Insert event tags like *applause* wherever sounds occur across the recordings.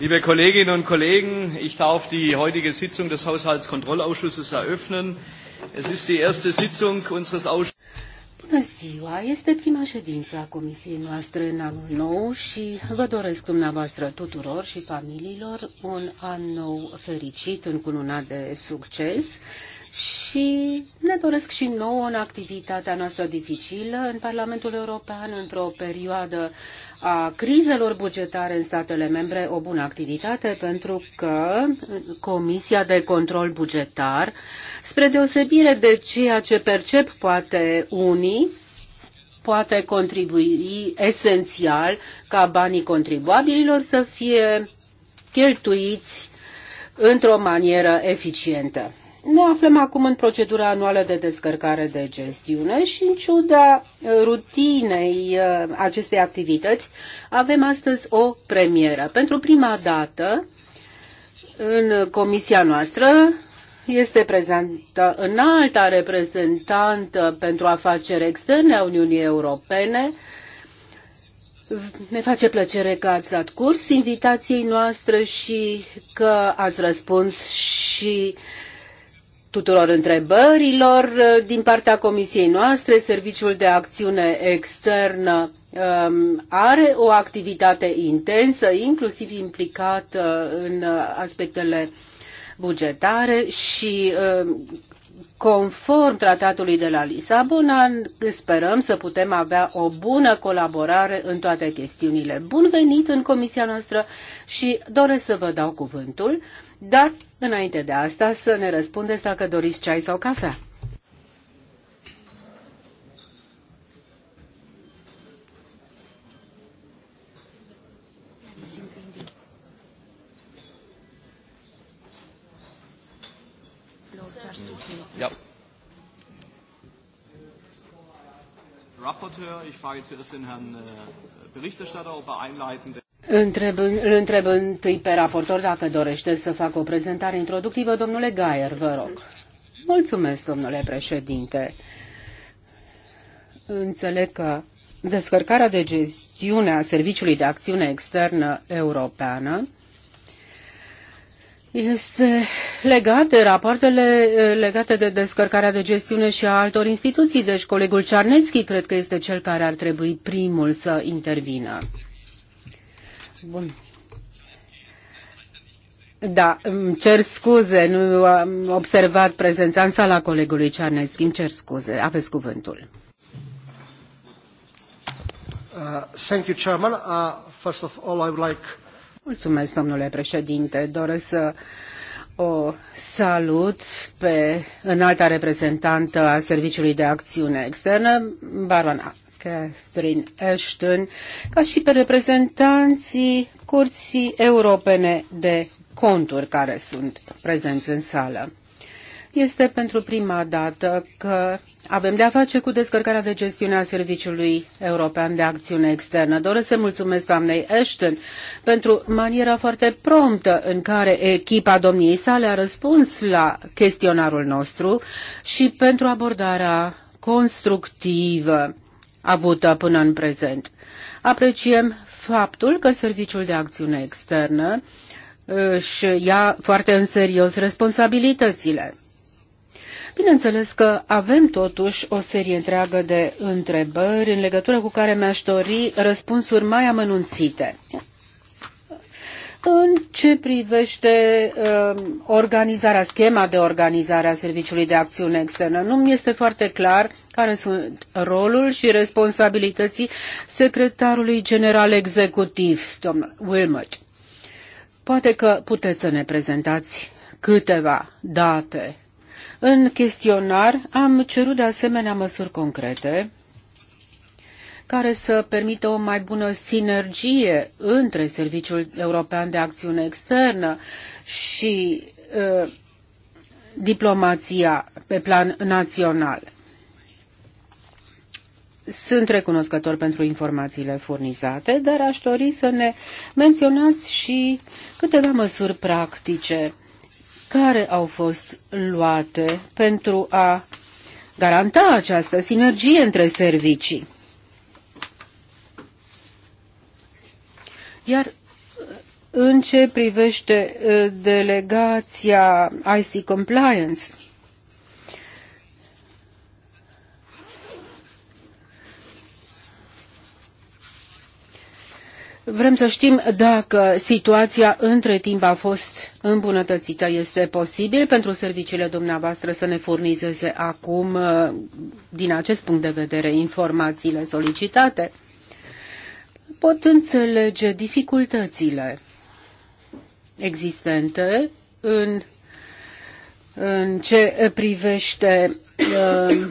Liebe Kolleginnen und Kollegen, ich darf die heutige Sitzung des Haushaltskontrollausschusses eröffnen. Es ist die erste Sitzung unseres Ausschusses. Bună ziua! Este prima ședință a comisiei noastre în anul nou și vă doresc dumneavoastră tuturor și familiilor un an nou fericit, încununat de succes și ne doresc și nouă în activitatea noastră dificilă în Parlamentul European, într-o perioadă a crizelor bugetare în statele membre, o bună activitate, pentru că Comisia de Control Bugetar, spre deosebire de ceea ce percep poate unii, poate contribui esențial ca banii contribuabililor să fie cheltuiți într-o manieră eficientă. Ne aflăm acum în procedura anuală de descărcare de gestiune și în ciuda uh, rutinei uh, acestei activități avem astăzi o premieră. Pentru prima dată în comisia noastră este prezentă înalta reprezentantă pentru afaceri externe a Uniunii Europene, ne face plăcere că ați dat curs invitației noastre și că ați răspuns și tuturor întrebărilor uh, din partea comisiei noastre. Serviciul de acțiune externă um, are o activitate intensă, inclusiv implicată uh, în aspectele bugetare și um, conform tratatului de la Lisabona, sperăm să putem avea o bună colaborare în toate chestiunile. Bun venit în comisia noastră și doresc să vă dau cuvântul dar, înainte de asta, să ne răspundeți dacă doriți ceai sau cafea. Rapporteur, ich frage zuerst den Herrn äh, Berichterstatter, ob er einleitende. Întreb, îl întreb întâi pe raportor dacă dorește să facă o prezentare introductivă. Domnule Gaier, vă rog. Mulțumesc, domnule președinte. Înțeleg că descărcarea de gestiune a Serviciului de Acțiune Externă Europeană este legat de rapoartele eh, legate de descărcarea de gestiune și a altor instituții. Deci colegul Cearnețchi cred că este cel care ar trebui primul să intervină. Bun. Da, îmi cer scuze, nu am observat prezența în sala colegului Cernețchi, îmi cer scuze, aveți cuvântul. Uh, thank you, Chairman. Uh, first of all, I would like... Mulțumesc, domnule președinte. Doresc să o salut pe înalta reprezentantă a Serviciului de Acțiune Externă, Barona Catherine Ashton, ca și pe reprezentanții Curții Europene de Conturi care sunt prezenți în sală. Este pentru prima dată că avem de a face cu descărcarea de gestiune a Serviciului European de Acțiune Externă. Doresc să mulțumesc doamnei Ashton pentru maniera foarte promptă în care echipa domniei sale a răspuns la chestionarul nostru și pentru abordarea constructivă avută până în prezent. Apreciem faptul că Serviciul de Acțiune Externă își uh, ia foarte în serios responsabilitățile. Bineînțeles că avem totuși o serie întreagă de întrebări în legătură cu care mi-aș dori răspunsuri mai amănunțite. În ce privește uh, organizarea, schema de organizare a Serviciului de Acțiune Externă, nu mi este foarte clar care sunt rolul și responsabilității secretarului general executiv, domnul Wilmot. Poate că puteți să ne prezentați câteva date. În chestionar am cerut de asemenea măsuri concrete care să permită o mai bună sinergie între Serviciul European de Acțiune Externă și uh, diplomația pe plan național sunt recunoscător pentru informațiile furnizate, dar aș dori să ne menționați și câteva măsuri practice care au fost luate pentru a garanta această sinergie între servicii. Iar uh, în ce privește uh, delegația IC Compliance, Vrem să știm dacă situația între timp a fost îmbunătățită. Este posibil pentru serviciile dumneavoastră să ne furnizeze acum, uh, din acest punct de vedere, informațiile solicitate? Pot înțelege dificultățile existente în, în ce privește uh,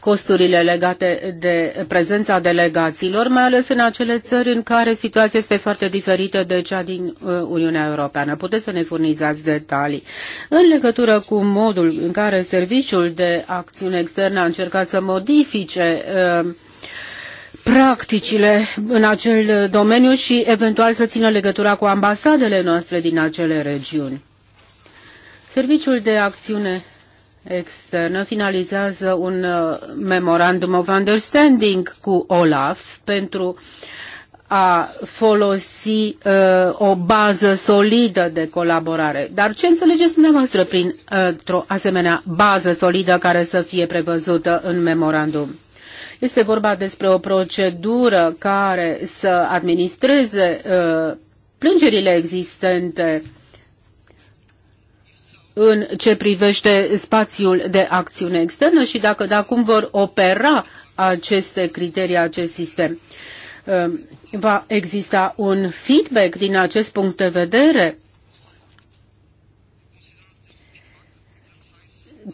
costurile legate de prezența delegațiilor, mai ales în acele țări în care situația este foarte diferită de cea din uh, Uniunea Europeană. Puteți să ne furnizați detalii. În legătură cu modul în care Serviciul de Acțiune Externă a încercat să modifice uh, practicile în acel domeniu și eventual să țină legătura cu ambasadele noastre din acele regiuni. Serviciul de acțiune externă finalizează un uh, memorandum of understanding cu OLAF pentru a folosi uh, o bază solidă de colaborare. Dar ce înțelegeți dumneavoastră prin uh, o asemenea bază solidă care să fie prevăzută în memorandum? Este vorba despre o procedură care să administreze uh, plângerile existente în ce privește spațiul de acțiune externă și dacă de cum vor opera aceste criterii, acest sistem. Ehm, va exista un feedback din acest punct de vedere?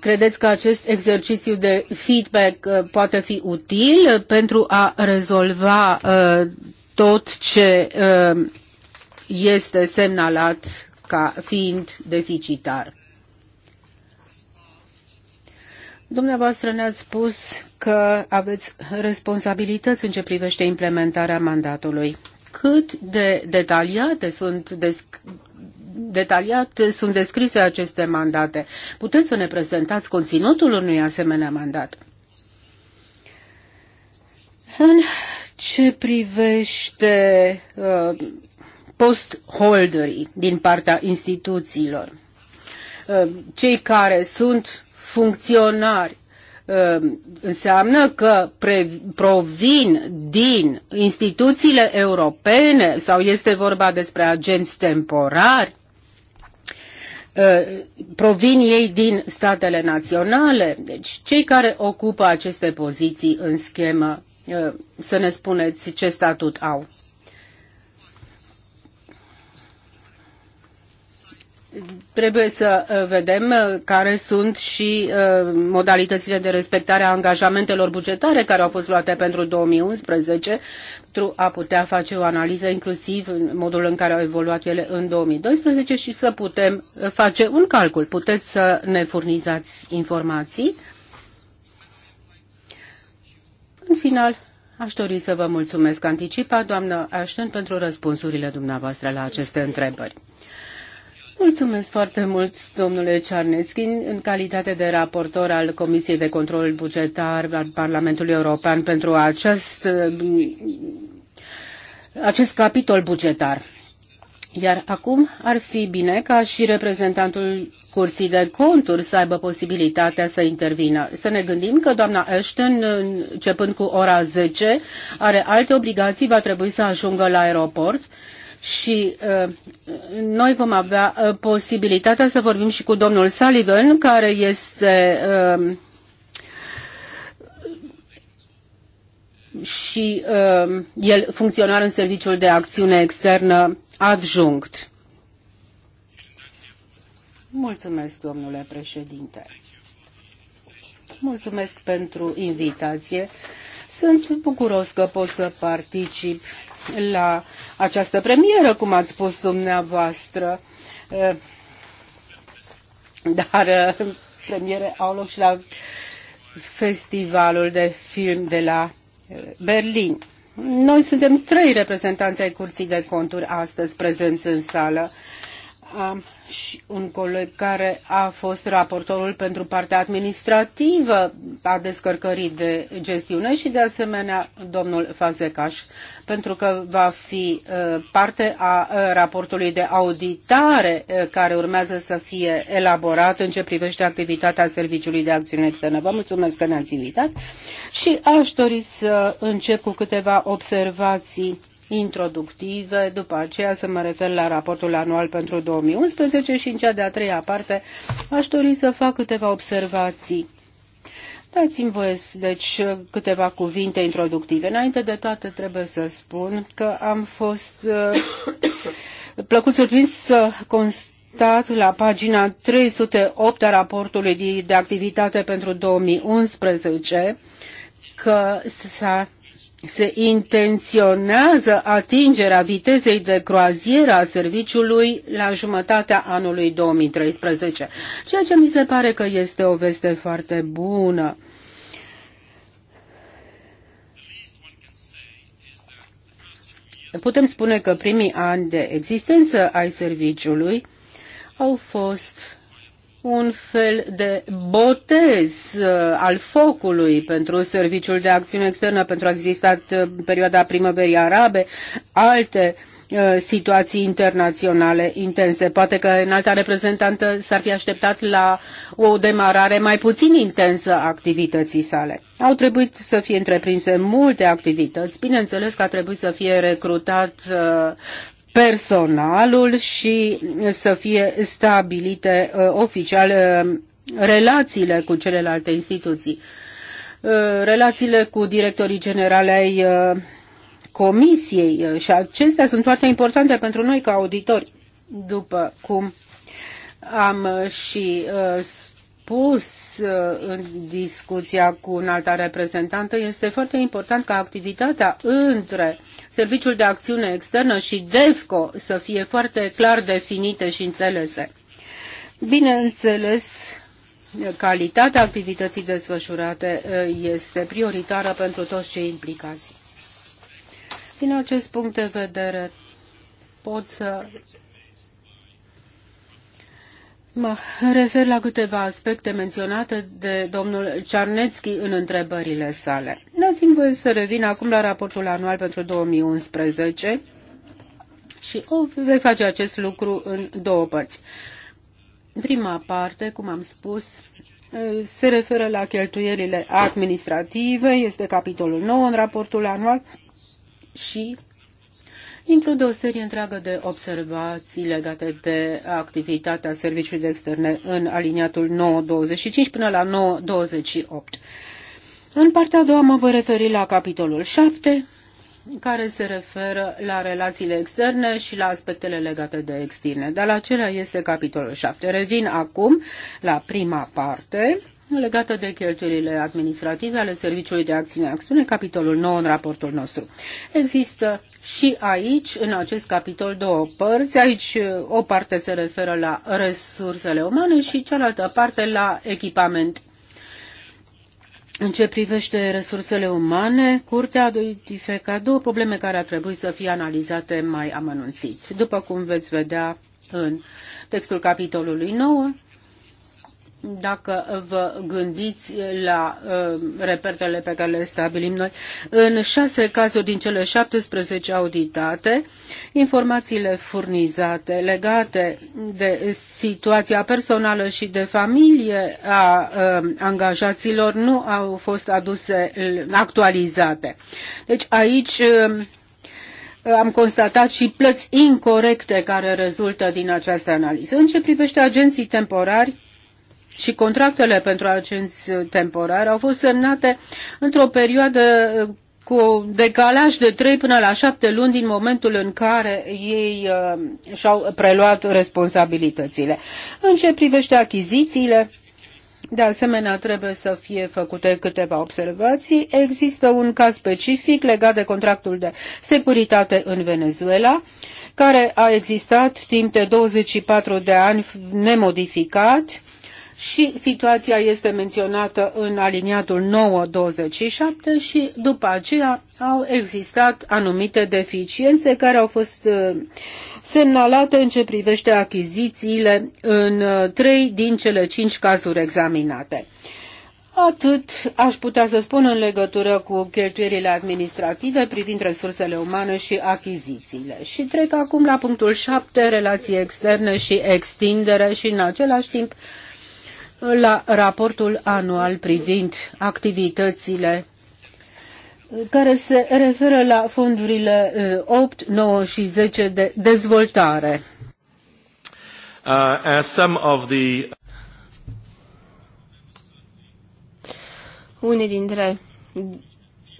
Credeți că acest exercițiu de feedback eh, poate fi util pentru a rezolva eh, tot ce ehm, este semnalat ca fiind deficitar? Dumneavoastră ne-ați spus că aveți responsabilități în ce privește implementarea mandatului. Cât de detaliate sunt desc- detaliat sunt descrise aceste mandate. Puteți să ne prezentați conținutul unui asemenea mandat? În ce privește uh, postholderii din partea instituțiilor, uh, cei care sunt funcționari ă, înseamnă că pre, provin din instituțiile europene sau este vorba despre agenți temporari, ă, provin ei din statele naționale. Deci cei care ocupă aceste poziții în schemă, ă, să ne spuneți ce statut au. Trebuie să uh, vedem uh, care sunt și uh, modalitățile de respectare a angajamentelor bugetare care au fost luate pentru 2011 pentru a putea face o analiză inclusiv în modul în care au evoluat ele în 2012 și să putem face un calcul. Puteți să ne furnizați informații. În final, Aș dori să vă mulțumesc anticipat, doamnă Ashton, pentru răspunsurile dumneavoastră la aceste întrebări. Mulțumesc foarte mult, domnule Cearnețchi, în calitate de raportor al Comisiei de Control Bugetar al Parlamentului European pentru acest, acest capitol bugetar. Iar acum ar fi bine ca și reprezentantul Curții de Conturi să aibă posibilitatea să intervină. Să ne gândim că doamna Ashton, începând cu ora 10, are alte obligații, va trebui să ajungă la aeroport și uh, noi vom avea uh, posibilitatea să vorbim și cu domnul Sullivan, care este uh, și uh, el funcționar în Serviciul de Acțiune Externă adjunct. Mulțumesc, domnule președinte. Mulțumesc pentru invitație. Sunt bucuros că pot să particip la această premieră, cum ați spus dumneavoastră. Dar premiere au loc și la festivalul de film de la eh, Berlin. Noi suntem trei reprezentanți ai Curții de Conturi astăzi prezenți în sală. Am și un coleg care a fost raportorul pentru partea administrativă a descărcării de gestiune și de asemenea domnul Fazecaș, pentru că va fi uh, parte a uh, raportului de auditare uh, care urmează să fie elaborat în ce privește activitatea Serviciului de Acțiune Externă. Vă mulțumesc că ne-ați invitat și aș dori să încep cu câteva observații introductive, după aceea să mă refer la raportul anual pentru 2011 și în cea de-a treia parte aș dori să fac câteva observații. Dați-mi voie, deci, câteva cuvinte introductive. Înainte de toate, trebuie să spun că am fost uh, *coughs* plăcut surprins să constat la pagina 308 a raportului de activitate pentru 2011 că s-a se intenționează atingerea vitezei de croazieră a serviciului la jumătatea anului 2013, ceea ce mi se pare că este o veste foarte bună. Putem spune că primii ani de existență ai serviciului au fost un fel de botez uh, al focului pentru Serviciul de Acțiune Externă, pentru a existat uh, perioada primăverii arabe, alte uh, situații internaționale intense. Poate că în alta reprezentantă s-ar fi așteptat la o demarare mai puțin intensă a activității sale. Au trebuit să fie întreprinse multe activități. Bineînțeles că a trebuit să fie recrutat personalul și să fie stabilite uh, oficial uh, relațiile cu celelalte instituții. Uh, relațiile cu directorii generale ai comisiei și acestea sunt foarte importante pentru noi ca auditori, după cum am și pus uh, în discuția cu un alta reprezentantă, este foarte important ca activitatea între Serviciul de Acțiune Externă și DEFCO să fie foarte clar definite și înțelese. Bineînțeles, calitatea activității desfășurate uh, este prioritară pentru toți cei implicați. Din acest punct de vedere, pot să Mă refer la câteva aspecte menționate de domnul Cernețchi în întrebările sale. Dați-mi voie să revin acum la raportul anual pentru 2011 și o vei face acest lucru în două părți. Prima parte, cum am spus, se referă la cheltuielile administrative, este capitolul 9 în raportul anual și include o serie întreagă de observații legate de activitatea serviciului de externe în aliniatul 9.25 până la 9.28. În partea a doua mă voi referi la capitolul 7, care se referă la relațiile externe și la aspectele legate de externe. Dar la acelea este capitolul 7. Revin acum la prima parte legată de cheltuielile administrative ale Serviciului de Acțiune Acțiune, capitolul 9 în raportul nostru. Există și aici, în acest capitol, două părți. Aici uh, o parte se referă la resursele umane și cealaltă parte la echipament. În ce privește resursele umane, Curtea a identificat două probleme care ar trebui să fie analizate mai amănunțit. După cum veți vedea în textul capitolului 9, dacă vă gândiți la uh, repertele pe care le stabilim noi, în șase cazuri din cele 17 auditate, informațiile furnizate legate de situația personală și de familie a uh, angajaților nu au fost aduse uh, actualizate. Deci aici uh, am constatat și plăți incorrecte care rezultă din această analiză. În ce privește agenții temporari, și contractele pentru agenți temporari au fost semnate într-o perioadă uh, cu decalaj de 3 până la 7 luni din momentul în care ei uh, și-au preluat responsabilitățile. În ce privește achizițiile, de asemenea, trebuie să fie făcute câteva observații. Există un caz specific legat de contractul de securitate în Venezuela, care a existat timp de 24 de ani nemodificat și situația este menționată în aliniatul 927 și după aceea au existat anumite deficiențe care au fost uh, semnalate în ce privește achizițiile în uh, trei din cele cinci cazuri examinate. Atât aș putea să spun în legătură cu cheltuierile administrative privind resursele umane și achizițiile. Și trec acum la punctul 7, relații externe și extindere și în același timp la raportul anual privind activitățile care se referă la fondurile 8, uh, 9 și 10 de dezvoltare. Uh, some of the... Unii dintre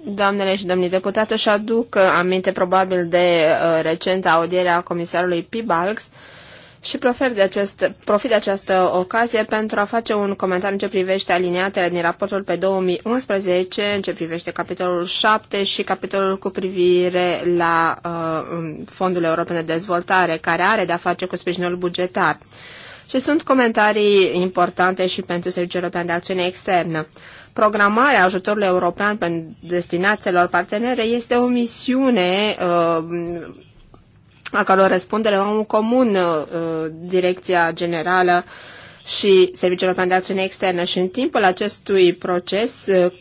doamnele și domnii deputate își aduc aminte probabil de uh, recenta audierea comisarului Pibalks, uh, și profit de, acest, profit de această ocazie pentru a face un comentariu în ce privește aliniatele din raportul pe 2011, în ce privește capitolul 7 și capitolul cu privire la uh, um, Fondul European de Dezvoltare, care are de-a face cu sprijinul bugetar. Și sunt comentarii importante și pentru Serviciul European de Acțiune Externă. Programarea ajutorului european pentru destinațiilor partenere este o misiune uh, a căror răspundere au în comun uh, Direcția Generală și Serviciul European de Acțiune Externă și în timpul acestui proces uh,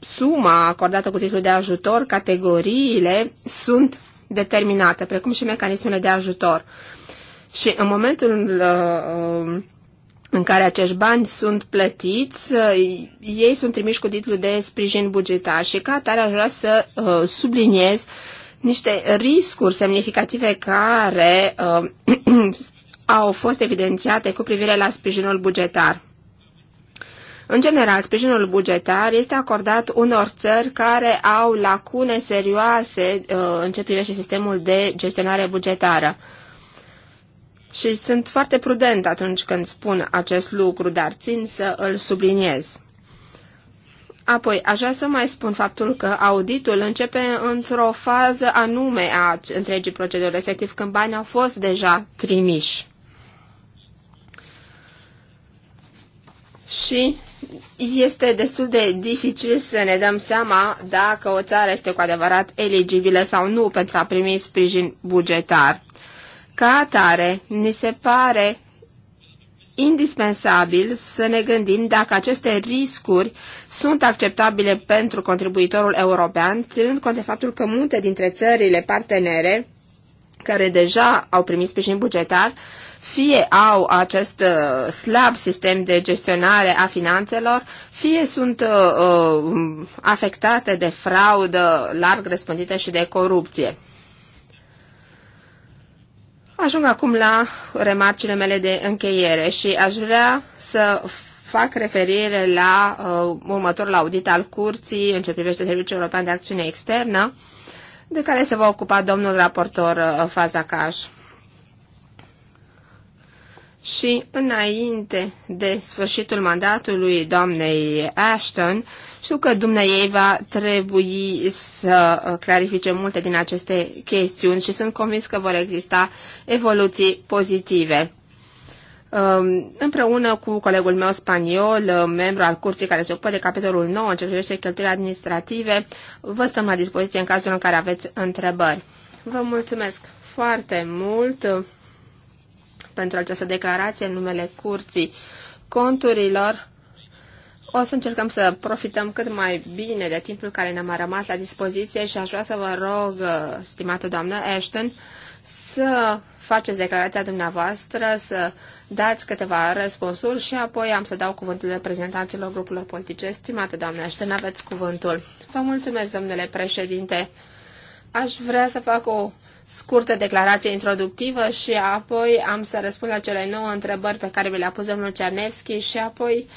suma acordată cu titlul de ajutor, categoriile sunt determinate, precum și mecanismele de ajutor. Și în momentul uh, în care acești bani sunt plătiți, ei sunt trimiși cu titlul de sprijin bugetar și ca atare aș vrea să subliniez niște riscuri semnificative care uh, *clears throat* au fost evidențiate cu privire la sprijinul bugetar. În general, sprijinul bugetar este acordat unor țări care au lacune serioase uh, în ce privește sistemul de gestionare bugetară. Și sunt foarte prudent atunci când spun acest lucru, dar țin să îl subliniez. Apoi, aș vrea să mai spun faptul că auditul începe într-o fază anume a întregii proceduri, respectiv când banii au fost deja trimiși. Și este destul de dificil să ne dăm seama dacă o țară este cu adevărat eligibilă sau nu pentru a primi sprijin bugetar. Ca atare, ni se pare indispensabil să ne gândim dacă aceste riscuri sunt acceptabile pentru contribuitorul european, ținând cont de faptul că multe dintre țările partenere care deja au primit sprijin bugetar, fie au acest uh, slab sistem de gestionare a finanțelor, fie sunt uh, uh afectate de fraudă larg răspândită și de corupție. Ajung acum la remarcile mele de încheiere și aș vrea să fac referire la uh, următorul audit al curții în ce privește Serviciul European de Acțiune Externă, de care se va ocupa domnul raportor uh, Fazakaș și înainte de sfârșitul mandatului doamnei Ashton, știu că dumneiei va trebui să uh, clarifice multe din aceste chestiuni și sunt convins că vor exista evoluții pozitive. Um, împreună cu colegul meu spaniol, uh, membru al curții care se ocupă de capitolul 9 în ce privește cheltuielile administrative, vă stăm la dispoziție în cazul în care aveți întrebări. Vă mulțumesc foarte mult! pentru această declarație în numele curții conturilor. O să încercăm să profităm cât mai bine de timpul care ne-a mai rămas la dispoziție și aș vrea să vă rog, uh, stimată doamnă Ashton, să faceți declarația dumneavoastră, să dați câteva răspunsuri și apoi am să dau cuvântul reprezentanților grupurilor politice. Stimată doamnă Ashton, aveți cuvântul. Vă mulțumesc, domnule președinte. Aș vrea să fac o scurtă declarație introductivă și apoi am să răspund la cele nouă întrebări pe care mi le-a pus domnul Cernevski și apoi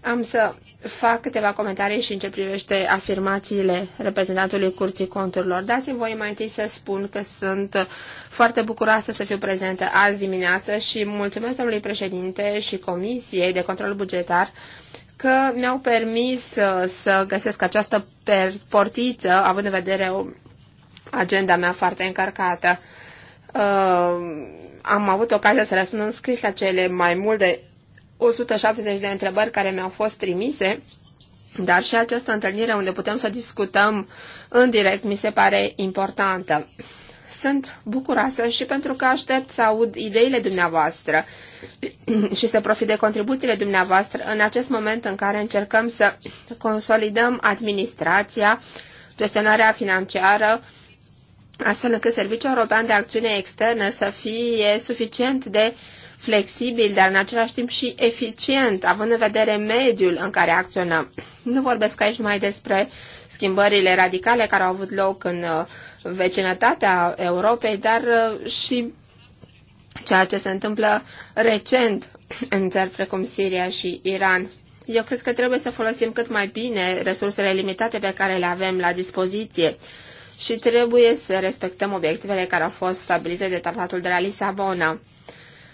am să fac câteva comentarii și în ce privește afirmațiile reprezentantului Curții Conturilor. Dați-mi voi mai întâi să spun că sunt foarte bucuroasă să fiu prezentă azi dimineață și mulțumesc domnului președinte și Comisiei de Control Bugetar că mi-au permis să găsesc această portiță, având în vedere agenda mea foarte încărcată. Uh, am avut ocazia să răspund în scris la cele mai mult de 170 de întrebări care mi-au fost trimise, dar și această întâlnire unde putem să discutăm în direct mi se pare importantă. Sunt bucuroasă și pentru că aștept să aud ideile dumneavoastră *clears throat* și să profit de contribuțiile dumneavoastră în acest moment în care încercăm să consolidăm administrația, gestionarea financiară, astfel încât Serviciul European de Acțiune Externă să fie suficient de flexibil, dar în același timp și eficient, având în vedere mediul în care acționăm. Nu vorbesc aici numai despre schimbările radicale care au avut loc în uh, vecinătatea Europei, dar uh, și ceea ce se întâmplă recent în țări precum Siria și Iran. Eu cred că trebuie să folosim cât mai bine resursele limitate pe care le avem la dispoziție și trebuie să respectăm obiectivele care au fost stabilite de Tratatul de la Lisabona.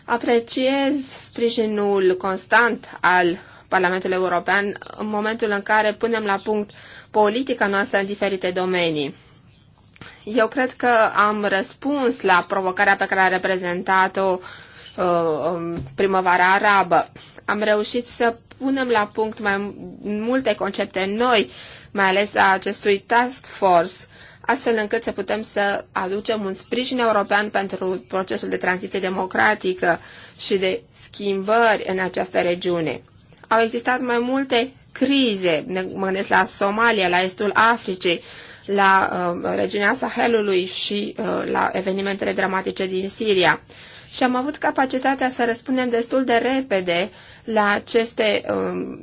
Apreciez sprijinul constant al Parlamentului European în momentul în care punem la punct politica noastră în diferite domenii. Eu cred că am răspuns la provocarea pe care a reprezentat-o uh, um, primăvara arabă. Am reușit să punem la punct mai multe concepte noi, mai ales a acestui task force astfel încât să putem să aducem un sprijin european pentru procesul de tranziție democratică și de schimbări în această regiune. Au existat mai multe crize, ne gândesc la Somalia, la estul Africii, la uh, regiunea Sahelului și uh, la evenimentele dramatice din Siria. Și am avut capacitatea să răspundem destul de repede la aceste uh,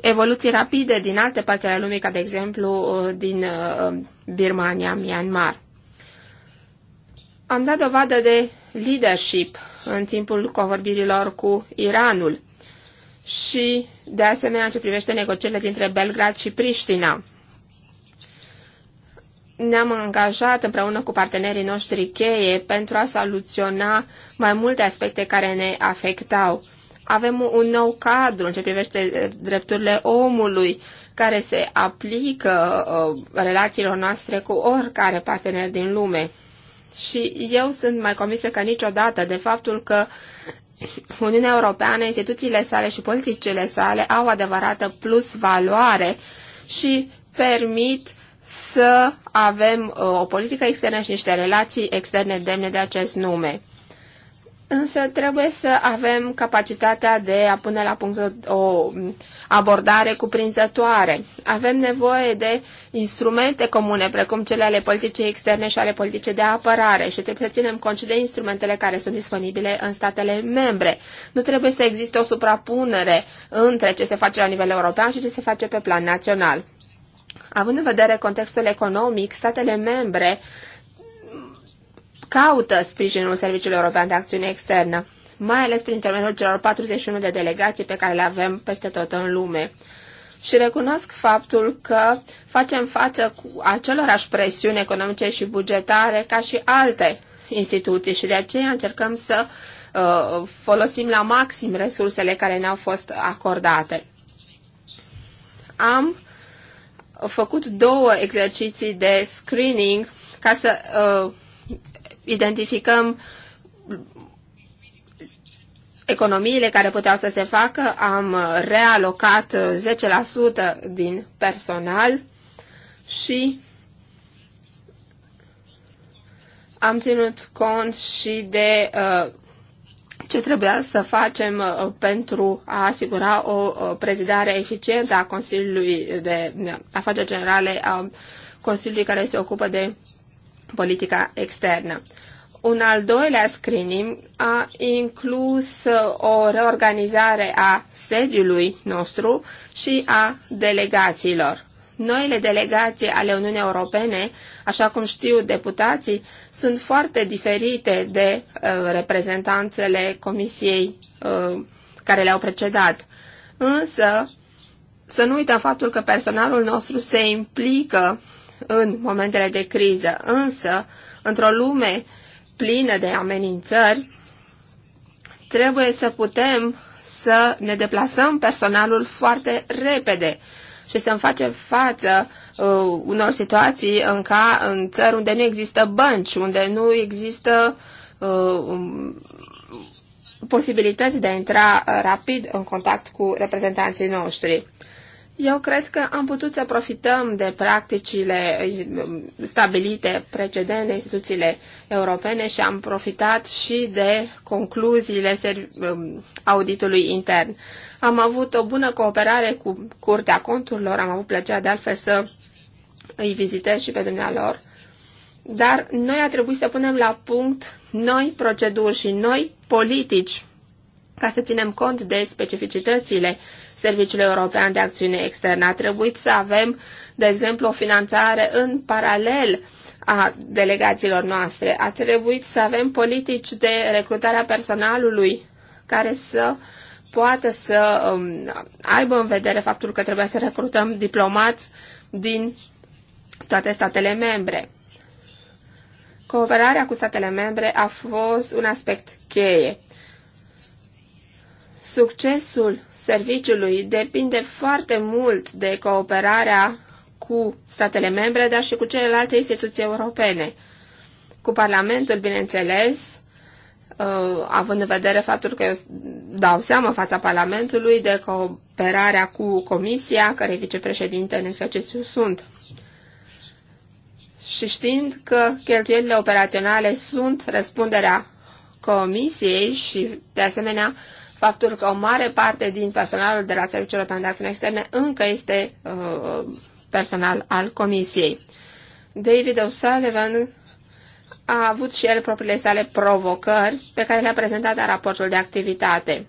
evoluții rapide din alte părți ale lumii, ca de exemplu uh, din uh, Birmania, Myanmar. Am dat dovadă de leadership în timpul covorbirilor cu Iranul și, de asemenea, în ce privește negocierile dintre Belgrad și Priștina. Ne-am angajat împreună cu partenerii noștri cheie pentru a soluționa mai multe aspecte care ne afectau avem un nou cadru în ce privește eh, drepturile omului care se aplică eh, relațiilor noastre cu oricare partener din lume. Și eu sunt mai convinsă ca niciodată de faptul că Uniunea Europeană, instituțiile sale și politicile sale au adevărată plus valoare și permit să avem eh, o politică externă și niște relații externe demne de acest nume. Însă trebuie să avem capacitatea de a pune la punct o abordare cuprinzătoare. Avem nevoie de instrumente comune, precum cele ale politicii externe și ale politicii de apărare și trebuie să ținem cont și de instrumentele care sunt disponibile în statele membre. Nu trebuie să existe o suprapunere între ce se face la nivel european și ce se face pe plan național. Având în vedere contextul economic, statele membre caută sprijinul Serviciului European de Acțiune Externă, mai ales prin intermediul celor 41 de delegații pe care le avem peste tot în lume. Și recunosc faptul că facem față cu acelorași presiuni economice și bugetare ca și alte instituții și de aceea încercăm să uh, folosim la maxim resursele care ne-au fost acordate. Am făcut două exerciții de screening ca să uh, identificăm economiile care puteau să se facă, am realocat 10% din personal și am ținut cont și de uh, ce trebuia să facem uh, pentru a asigura o uh, prezidare eficientă a Consiliului de Afaceri Generale a Consiliului care se ocupă de politica externă. Un al doilea screening a inclus uh, o reorganizare a sediului nostru și a delegațiilor. Noile delegații ale Uniunii Europene, așa cum știu deputații, sunt foarte diferite de uh, reprezentanțele Comisiei uh, care le-au precedat. Însă, să nu uităm faptul că personalul nostru se implică în momentele de criză, însă, într-o lume plină de amenințări, trebuie să putem să ne deplasăm personalul foarte repede și să-mi facem față uh, unor situații în, ca, în țări unde nu există bănci, unde nu există uh, um, posibilități de a intra rapid în contact cu reprezentanții noștri. Eu cred că am putut să profităm de practicile um, stabilite precedent de instituțiile europene și am profitat și de concluziile um, auditului intern. Am avut o bună cooperare cu Curtea Conturilor, am avut plăcerea de altfel să îi vizitez și pe dumnealor, dar noi a trebuit să punem la punct noi proceduri și noi politici ca să ținem cont de specificitățile Serviciul European de Acțiune Externă. A trebuit să avem, de exemplu, o finanțare în paralel a delegațiilor noastre. A trebuit să avem politici de recrutare a personalului care să poată să um, aibă în vedere faptul că trebuie să recrutăm diplomați din toate statele membre. Cooperarea cu statele membre a fost un aspect cheie. Succesul serviciului depinde foarte mult de cooperarea cu statele membre, dar și cu celelalte instituții europene. Cu Parlamentul, bineînțeles, uh, având în vedere faptul că eu dau seama fața Parlamentului de cooperarea cu Comisia, care vicepreședinte în exercițiu sunt. Și știind că cheltuielile operaționale sunt răspunderea Comisiei și, de asemenea, faptul că o mare parte din personalul de la Serviciul European de Acțiune Externe încă este uh, personal al Comisiei. David O'Sullivan a avut și el propriile sale provocări pe care le-a prezentat în raportul de activitate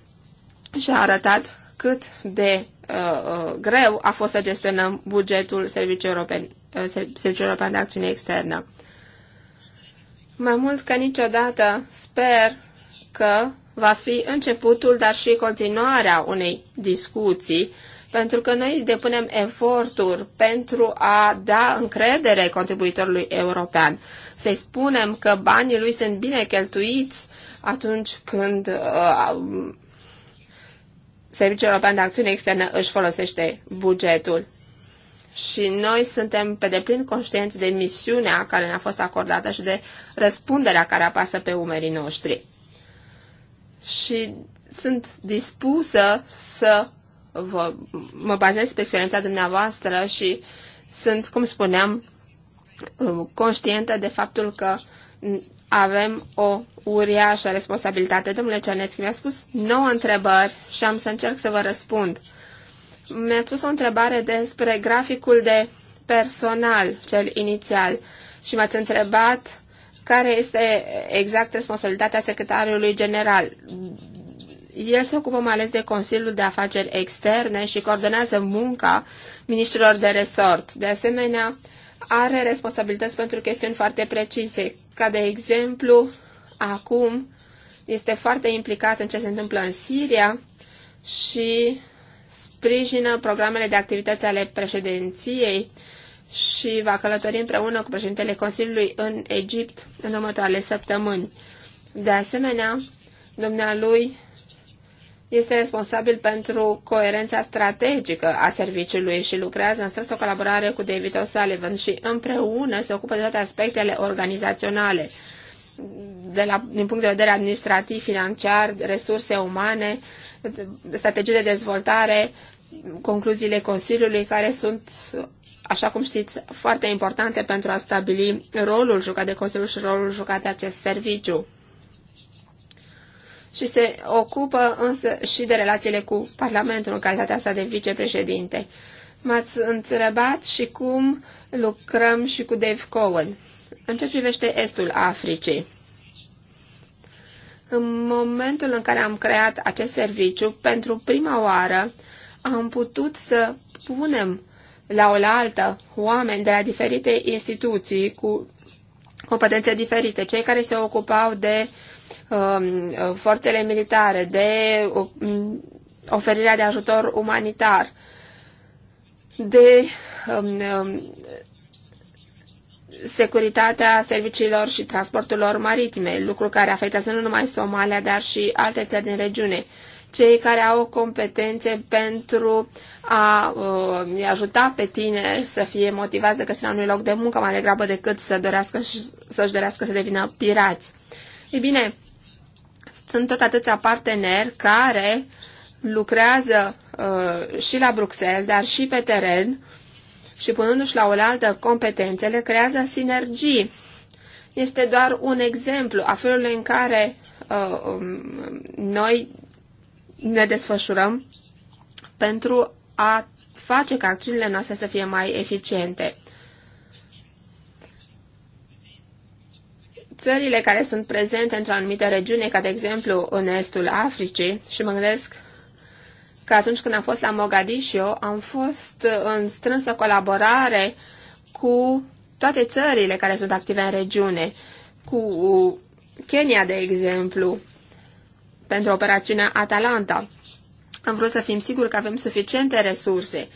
și a arătat cât de uh, uh greu a fost să gestionăm bugetul Serviciului European, uh, Serviciul European de Acțiune Externă. Mai mult ca niciodată, sper că va fi începutul, dar și continuarea unei discuții, pentru că noi depunem eforturi pentru a da încredere contribuitorului european, să-i spunem că banii lui sunt bine cheltuiți atunci când uh, Serviciul European de Acțiune Externă își folosește bugetul. Și noi suntem pe deplin conștienți de misiunea care ne-a fost acordată și de răspunderea care apasă pe umerii noștri și sunt dispusă să vă, mă bazez pe experiența dumneavoastră și sunt, cum spuneam, conștientă de faptul că avem o uriașă responsabilitate. Domnule Cernețchi, mi-a spus nouă întrebări și am să încerc să vă răspund. Mi-a spus o întrebare despre graficul de personal, cel inițial, și m-ați întrebat care este exact responsabilitatea secretarului general. El se ocupă mai ales de Consiliul de Afaceri Externe și coordonează munca ministrilor de resort. De asemenea, are responsabilități pentru chestiuni foarte precise, ca de exemplu, acum este foarte implicat în ce se întâmplă în Siria și sprijină programele de activități ale președinției și va călători împreună cu președintele Consiliului în Egipt în următoarele săptămâni. De asemenea, dumnealui este responsabil pentru coerența strategică a serviciului și lucrează în strânsă colaborare cu David O'Sullivan și împreună se ocupă de toate aspectele organizaționale, de la, din punct de vedere administrativ, financiar, resurse umane, strategii de dezvoltare, concluziile Consiliului care sunt așa cum știți, foarte importante pentru a stabili rolul jucat de Consiliu și rolul jucat de acest serviciu. Și se ocupă însă și de relațiile cu Parlamentul în calitatea sa de vicepreședinte. M-ați întrebat și cum lucrăm și cu Dave Cowan. În ce privește estul Africii? În momentul în care am creat acest serviciu, pentru prima oară am putut să punem la oaltă oameni de la diferite instituții cu competențe diferite, cei care se ocupau de uh, forțele militare, de uh, oferirea de ajutor umanitar, de um, um, securitatea serviciilor și transporturilor maritime, lucru care afectează nu numai Somalia, dar și alte țări din regiune cei care au competențe pentru a uh, ajuta pe tine să fie motivați de găsirea unui loc de muncă mai degrabă decât să dorească să-și dorească să devină pirați. Ei bine, sunt tot atâția parteneri care lucrează uh, și la Bruxelles, dar și pe teren și punându-și la oaltă competențele, creează sinergii. Este doar un exemplu a felului în care uh, um, noi ne desfășurăm pentru a face ca acțiunile noastre să fie mai eficiente. Țările care sunt prezente într-o anumită regiune, ca de exemplu în estul Africii, și mă gândesc că atunci când am fost la Mogadiscio, am fost în strânsă colaborare cu toate țările care sunt active în regiune, cu Kenya, de exemplu, pentru operațiunea Atalanta. Am vrut să fim siguri că avem suficiente resurse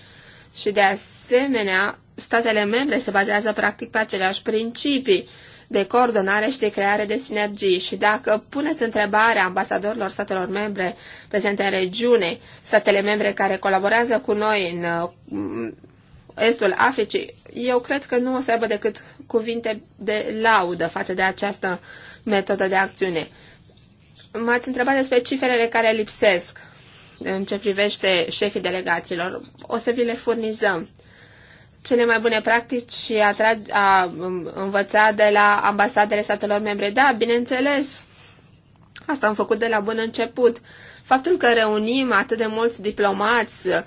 și, de asemenea, statele membre se bazează practic pe aceleași principii de coordonare și de creare de sinergii. Și dacă puneți întrebarea ambasadorilor statelor membre prezente în regiune, statele membre care colaborează cu noi în uh, estul Africii, eu cred că nu o să aibă decât cuvinte de laudă față de această metodă de acțiune. M-ați întrebat despre cifrele care lipsesc în ce privește șefii delegațiilor. O să vi le furnizăm. Cele mai bune practici a, tra- a învăța de la ambasadele statelor membre. Da, bineînțeles. Asta am făcut de la bun început. Faptul că reunim atât de mulți diplomați uh,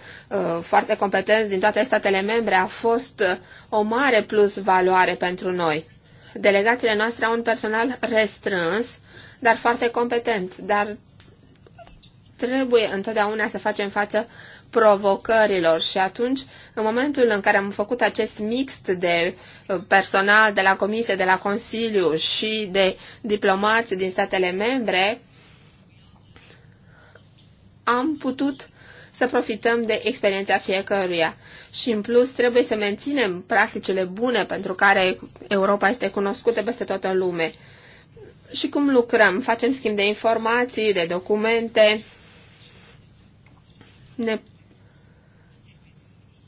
foarte competenți din toate statele membre a fost uh, o mare plus valoare pentru noi. Delegațiile noastre au un personal restrâns dar foarte competent. Dar trebuie întotdeauna să facem față provocărilor și atunci, în momentul în care am făcut acest mix de uh, personal de la Comisie, de la Consiliu și de diplomați din statele membre, am putut să profităm de experiența fiecăruia. Și în plus trebuie să menținem practicile bune pentru care Europa este cunoscută peste toată lume și cum lucrăm. Facem schimb de informații, de documente, ne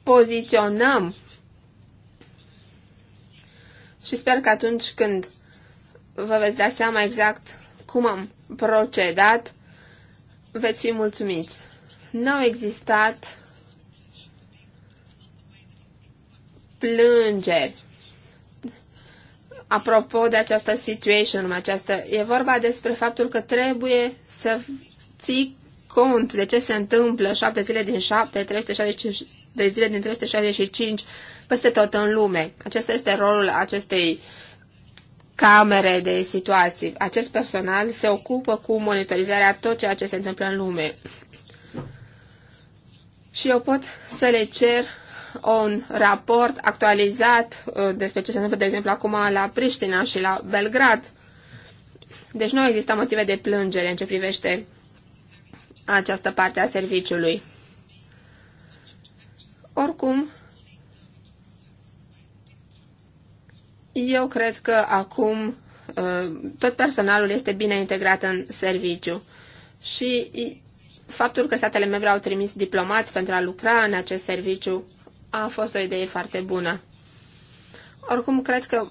poziționăm și sper că atunci când vă veți da seama exact cum am procedat, veți fi mulțumiți. Nu au existat plângeri apropo de această situation, această, e vorba despre faptul că trebuie să ții cont de ce se întâmplă 7 zile din 7, 365 de zile din 365 peste tot în lume. Acesta este rolul acestei camere de situații. Acest personal se ocupă cu monitorizarea tot ceea ce se întâmplă în lume. Și eu pot să le cer un raport actualizat uh, despre ce se întâmplă, de exemplu, acum la Priștina și la Belgrad. Deci nu există motive de plângere în ce privește această parte a serviciului. Oricum, eu cred că acum uh, tot personalul este bine integrat în serviciu și faptul că statele membre au trimis diplomați pentru a lucra în acest serviciu a fost o idee foarte bună. Oricum, cred că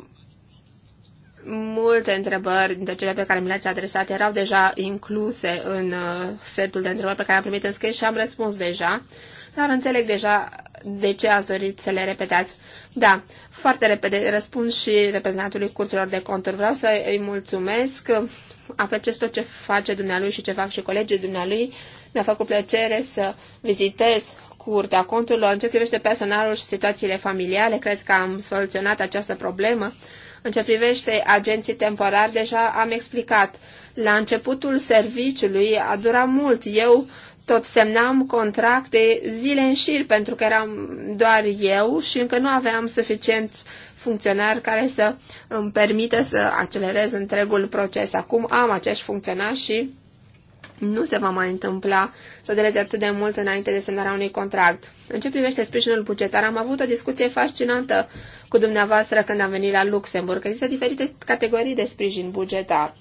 multe întrebări dintre cele pe care mi le-ați adresat erau deja incluse în uh, setul de întrebări pe care am primit în scris și am răspuns deja, dar înțeleg deja de ce ați dorit să le repetați. Da, foarte repede răspund și reprezentantului curselor de conturi. Vreau să îi mulțumesc, apreciez tot ce face dumnealui și ce fac și colegii dumnealui. Mi-a făcut plăcere să vizitez Curtea Conturilor în ce privește personalul și situațiile familiale. Cred că am soluționat această problemă. În ce privește agenții temporari, deja am explicat. La începutul serviciului a durat mult. Eu tot semnam contracte zile în șir pentru că eram doar eu și încă nu aveam suficient funcționari care să îmi permită să accelerez întregul proces. Acum am acești funcționari și nu se va mai întâmpla să deleze atât de mult înainte de semnarea unui contract. În ce privește sprijinul bugetar, am avut o discuție fascinantă cu dumneavoastră când am venit la Luxemburg. Există diferite categorii de sprijin bugetar.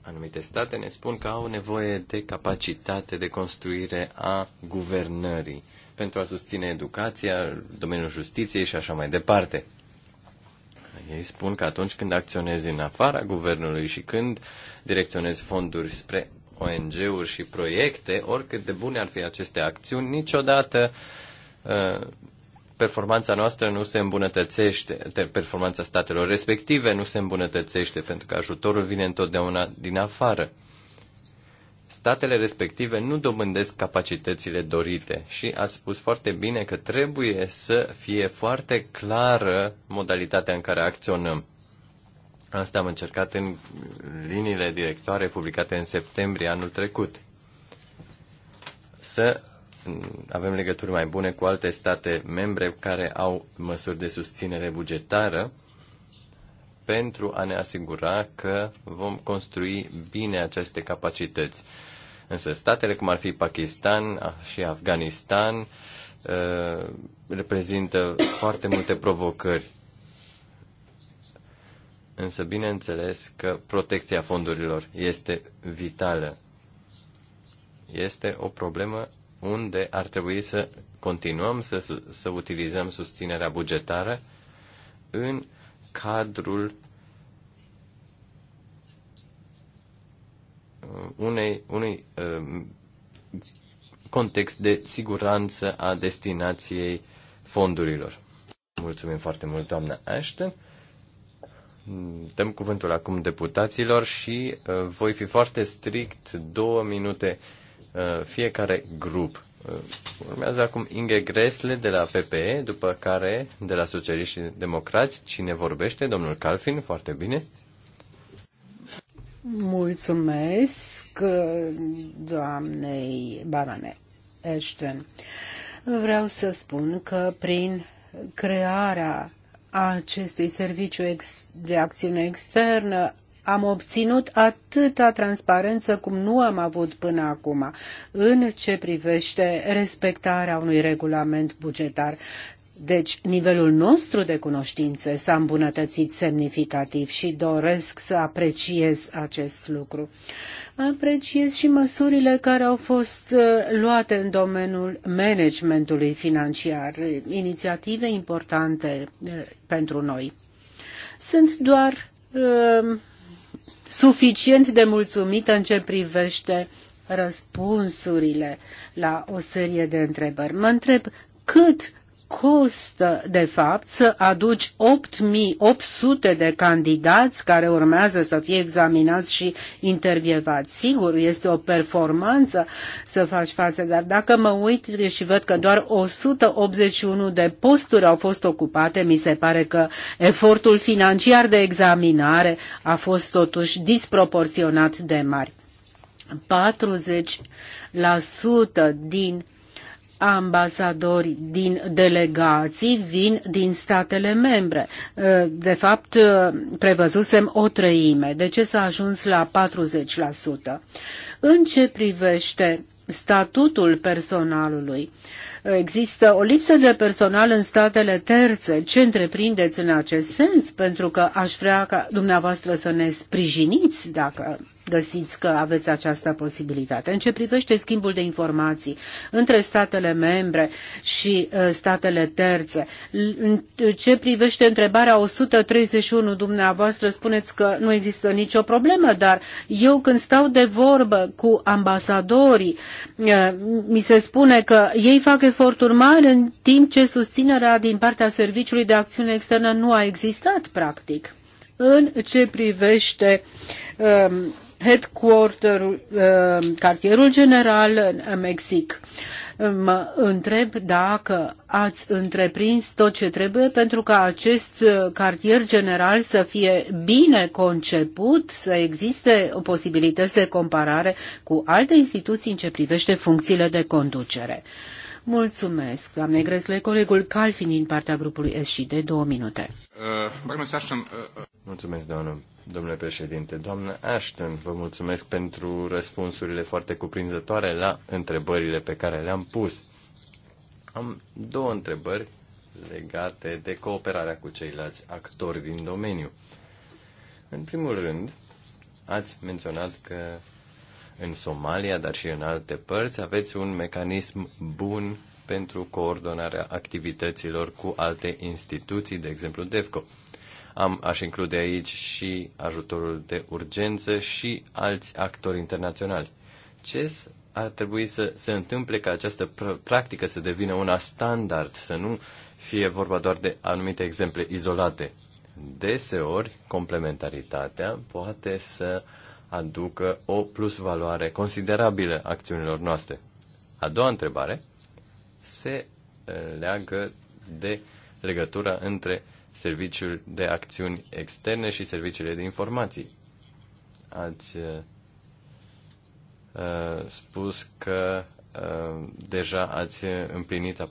Anumite state ne spun că au nevoie de capacitate de construire a guvernării pentru a susține educația, domeniul justiției și așa mai departe. Ei spun că atunci când acționezi în afara guvernului și când direcționezi fonduri spre ONG-uri și proiecte, oricât de bune ar fi aceste acțiuni, niciodată uh, performanța noastră nu se îmbunătățește, performanța statelor respective nu se îmbunătățește, pentru că ajutorul vine întotdeauna din afară statele respective nu dobândesc capacitățile dorite și ați spus foarte bine că trebuie să fie foarte clară modalitatea în care acționăm. Asta am încercat în liniile directoare publicate în septembrie anul trecut. Să avem legături mai bune cu alte state membre care au măsuri de susținere bugetară pentru a ne asigura că vom construi bine aceste capacități. Însă statele cum ar fi Pakistan și Afganistan reprezintă foarte multe provocări. Însă bineînțeles că protecția fondurilor este vitală. Este o problemă unde ar trebui să continuăm să, să utilizăm susținerea bugetară în cadrul Uh, unei, unui uh, context de siguranță a destinației fondurilor. Mulțumim foarte mult, doamna Ashton. Dăm cuvântul acum deputaților și uh, voi fi foarte strict, două minute uh, fiecare grup. Uh, urmează acum Inge Gresle de la PPE, după care de la Socialiști și Democrați, cine vorbește, domnul Calfin, foarte bine. Mulțumesc doamnei Barane Ashton. Vreau să spun că prin crearea acestui serviciu de acțiune externă am obținut atâta transparență cum nu am avut până acum în ce privește respectarea unui regulament bugetar. Deci, nivelul nostru de cunoștințe s-a îmbunătățit semnificativ și doresc să apreciez acest lucru. Apreciez și măsurile care au fost uh, luate în domeniul managementului financiar, inițiative importante uh, pentru noi. Sunt doar uh, suficient de mulțumită în ce privește răspunsurile la o serie de întrebări. Mă întreb cât costă, de fapt, să aduci 8800 de candidați care urmează să fie examinați și intervievați. Sigur, este o performanță să faci față, dar dacă mă uit și văd că doar 181 de posturi au fost ocupate, mi se pare că efortul financiar de examinare a fost totuși disproporționat de mari. 40% din ambasadori din delegații vin din statele membre. Uh, de fapt, uh, prevăzusem o treime. De ce s-a ajuns la 40%? În ce privește statutul personalului? Există o lipsă de personal în statele terțe. Ce întreprindeți în acest sens? Pentru că aș vrea ca dumneavoastră să ne sprijiniți dacă găsiți că aveți această posibilitate. În ce privește schimbul de informații între statele membre și uh, statele terțe, în ce privește întrebarea 131 dumneavoastră, spuneți că nu există nicio problemă, dar eu când stau de vorbă cu ambasadorii, uh, mi se spune că ei fac eforturi mari în timp ce susținerea din partea Serviciului de Acțiune Externă nu a existat, practic în ce privește um, headquarter uh, cartierul general în Mexic. Mă întreb dacă ați întreprins tot ce trebuie pentru ca acest uh, cartier general să fie bine conceput, să existe o posibilități de comparare cu alte instituții în ce privește funcțiile de conducere. Mulțumesc, doamne Gresle, colegul Calfin din partea grupului SCD, două minute. Uh, Mulțumesc, doamnă domnule președinte. Doamnă Ashton, vă mulțumesc pentru răspunsurile foarte cuprinzătoare la întrebările pe care le-am pus. Am două întrebări legate de cooperarea cu ceilalți actori din domeniu. În primul rând, ați menționat că în Somalia, dar și în alte părți, aveți un mecanism bun pentru coordonarea activităților cu alte instituții, de exemplu DEFCO. Am, aș include aici și ajutorul de urgență și alți actori internaționali. Ce ar trebui să se întâmple ca această practică să devină una standard, să nu fie vorba doar de anumite exemple izolate. Deseori, complementaritatea poate să aducă o plusvaloare considerabilă acțiunilor noastre. A doua întrebare se eh, leagă de legătura între uh, Serviciul de Acțiuni Externe și Serviciile de Informații. Ați uh, uh spus că uh, deja ați împlinit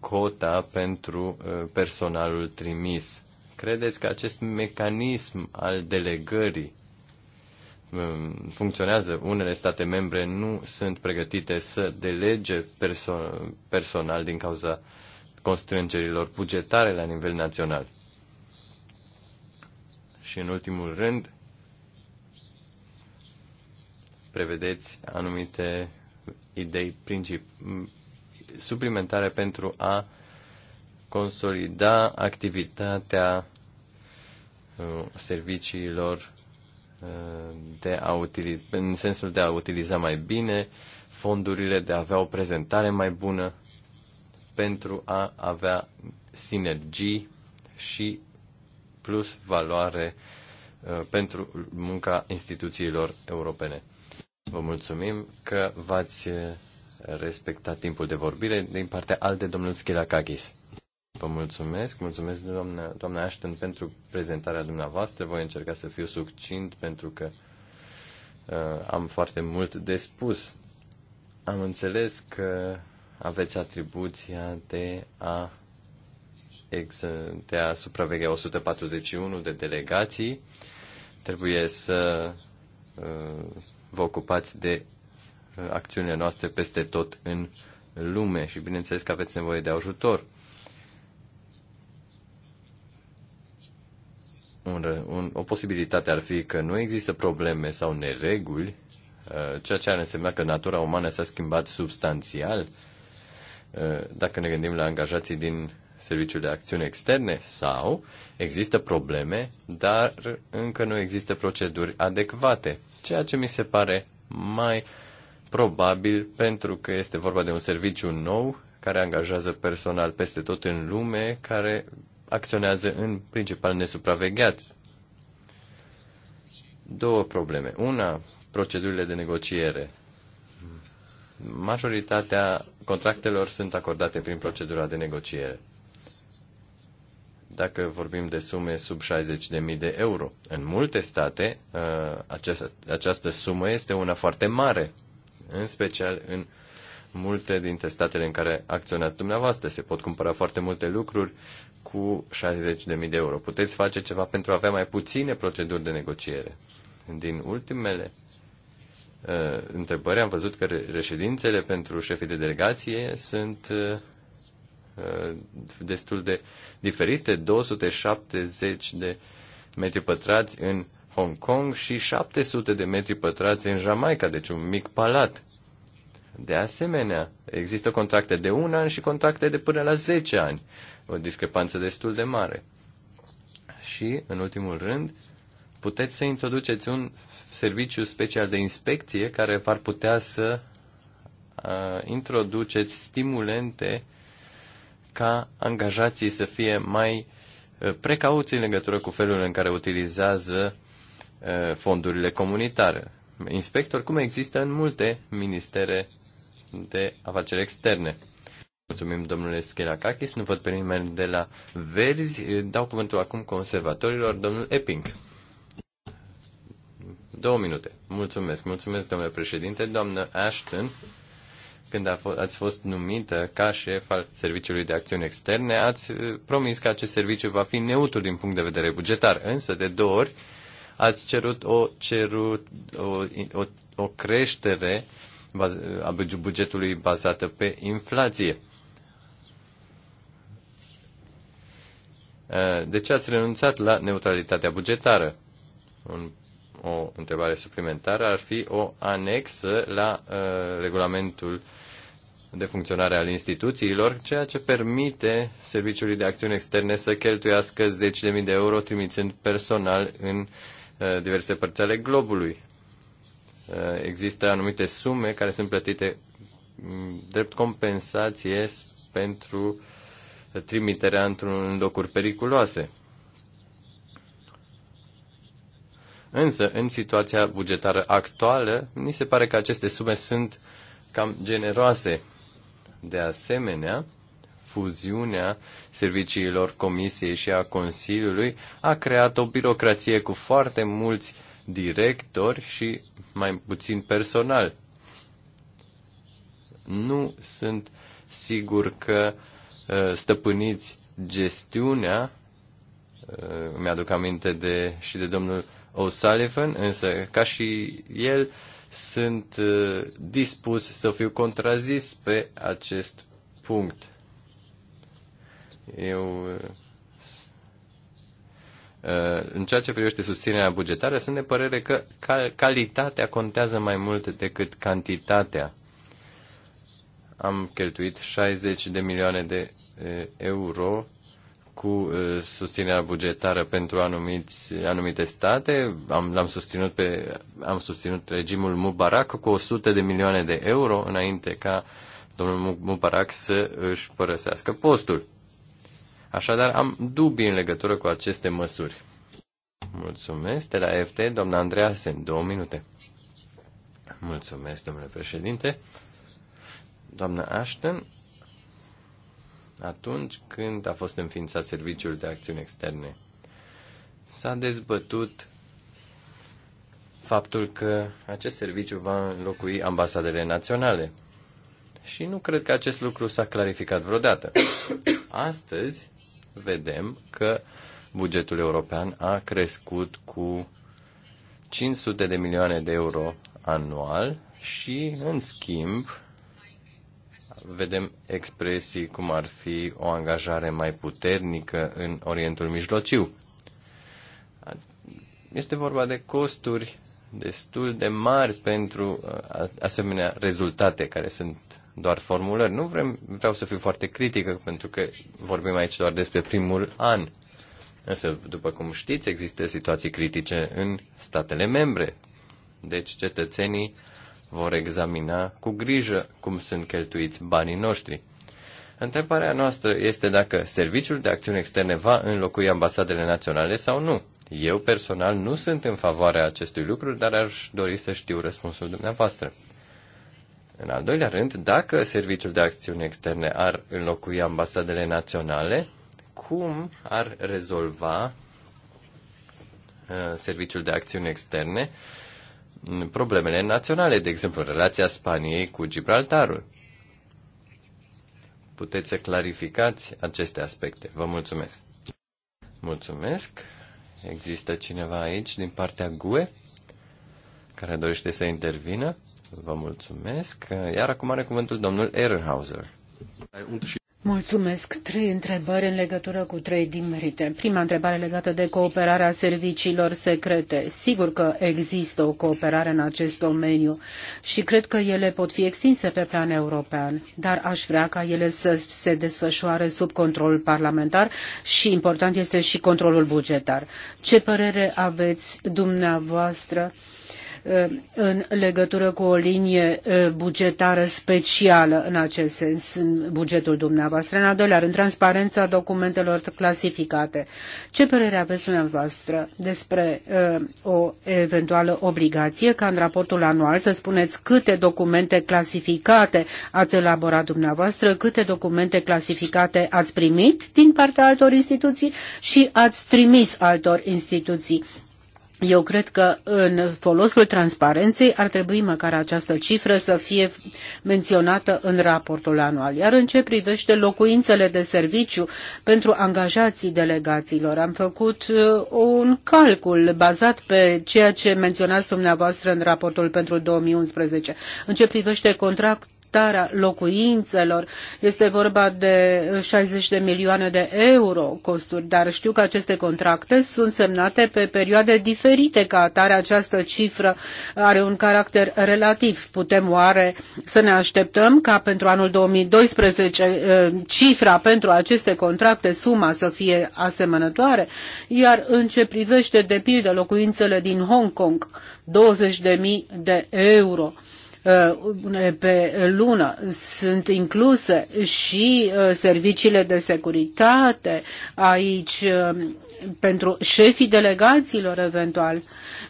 cota pentru uh, personalul trimis. Credeți că acest mecanism al delegării um, funcționează. Unele state membre nu sunt pregătite să delege perso- personal din cauza constrângerilor bugetare la nivel național. Și în ultimul rând, prevedeți anumite idei principi suplimentare pentru a consolida activitatea uh, serviciilor uh, de a utiliza, în sensul de a utiliza mai bine fondurile, de a avea o prezentare mai bună pentru a avea sinergii și plus valoare uh, pentru munca instituțiilor europene. Vă mulțumim că v-ați uh, respectat timpul de vorbire din partea alte domnul Schilakakis. Vă mulțumesc, mulțumesc doamna, doamna Ashton pentru prezentarea dumneavoastră. Voi încerca să fiu succint pentru că uh, am foarte mult de spus. Am înțeles că aveți atribuția de a de a supraveghea 141 de delegații. Trebuie să uh, vă ocupați de uh, acțiunile noastre peste tot în lume și bineînțeles că aveți nevoie de ajutor. Un, un, o posibilitate ar fi că nu există probleme sau nereguli, uh, ceea ce ar însemna că natura umană s-a schimbat substanțial. Dacă ne gândim la angajații din Serviciul de Acțiune Externe sau există probleme, dar încă nu există proceduri adecvate, ceea ce mi se pare mai probabil pentru că este vorba de un serviciu nou care angajează personal peste tot în lume, care acționează în principal nesupravegheat. Două probleme. Una, procedurile de negociere. Majoritatea contractelor sunt acordate prin procedura de negociere dacă vorbim de sume sub 60.000 de euro. În multe state, uh, această, această sumă este una foarte mare, în special în multe dintre statele în care acționați dumneavoastră. Se pot cumpăra foarte multe lucruri cu 60.000 de euro. Puteți face ceva pentru a avea mai puține proceduri de negociere. Din ultimele uh, întrebări am văzut că reședințele pentru șefii de delegație sunt uh, Uh, destul de diferite, 270 de metri pătrați în Hong Kong și 700 de metri pătrați în Jamaica, deci un mic palat. De asemenea, există contracte de un an și contracte de până la 10 ani, o discrepanță destul de mare. Și, în ultimul rând, puteți să introduceți un serviciu special de inspecție care v-ar putea să uh, introduceți stimulente ca angajații să fie mai uh, precauți în legătură cu felul în care utilizează uh, fondurile comunitare. Inspector, cum există în multe ministere de afaceri externe. Mulțumim, domnule Schelakakis. Nu văd pe nimeni de la Verzi. Dau cuvântul acum conservatorilor, domnul Epping. Două minute. Mulțumesc. Mulțumesc, domnule președinte, doamnă Ashton când ați fost numită ca șef al Serviciului de Acțiuni Externe, ați uh, promis că acest serviciu va fi neutru din punct de vedere bugetar, însă de două ori ați cerut o, cerut, o, o, o creștere a bugetului bazată pe inflație. Uh, de ce ați renunțat la neutralitatea bugetară? Un o întrebare suplimentară ar fi o anexă la uh, regulamentul de funcționare al instituțiilor, ceea ce permite Serviciului de Acțiuni Externe să cheltuiască 10.000 de mii de euro trimițând personal în uh, diverse părți ale globului. Uh, există anumite sume care sunt plătite mm, drept compensație pentru trimiterea într-un locuri periculoase Însă, în situația bugetară actuală, mi se pare că aceste sume sunt cam generoase. De asemenea, fuziunea serviciilor Comisiei și a Consiliului a creat o birocrație cu foarte mulți directori și mai puțin personal. Nu sunt sigur că ă, stăpâniți gestiunea. Ă, mi-aduc aminte de, și de domnul O'Sullivan, însă, ca și el, sunt uh, dispus să fiu contrazis pe acest punct. Eu uh, uh, în ceea ce privește susținerea bugetară, sunt de părere că calitatea contează mai mult decât cantitatea. Am cheltuit 60 de milioane de euro cu uh, susținerea bugetară pentru anumiți, anumite state. Am, l-am susținut pe, am susținut regimul Mubarak cu 100 de milioane de euro înainte ca domnul Mubarak să își părăsească postul. Așadar, am dubii în legătură cu aceste măsuri. Mulțumesc. De la FT, doamna Andreasen, două minute. Mulțumesc, domnule președinte. Doamna Ashton, atunci când a fost înființat Serviciul de Acțiuni Externe. S-a dezbătut faptul că acest serviciu va înlocui ambasadele naționale. Și nu cred că acest lucru s-a clarificat vreodată. *coughs* Astăzi vedem că bugetul european a crescut cu 500 de milioane de euro anual și, în schimb, vedem expresii cum ar fi o angajare mai puternică în Orientul Mijlociu. Este vorba de costuri destul de mari pentru uh, asemenea rezultate care sunt doar formulări. Nu vrem, vreau să fiu foarte critică pentru că vorbim aici doar despre primul an. Însă, după cum știți, există situații critice în statele membre. Deci, cetățenii uh, vor examina cu grijă cum sunt cheltuiți banii noștri. Întrebarea noastră este dacă Serviciul de Acțiuni Externe va înlocui ambasadele naționale sau nu. Eu personal nu sunt în favoarea acestui lucru, dar aș dori să știu răspunsul dumneavoastră. În al doilea rând, dacă Serviciul de Acțiuni Externe ar înlocui ambasadele naționale, cum ar rezolva uh, Serviciul de Acțiuni Externe problemele naționale, de exemplu, relația Spaniei cu Gibraltarul. Puteți să clarificați aceste aspecte. Vă mulțumesc. Mulțumesc. Există cineva aici din partea GUE care dorește să intervină? Vă mulțumesc. Iar acum are cuvântul domnul Ehrenhauser. Mulțumesc. Trei întrebări în legătură cu trei din merite. Prima întrebare legată de cooperarea serviciilor secrete. Sigur că există o cooperare în acest domeniu și cred că ele pot fi extinse pe plan european, dar aș vrea ca ele să se desfășoare sub control parlamentar și important este și controlul bugetar. Ce părere aveți dumneavoastră uh, Uh, în legătură cu o linie uh, bugetară specială în acest sens în bugetul dumneavoastră. În al doilea rând, transparența documentelor clasificate. Ce părere aveți dumneavoastră despre uh, o eventuală obligație ca în raportul anual să spuneți câte documente clasificate ați elaborat dumneavoastră, câte documente clasificate ați primit din partea altor instituții și ați trimis altor instituții. Eu cred că în folosul transparenței ar trebui măcar această cifră să fie menționată în raportul anual. Iar în ce privește locuințele de serviciu pentru angajații delegațiilor, am făcut uh, un calcul bazat pe ceea ce menționați dumneavoastră în raportul pentru 2011. În ce privește contract dezvoltarea locuințelor. Este vorba de 60 de milioane de euro costuri, dar știu că aceste contracte sunt semnate pe perioade diferite. Ca atare, această cifră are un caracter relativ. Putem oare să ne așteptăm ca pentru anul 2012 eh, cifra pentru aceste contracte, suma să fie asemănătoare? Iar în ce privește de pildă locuințele din Hong Kong, 20.000 de euro. Uh, pe lună. Sunt incluse și uh, serviciile de securitate. Aici uh, pentru șefii delegațiilor eventual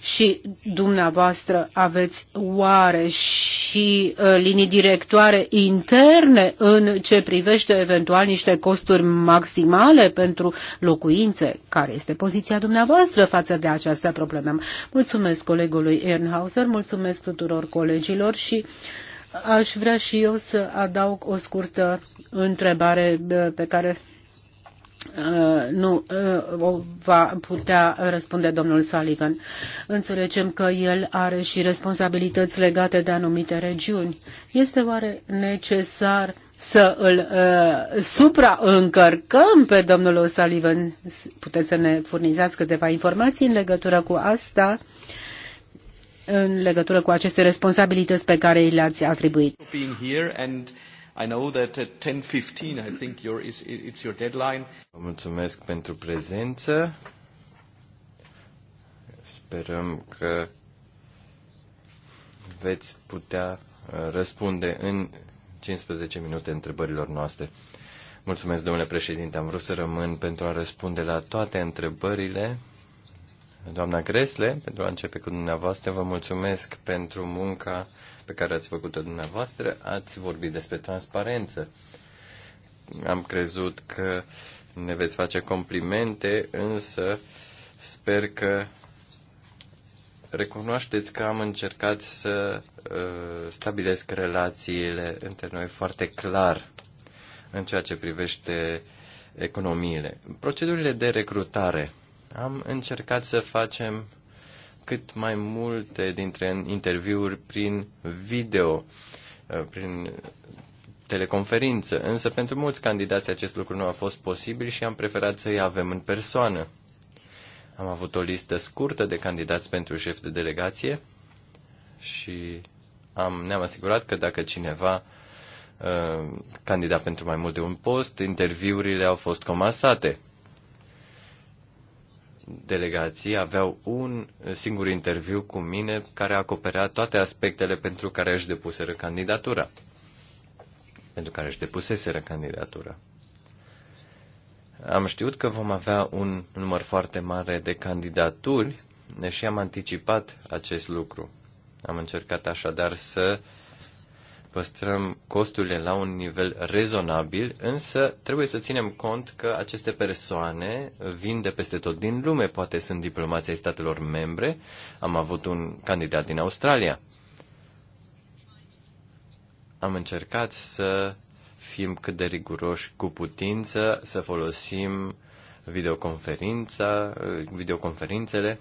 și dumneavoastră aveți oare și uh, linii directoare interne în ce privește eventual niște costuri maximale pentru locuințe? Care este poziția dumneavoastră față de această problemă? Mulțumesc colegului Ernhauser, mulțumesc tuturor colegilor și Aș vrea și eu să adaug o scurtă întrebare uh, pe care Uh, nu uh, o va putea răspunde domnul Sullivan. Înțelegem că el are și responsabilități legate de anumite regiuni. Este oare necesar să îl uh, supraîncărcăm pe domnul Sullivan? Puteți să ne furnizați câteva informații în legătură cu asta? în legătură cu aceste responsabilități pe care le-ați atribuit. I know that at 10.15, I think your, is, it's your deadline. Vă mulțumesc pentru prezență. Sperăm că veți putea uh, răspunde în 15 minute întrebărilor noastre. Mulțumesc, domnule președinte. Am vrut să rămân pentru a răspunde la toate întrebările. Doamna Gresle, pentru a începe cu dumneavoastră, vă mulțumesc pentru munca pe care ați făcut-o dumneavoastră, ați vorbit despre transparență. Am crezut că ne veți face complimente, însă sper că recunoașteți că am încercat să uh, stabilesc relațiile între noi foarte clar în ceea ce privește economiile. Procedurile de recrutare. Am încercat să facem cât mai multe dintre interviuri prin video, uh, prin teleconferință, însă pentru mulți candidați acest lucru nu a fost posibil și am preferat să-i avem în persoană. Am avut o listă scurtă de candidați pentru șef de delegație și am, ne-am asigurat că dacă cineva uh, candida pentru mai mult de un post, interviurile au fost comasate delegații aveau un singur interviu cu mine care acoperea toate aspectele pentru care își depuseră candidatura. Pentru care își depuseseră candidatura. Am știut că vom avea un număr foarte mare de candidaturi și am anticipat acest lucru. Am încercat așadar să uh, păstrăm costurile la un nivel rezonabil, însă trebuie să ținem cont că aceste persoane vin de peste tot din lume, poate sunt diplomații ai statelor membre. Am avut un candidat din Australia. Am încercat să fim cât de riguroși cu putință, să folosim videoconferința, videoconferințele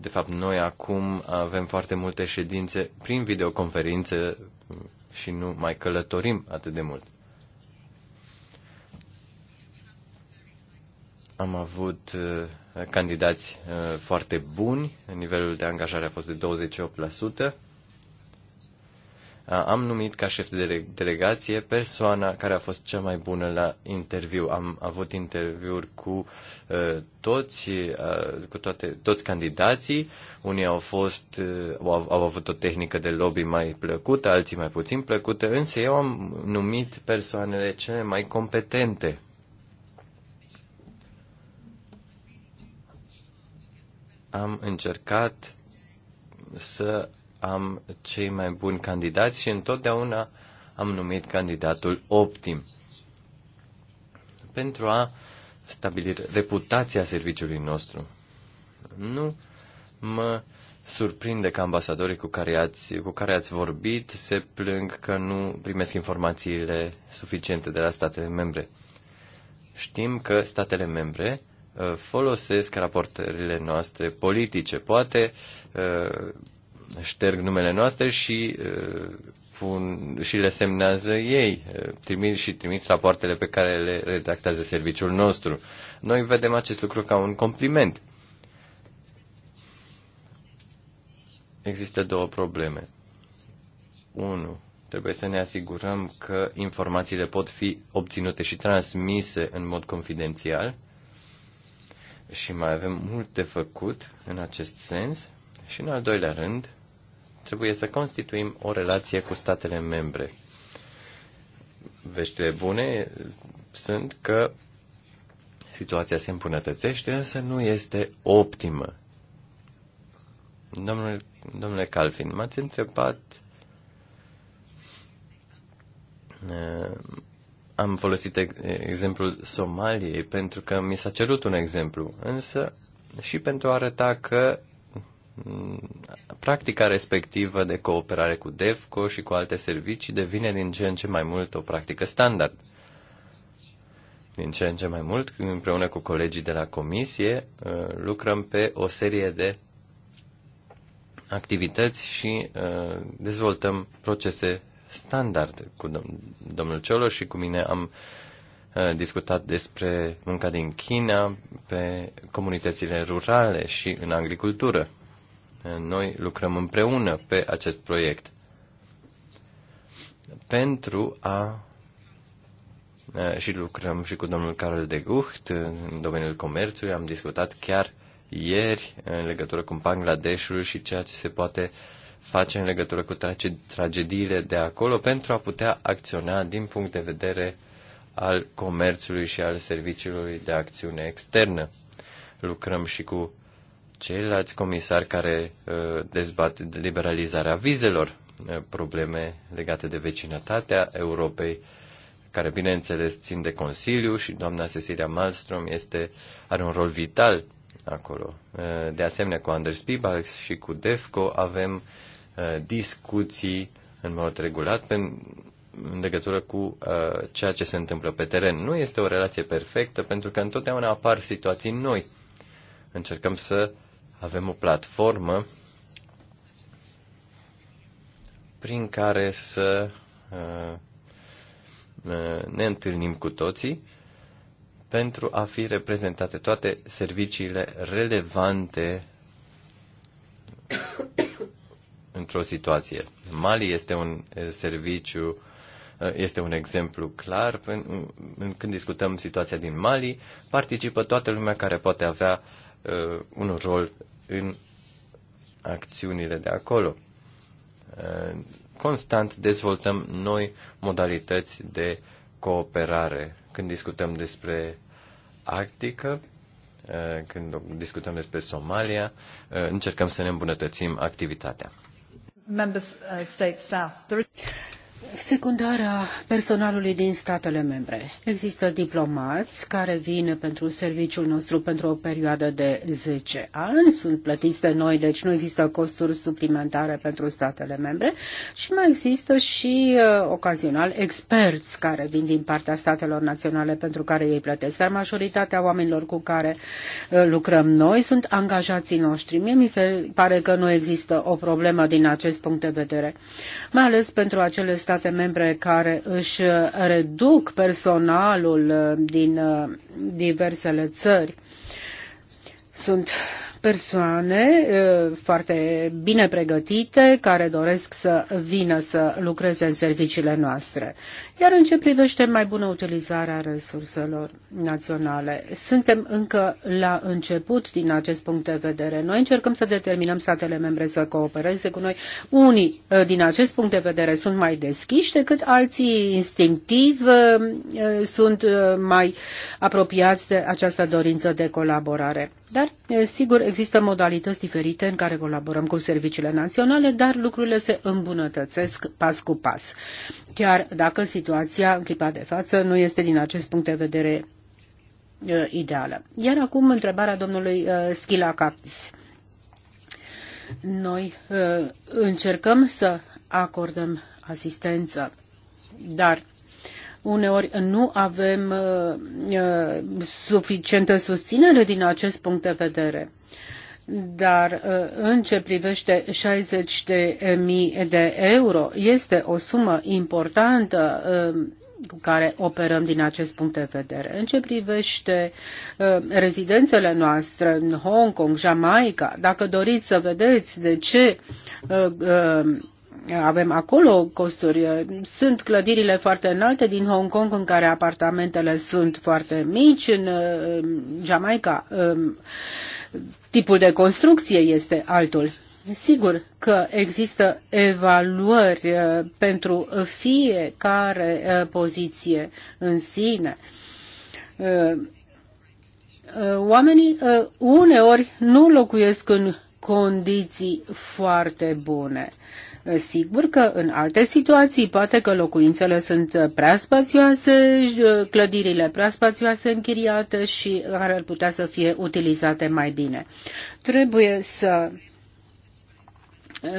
de fapt, noi acum avem foarte multe ședințe prin videoconferință și nu mai călătorim atât de mult. Am avut uh, candidați uh, foarte buni, nivelul de angajare a fost de am numit ca șef de delegație persoana care a fost cea mai bună la interviu. Am avut interviuri cu uh, toți, uh, cu toate, toți candidații. Unii au fost, uh, au, au avut o tehnică de lobby mai plăcută, alții mai puțin plăcută, însă eu am numit persoanele cele mai competente am încercat să am cei mai buni candidați și întotdeauna am numit candidatul optim pentru a stabili reputația serviciului nostru. Nu mă surprinde că ambasadorii cu care, ați, cu care ați vorbit se plâng că nu primesc informațiile suficiente de la statele membre. Știm că statele membre uh, folosesc raportările noastre politice. Poate uh, șterg numele noastre și, pun, și le semnează ei, trimit și trimit rapoartele pe care le redactează serviciul nostru. Noi vedem acest lucru ca un compliment. Există două probleme. Unu, Trebuie să ne asigurăm că informațiile pot fi obținute și transmise în mod confidențial și mai avem mult de făcut în acest sens. Și în al doilea rând, trebuie să constituim o relație cu statele membre. Veștile bune sunt că situația se îmbunătățește, însă nu este optimă. Domnule, domnule Calvin, m-ați întrebat uh, am folosit exemplul Somaliei pentru că mi s-a cerut un exemplu, însă și pentru a arăta că Mm, practica respectivă de cooperare cu DEVCO și cu alte servicii devine din ce în ce mai mult o practică standard. Din ce în ce mai mult, împreună cu colegii de la comisie, uh, lucrăm pe o serie de activități și uh, dezvoltăm procese standard. Cu domnul Ciolo și cu mine am uh, discutat despre munca din China pe comunitățile rurale și în agricultură. Noi lucrăm împreună pe acest proiect pentru a și lucrăm și cu domnul Carol de Gucht în domeniul comerțului. Am discutat chiar ieri în legătură cu Bangladeshul și ceea ce se poate face în legătură cu tragediile de acolo pentru a putea acționa din punct de vedere al comerțului și al serviciului de acțiune externă. Lucrăm și cu ceilalți comisari care uh, dezbat liberalizarea vizelor, uh, probleme legate de vecinătatea Europei, care bineînțeles țin de Consiliu și doamna Cecilia Malmström este, are un rol vital acolo. Uh, de asemenea, cu Anders Pibax și cu DEFCO avem discuții în mod regulat pe, în legătură cu uh, ceea ce se întâmplă pe teren. Nu este o relație perfectă pentru că întotdeauna apar situații noi. Încercăm să uh, avem o platformă prin care să uh, uh, ne întâlnim cu toții pentru a fi reprezentate toate serviciile relevante *coughs* într-o situație. Mali este un uh, serviciu, este un exemplu clar. Când discutăm situația din Mali, participă toată lumea care poate avea un rol în acțiunile de acolo. Uh, constant dezvoltăm noi modalități de cooperare. Când discutăm despre Arctică, uh, când discutăm despre Somalia, uh, încercăm să ne îmbunătățim activitatea. Secundarea personalului din statele membre. Există diplomați care vin pentru serviciul nostru pentru o perioadă de 10 ani, sunt plătiți de noi, deci nu există costuri suplimentare pentru statele membre și mai există și uh, ocazional experți care vin din partea statelor naționale pentru care ei plătesc, dar majoritatea oamenilor cu care uh, lucrăm noi sunt angajații noștri. Mie mi se pare că nu există o problemă din acest punct de vedere, mai ales pentru acele state state membre care își reduc personalul uh, din uh, diversele țări. Sunt persoane foarte bine pregătite care doresc să vină să lucreze în serviciile noastre. Iar în ce privește mai bună utilizarea resurselor naționale, suntem încă la început din acest punct de vedere. Noi încercăm să determinăm statele membre să coopereze cu noi. Unii din acest punct de vedere sunt mai deschiși decât alții instinctiv sunt mai apropiați de această dorință de colaborare. Dar, sigur, există modalități diferite în care colaborăm cu serviciile naționale, dar lucrurile se îmbunătățesc pas cu pas. Chiar dacă situația în clipa de față nu este din acest punct de vedere uh, ideală. Iar acum întrebarea domnului uh, Capis. Noi uh, încercăm să acordăm asistență, dar Uneori nu avem uh, uh, suficientă susținere din acest punct de vedere dar uh, în ce privește 60.000 de de euro, este o sumă importantă cu care operăm din acest punct de vedere. În ce privește rezidențele noastre în Hong Kong, Jamaica, dacă doriți să vedeți de ce avem acolo costuri. Sunt clădirile foarte înalte din Hong Kong în care apartamentele sunt foarte mici, în uh, Jamaica um, tipul de construcție este altul. Sigur că există evaluări uh, pentru fiecare uh, poziție în sine oamenii uneori nu locuiesc în condiții foarte bune. Sigur că în alte situații poate că locuințele sunt prea spațioase, clădirile prea spațioase închiriate și care ar putea să fie utilizate mai bine. Trebuie să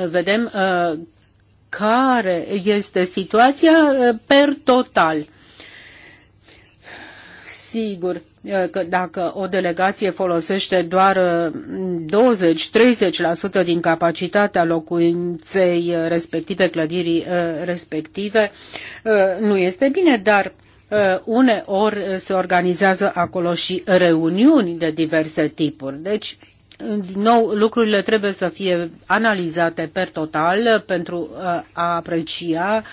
vedem care este situația per total sigur că dacă o delegație folosește doar 20-30% din capacitatea locuinței respective, clădirii respective, nu este bine, dar uneori se organizează acolo și reuniuni de diverse tipuri. Deci, din nou, lucrurile trebuie să fie analizate per total pentru a aprecia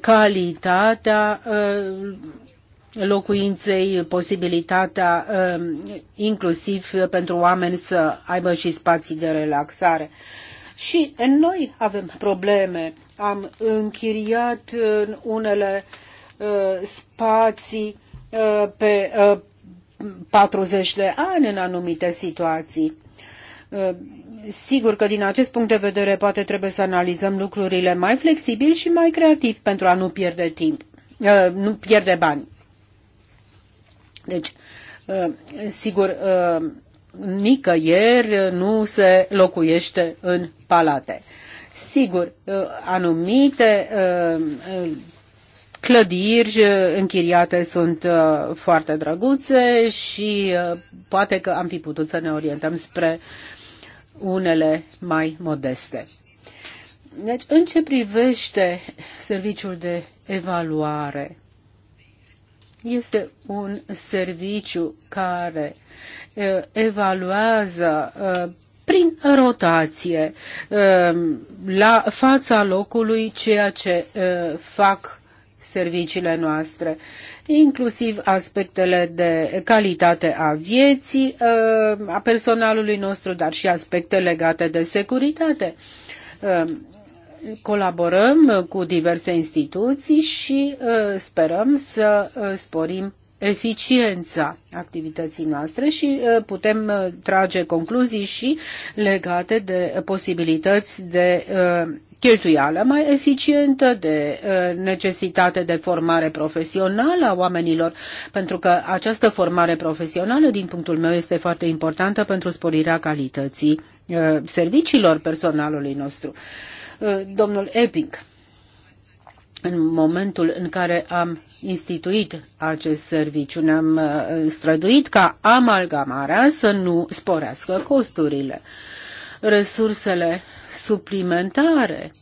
calitatea locuinței posibilitatea um, inclusiv pentru oameni să aibă și spații de relaxare. Și noi avem probleme. Am închiriat în unele uh, spații uh, pe 40 uh, de ani în anumite situații. Sigur că din acest punct de vedere poate trebuie să analizăm lucrurile mai flexibil și mai creativ pentru a nu pierde timp, nu pierde bani. Deci, uh, sigur, uh, nicăieri nu se locuiește în palate. Sigur, uh, anumite clădiri închiriate sunt foarte drăguțe și poate că am fi putut să ne orientăm spre unele mai modeste. Deci, în ce privește serviciul de evaluare, este un serviciu care uh, evaluează uh, prin rotație uh, la fața locului ceea ce fac serviciile noastre, inclusiv aspectele de calitate a vieții, a personalului nostru, dar și aspecte legate de securitate colaborăm cu diverse instituții și uh, sperăm să uh, sporim eficiența activității noastre și uh, putem trage concluzii și legate de posibilități de cheltuială mai eficientă, de necesitate de formare profesională a oamenilor, pentru că această formare profesională, din punctul meu, este foarte importantă pentru sporirea calității serviciilor personalului nostru. Uh, domnul Epping. În momentul în care am instituit acest serviciu, ne-am uh, străduit ca amalgamarea să nu sporească costurile. Resursele suplimentare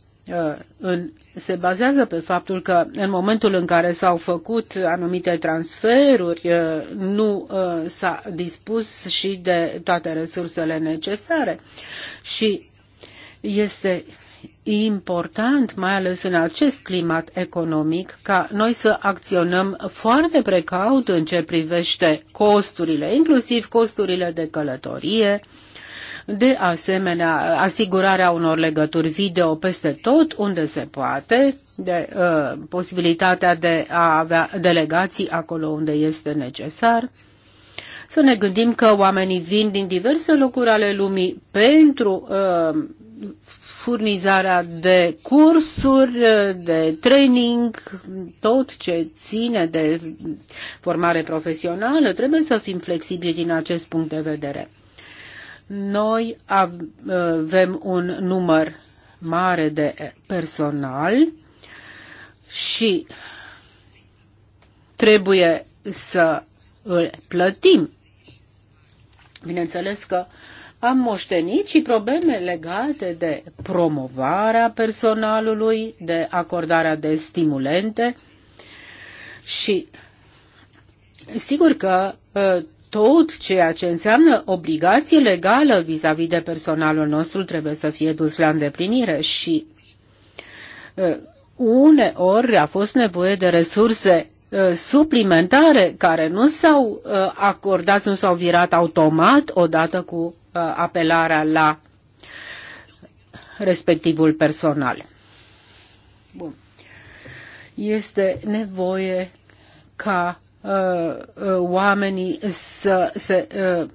uh, se bazează pe faptul că în momentul în care s-au făcut anumite transferuri, nu s-a dispus și de toate resursele necesare. Și este important, mai ales în acest climat economic, ca noi să acționăm foarte precaut în ce privește costurile, inclusiv costurile de călătorie, de asemenea asigurarea unor legături video peste tot unde se poate, de uh, posibilitatea de a avea delegații acolo unde este necesar. Să ne gândim că oamenii vin din diverse locuri ale lumii pentru uh, furnizarea de cursuri, de training, tot ce ține de formare profesională, trebuie să fim flexibili din acest punct de vedere. Noi avem un număr mare de personal și trebuie să îl plătim. Bineînțeles că uh, am moștenit și probleme legate de promovarea personalului, de acordarea de stimulente și sigur că ă, tot ceea ce înseamnă obligație legală vis-a-vis -vis de personalul nostru trebuie să fie dus la îndeplinire și ă, uneori a fost nevoie de resurse ă, suplimentare care nu s-au acordat, nu s-au virat automat odată cu Uh, apelarea la respectivul personal. Bun. Este nevoie ca uh, uh, oamenii să se uh,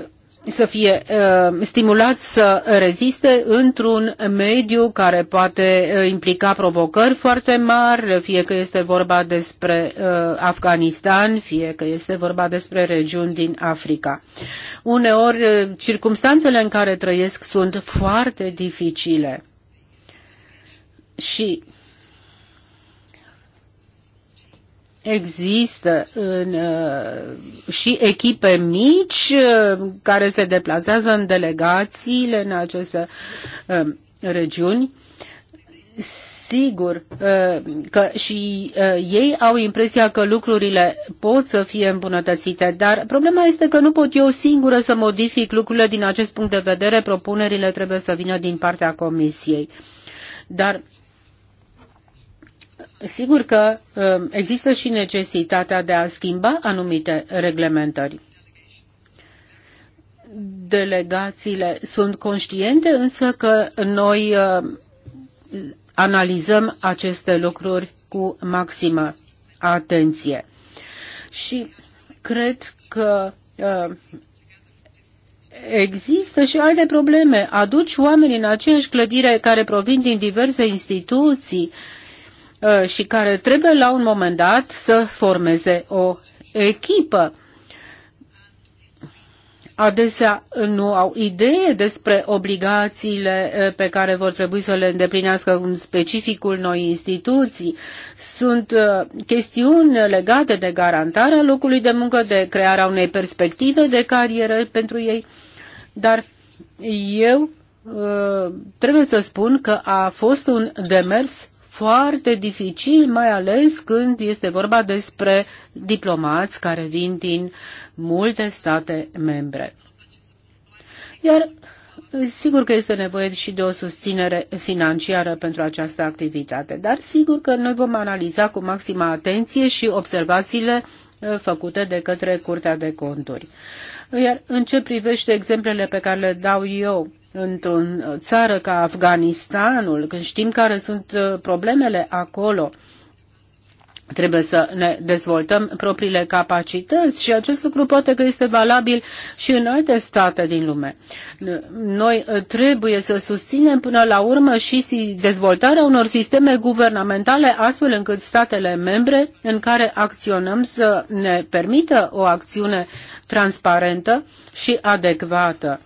uh, să fie uh, stimulați să reziste într-un mediu care poate uh, implica provocări foarte mari, fie că este vorba despre uh, Afganistan, fie că este vorba despre regiuni din Africa. Uneori, circumstanțele în care trăiesc sunt foarte dificile. Și Există în, uh, și echipe mici uh, care se deplasează în delegațiile în aceste uh, regiuni sigur că și ei au impresia că lucrurile pot să fie îmbunătățite, dar problema este că nu pot eu singură să modific lucrurile din acest punct de vedere, propunerile trebuie să vină din partea Comisiei. Dar Sigur că um, există și necesitatea de a schimba anumite reglementări. Delegațiile sunt conștiente însă că noi um, analizăm aceste lucruri cu maximă atenție. Și cred că um, Există și alte probleme. Aduci oameni în aceeași clădire care provin din diverse instituții Uh, și care trebuie la un moment dat să formeze o echipă. Adesea nu au idee despre obligațiile uh, pe care vor trebui să le îndeplinească în specificul noi instituții. Sunt uh, chestiuni legate de garantarea locului de muncă, de crearea unei perspective de carieră pentru ei, dar eu trebuie să spun că a fost un demers foarte dificil, mai ales când este vorba despre diplomați care vin din multe state membre. Iar Sigur că este nevoie și de o susținere financiară pentru această activitate, dar sigur că noi vom analiza cu maximă atenție și observațiile uh, făcute de către Curtea de Conturi. Iar în ce privește exemplele pe care le dau eu, într-o uh, țară ca Afganistanul, când știm care sunt uh, problemele acolo, trebuie să ne dezvoltăm propriile capacități și acest lucru poate că este valabil și în alte state din lume. Noi uh, trebuie să susținem până la urmă și dezvoltarea unor sisteme guvernamentale astfel încât statele membre în care acționăm să ne permită o acțiune transparentă și adecvată.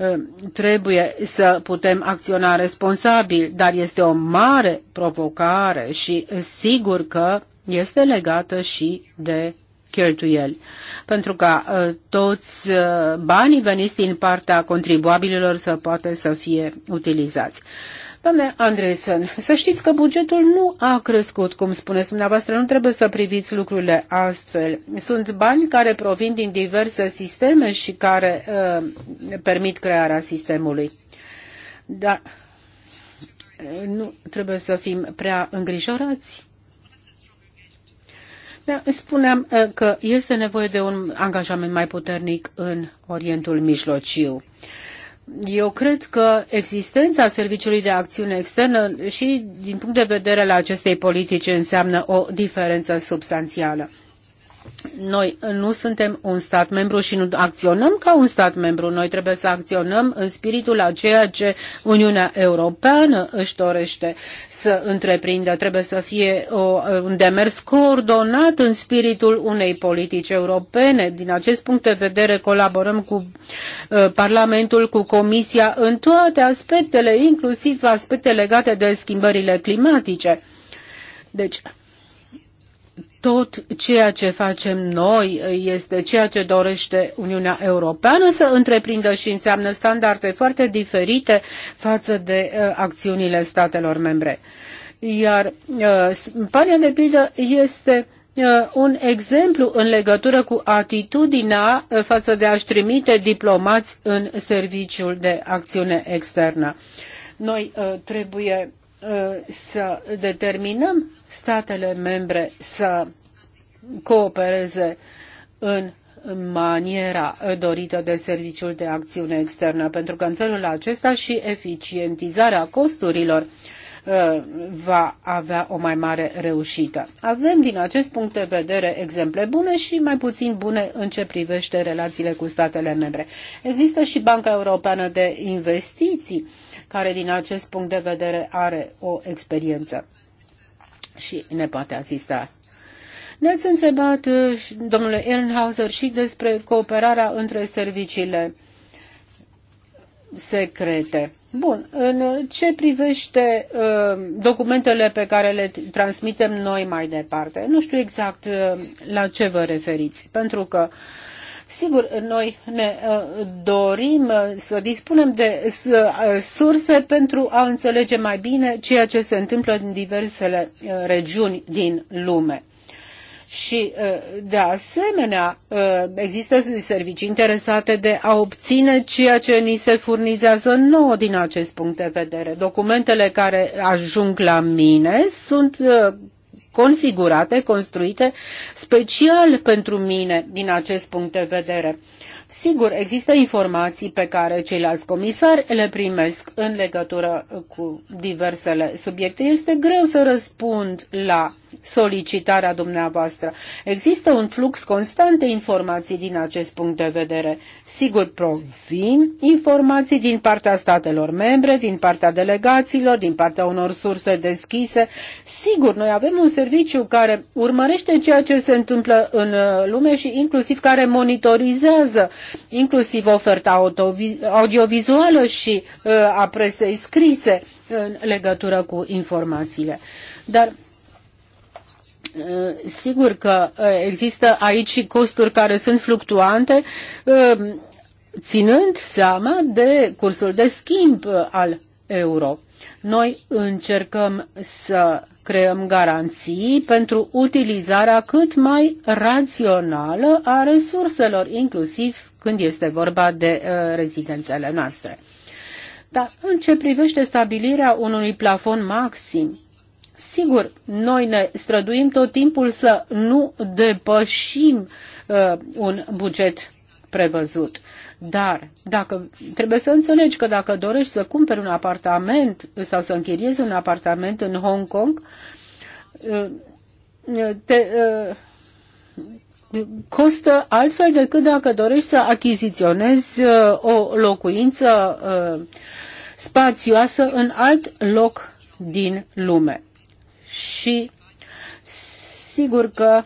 Ehm, trebuie să putem acționa responsabil, dar este o mare provocare și eh, sigur că este legată și de cheltuieli. Pentru ca eh, toți eh, banii veniți din partea contribuabililor să poată să fie utilizați. Doamne Andresen, să știți că bugetul nu a crescut, cum spuneți dumneavoastră, nu trebuie să priviți lucrurile astfel. Sunt bani care provin din diverse sisteme și care uh, permit crearea sistemului. Dar nu trebuie să fim prea îngrijorați. Da, spuneam uh, că este nevoie de un angajament mai puternic în Orientul Mijlociu. Eu cred că existența Serviciului de Acțiune Externă și din punct de vedere al acestei politici înseamnă o diferență substanțială. Noi nu suntem un stat membru și nu acționăm ca un stat membru. Noi trebuie să acționăm în spiritul a ceea ce Uniunea Europeană își dorește să întreprindă. Trebuie să fie o, un demers coordonat în spiritul unei politici europene. Din acest punct de vedere colaborăm cu uh, Parlamentul, cu Comisia în toate aspectele, inclusiv aspecte legate de schimbările climatice. Deci, tot ceea ce facem noi este ceea ce dorește Uniunea Europeană să întreprindă și înseamnă standarde foarte diferite față de uh, acțiunile statelor membre. Iar uh, Spania, de pildă, este uh, un exemplu în legătură cu atitudinea față de a-și trimite diplomați în serviciul de acțiune externă. Noi trebuie Uh, să determinăm statele membre să coopereze în maniera dorită de Serviciul de Acțiune Externă, pentru că în felul acesta și eficientizarea costurilor uh, va avea o mai mare reușită. Avem din acest punct de vedere exemple bune și mai puțin bune în ce privește relațiile cu statele membre. Există și Banca Europeană de Investiții, care din acest punct de vedere are o experiență și ne poate asista. Ne-ați întrebat, uh, domnule Ehrenhauser, și despre cooperarea între serviciile secrete. Bun, în ce privește uh, documentele pe care le transmitem noi mai departe? Nu știu exact uh, la ce vă referiți, pentru că uh, Sigur, noi ne uh, dorim uh, să dispunem de uh, surse pentru a înțelege mai bine ceea ce se întâmplă în diversele regiuni din lume. Și, de asemenea, există servicii interesate de a obține ceea ce ni se furnizează nouă din acest punct de vedere. Documentele care ajung la mine sunt configurate, construite special pentru mine din acest punct de vedere. Sigur, există informații pe care ceilalți comisari le primesc în legătură cu diversele subiecte. Este greu să răspund la solicitarea dumneavoastră. Există un flux constant de informații din acest punct de vedere. Sigur, provin informații din partea statelor membre, din partea delegațiilor, din partea unor surse deschise. Sigur, noi avem un serviciu care urmărește ceea ce se întâmplă în uh, lume și inclusiv care monitorizează inclusiv oferta audiovizuală și uh, a presei scrise în legătură cu informațiile. Dar Eh, sigur că eh, există aici și costuri care sunt fluctuante, eh, ținând seama de cursul de schimb al euro. Noi încercăm să creăm garanții pentru utilizarea cât mai rațională a resurselor, inclusiv când este vorba de rezidențele noastre. Dar în ce privește stabilirea unui plafon maxim Sigur, noi ne străduim tot timpul să nu depășim uh, un buget prevăzut. Dar dacă trebuie să înțelegi că dacă dorești să cumperi un apartament sau să închiriezi un apartament în Hong Kong, uh, uh, te uh, costă altfel decât dacă dorești să achiziționezi o locuință spațioasă în alt loc din lume și sigur că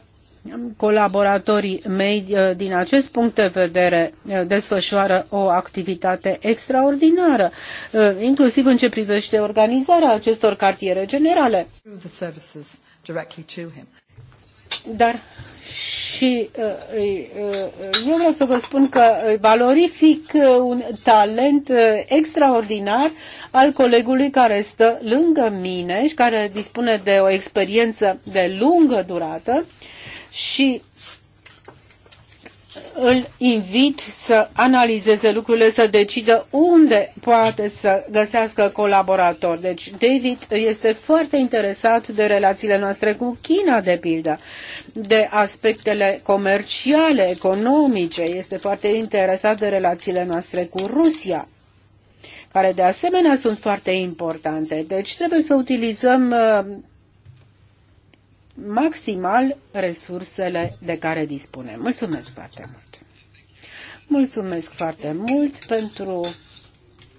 colaboratorii mei uh, din acest punct de vedere uh, desfășoară o activitate extraordinară, uh, inclusiv în ce privește organizarea acestor cartiere generale dar și uh, uh, eu vreau să vă spun că uh, valorific un talent extraordinar al colegului care stă lângă mine și care dispune de o experiență de lungă durată și îl invit să analizeze lucrurile, să decidă unde poate să găsească colaboratori. Deci David este foarte interesat de relațiile noastre cu China, de pildă, de aspectele comerciale, economice, este foarte interesat de relațiile noastre cu Rusia care de asemenea sunt foarte importante. Deci trebuie să utilizăm uh, maximal resursele de care dispunem. Mulțumesc foarte mult! Mulțumesc foarte mult pentru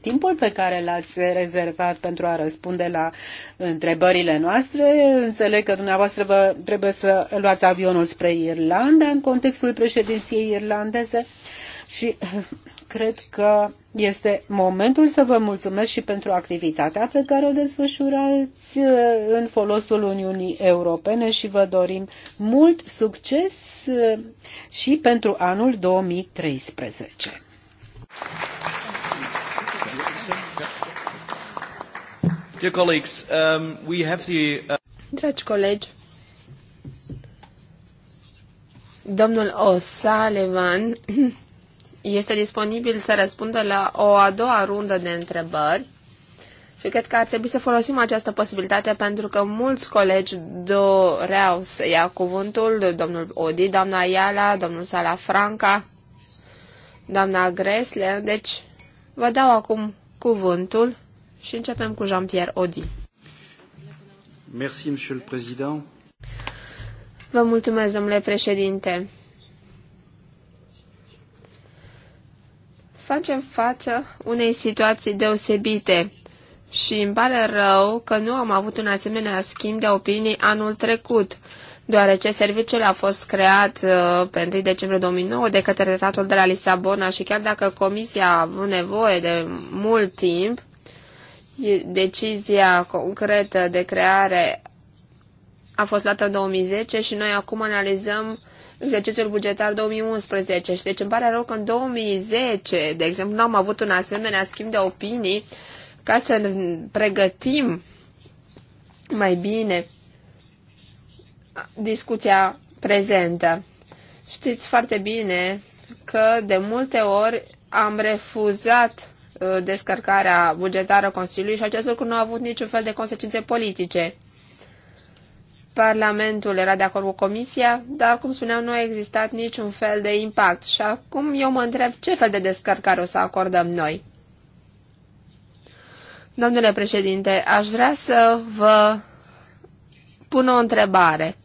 timpul pe care l-ați rezervat pentru a răspunde la întrebările noastre. Înțeleg că dumneavoastră vă trebuie să luați avionul spre Irlanda în contextul președinției irlandeze și cred că este momentul să vă mulțumesc și pentru activitatea pe care o desfășurați uh, în folosul Uniunii Europene și vă dorim mult succes uh, și pentru anul 2013. Dear colleagues, um, we have the, uh... Dragi colegi, domnul O'Sullivan este disponibil să răspundă la o a doua rundă de întrebări și cred că ar trebui să folosim această posibilitate pentru că mulți colegi doreau să ia cuvântul, domnul Odi, doamna Iala, domnul Sala Franca, doamna Gresle, deci vă dau acum cuvântul și începem cu Jean-Pierre Odi. Merci, Vă mulțumesc, domnule președinte. facem față unei situații deosebite și îmi pare rău că nu am avut un asemenea schimb de opinii anul trecut, deoarece serviciul a fost creat uh, pe 1 decembrie 2009 de către tratatul de la Lisabona și chiar dacă comisia a avut nevoie de mult timp, decizia concretă de creare a fost luată în 2010 și noi acum analizăm exercițiul bugetar 2011 și deci îmi pare rău că în 2010, de exemplu, n-am avut un asemenea schimb de opinii ca să ne pregătim mai bine discuția prezentă. Știți foarte bine că de multe ori am refuzat uh, descărcarea bugetară Consiliului și acest lucru nu a avut niciun fel de consecințe politice. Parlamentul era de acord cu Comisia, dar, cum spuneam, nu a existat niciun fel de impact. Și acum eu mă întreb ce fel de descărcare o să acordăm noi. Domnule președinte, aș vrea să vă pun o întrebare.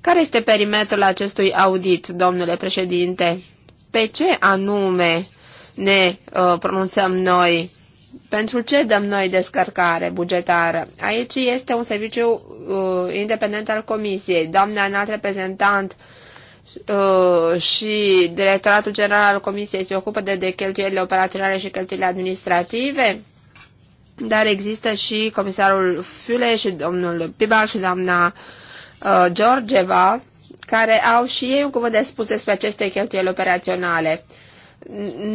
Care este perimetrul acestui audit, domnule președinte? Pe ce anume ne uh, pronunțăm noi? pentru ce dăm noi descărcare bugetară? Aici este un serviciu uh, independent al Comisiei. Doamna înalt reprezentant uh, și Directoratul General al Comisiei se ocupă de, de cheltuielile operaționale și cheltuielile administrative, dar există și comisarul Fiule și domnul Pibal și doamna uh, Georgeva, care au și ei un cuvânt de spus despre aceste cheltuieli operaționale. Uh,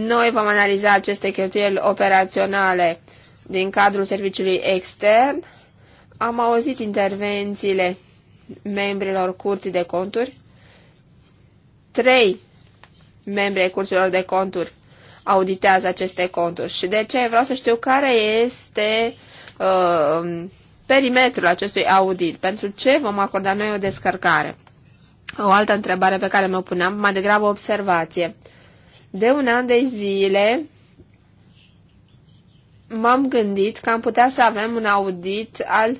noi vom analiza aceste cheltuieli operaționale din cadrul serviciului extern. Am auzit intervențiile membrilor curții de conturi. Trei membri ai curților de conturi auditează aceste conturi. Și de ce vreau să știu care este uh, perimetrul acestui audit, pentru ce vom acorda noi o descărcare. O altă întrebare pe care mă o puneam, mai degrabă observație. De un an de zile m-am gândit că am putea să avem un audit al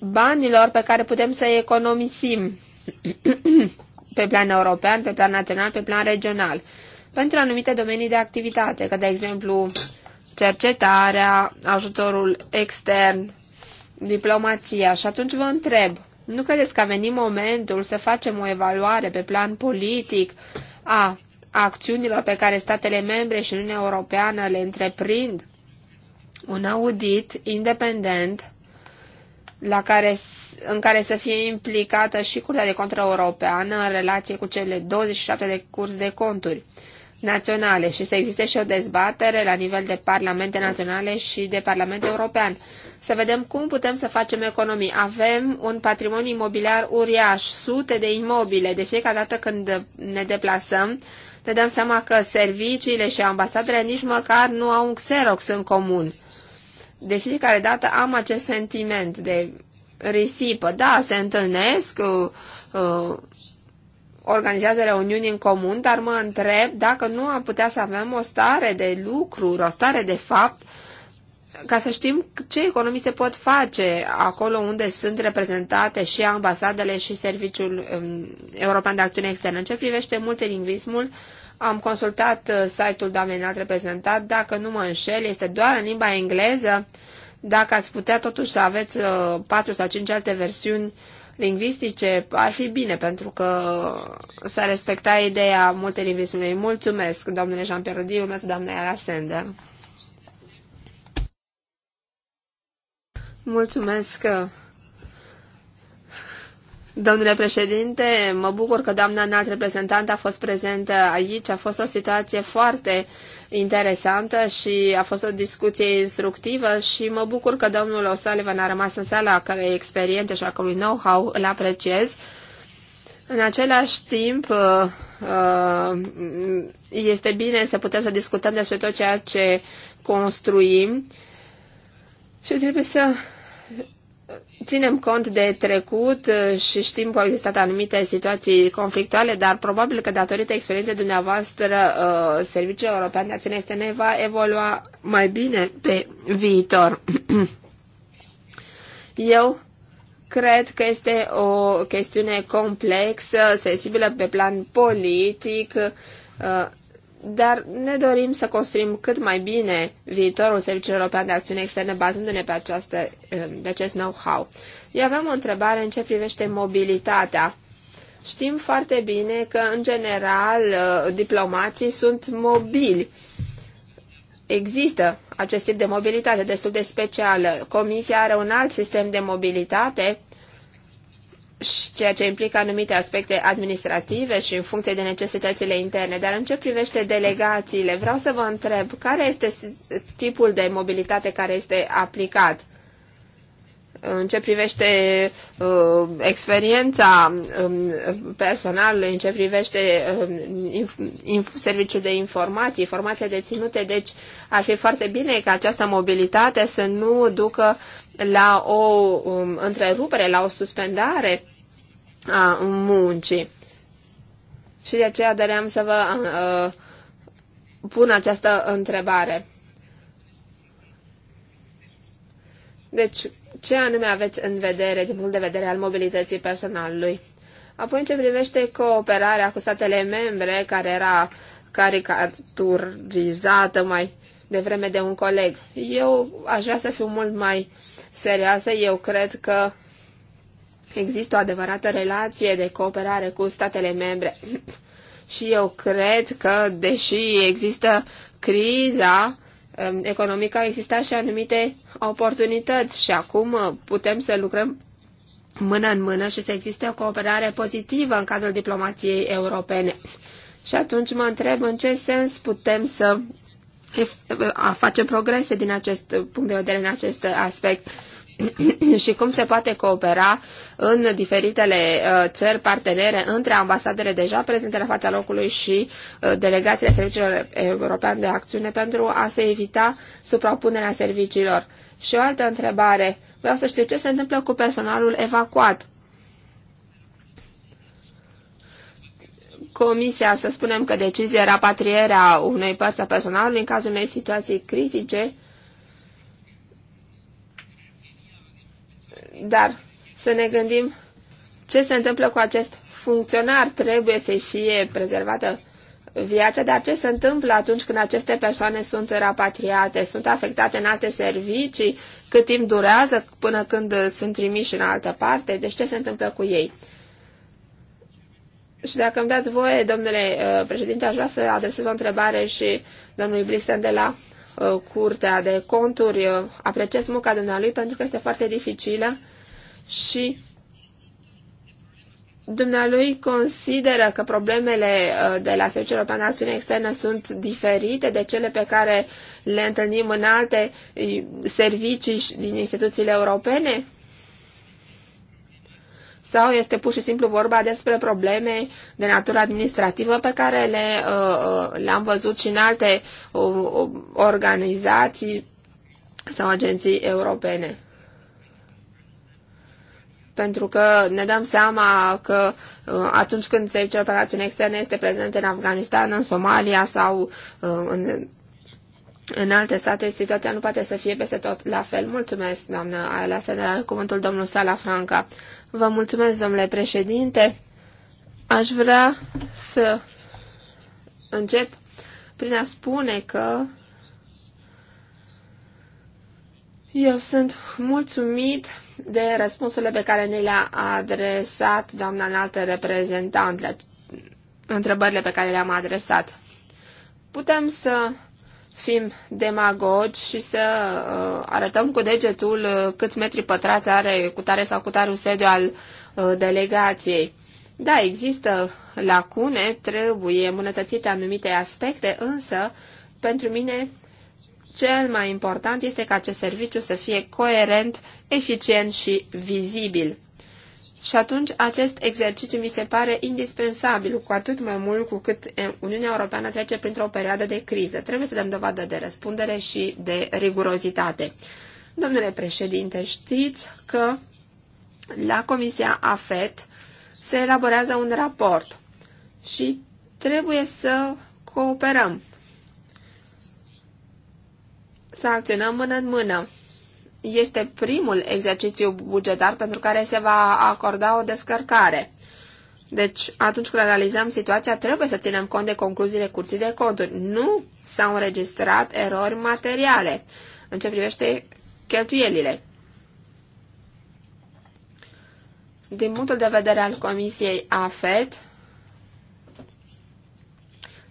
banilor pe care putem să economisim pe plan european, pe plan național, pe plan regional, pentru anumite domenii de activitate, ca de exemplu cercetarea, ajutorul extern, diplomația. Și atunci vă întreb, nu credeți că a venit momentul să facem o evaluare pe plan politic a acțiunilor pe care statele membre și Uniunea Europeană le întreprind, un audit independent la care, în care să fie implicată și Curtea de Conturi Europeană în relație cu cele 27 de curs de conturi naționale și să existe și o dezbatere la nivel de parlamente naționale și de parlament european. Să vedem cum putem să facem economii. Avem un patrimoniu imobiliar uriaș, sute de imobile. De fiecare dată când ne deplasăm, ne dăm seama că serviciile și ambasadele nici măcar nu au un xerox în comun. De fiecare dată am acest sentiment de risipă. Da, se întâlnesc, uh, uh, organizează reuniuni în comun, dar mă întreb dacă nu am putea să avem o stare de lucru, o stare de fapt, uh, ca să știm ce economii se pot face acolo unde sunt reprezentate și ambasadele și Serviciul um, European de Acțiune Externă. În ce privește multilingvismul, am consultat uh, site-ul doamnei înalt reprezentat. Dacă nu mă înșel, este doar în limba engleză. Dacă ați putea totuși să aveți uh, patru sau cinci alte versiuni lingvistice, ar fi bine, pentru că s-a respectat ideea multilingvismului. Mulțumesc, domnule Jean-Pierre Diu, mulțumesc, doamne Alassander. Mulțumesc, domnule președinte. Mă bucur că doamna înalt reprezentant a fost prezentă aici. A fost o situație foarte interesantă și a fost o discuție instructivă și mă bucur că domnul O'Sullivan a rămas în sala a cărei experiențe și a cărui know-how îl apreciez. În același timp, uh, uh, este bine să putem să discutăm despre tot ceea ce construim și trebuie să ținem cont de trecut uh, și știm că au existat anumite situații conflictuale, dar probabil că datorită experienței dumneavoastră, uh, Serviciul European de Acțiune Externe va evolua mai bine pe viitor. *clears throat* Eu cred că este o chestiune complexă, sensibilă pe plan politic, uh, dar ne dorim să construim cât mai bine viitorul Serviciului European de Acțiune Externă bazându-ne pe, această, um, pe acest know-how. Eu aveam o întrebare în ce privește mobilitatea. Știm foarte bine că, în general, uh, diplomații sunt mobili. Există acest tip de mobilitate destul de specială. Comisia are un alt sistem de mobilitate și ceea ce implică anumite aspecte administrative și în funcție de necesitățile interne. Dar în ce privește delegațiile, vreau să vă întreb care este tipul de mobilitate care este aplicat? În ce privește uh, experiența um, personală, în ce privește um, inf- serviciul de informații, informația deținute, deci ar fi foarte bine ca această mobilitate să nu ducă la o um, întrerupere, la o suspendare a muncii. Și de aceea doream să vă a, uh, pun această întrebare. Deci, ce anume aveți în vedere din punct de vedere al mobilității personalului? Apoi, în ce privește cooperarea cu statele membre, care era caricaturizată mai devreme de un coleg, eu aș vrea să fiu mult mai serioasă. Eu cred că există o adevărată relație de cooperare cu statele membre. *clears throat* Și eu cred că, deși există criza um, economică, au existat și anumite oportunități și acum uh, putem să lucrăm mână în mână și să existe o cooperare pozitivă în cadrul diplomației europene. Și atunci mă întreb în ce sens putem să facem progrese din acest punct de vedere, în acest aspect. *coughs* și cum se poate coopera în diferitele uh, țări partenere între ambasadele deja prezente la fața locului și uh, delegațiile serviciilor europene de acțiune pentru a se evita suprapunerea serviciilor. Și o altă întrebare. Vreau să știu ce se întâmplă cu personalul evacuat. Comisia, să spunem că decizie rapatrierea unei părți a personalului în cazul unei situații critice, Dar să ne gândim ce se întâmplă cu acest funcționar. Trebuie să-i fie prezervată viața, dar ce se întâmplă atunci când aceste persoane sunt rapatriate, sunt afectate în alte servicii, cât timp durează până când sunt trimiși în altă parte, deci ce se întâmplă cu ei. Și dacă îmi dați voie, domnule uh, președinte, aș vrea să adresez o întrebare și domnului Blisten de la Uh, Curtea de Conturi. Uh, apreciez munca dumnealui pentru că este foarte dificilă și dumnealui consideră că problemele uh, de la Serviciul European de Acțiune Externă sunt diferite de cele pe care le întâlnim în alte servicii din instituțiile europene? sau este pur și simplu vorba despre probleme de natură administrativă pe care le, uh, uh, le-am văzut și în alte uh, organizații sau agenții europene. Pentru că ne dăm seama că atunci când se serviciul operațiune externe este prezent în Afganistan, în Somalia sau în, în alte state, situația nu poate să fie peste tot la fel. Mulțumesc, doamnă Aela Senera, cuvântul domnul Sala Franca. Vă mulțumesc, domnule președinte. Aș vrea să încep prin a spune că eu sunt mulțumit de răspunsurile pe care ne le-a adresat doamna înaltă reprezentant, la întrebările pe care le-am adresat. Putem să fim demagogi și să uh, arătăm cu degetul uh, câți metri pătrați are cu tare sau cu tare un sediu al uh, delegației. Da, există lacune, trebuie îmbunătățite anumite aspecte, însă, pentru mine, cel mai important este ca acest serviciu să fie coerent, eficient și vizibil. Și atunci acest exercițiu mi se pare indispensabil, cu atât mai mult cu cât Uniunea Europeană trece printr-o perioadă de criză. Trebuie să dăm dovadă de răspundere și de rigurozitate. Domnule președinte, știți că la Comisia AFET se elaborează un raport și trebuie să cooperăm, să acționăm mână în mână este primul exercițiu bugetar pentru care se va acorda o descărcare. Deci, atunci când analizăm situația, trebuie să ținem cont de concluziile curții de conturi. Nu s-au înregistrat erori materiale în ce privește cheltuielile. Din punctul de vedere al Comisiei AFET,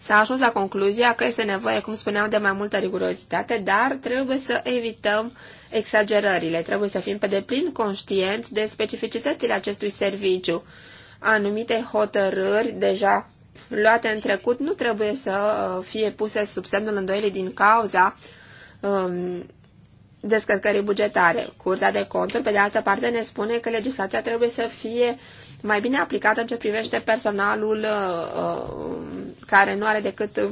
S-a ajuns la concluzia că este nevoie, cum spuneam, de mai multă rigurozitate, dar trebuie să evităm exagerările. Trebuie să fim pe deplin conștienți de specificitățile acestui serviciu. Anumite hotărâri deja luate în trecut nu trebuie să uh, fie puse sub semnul îndoielii din cauza um, descărcării bugetare. Curtea de conturi, pe de altă parte, ne spune că legislația trebuie să fie mai bine aplicată în ce privește personalul uh, uh, care nu are decât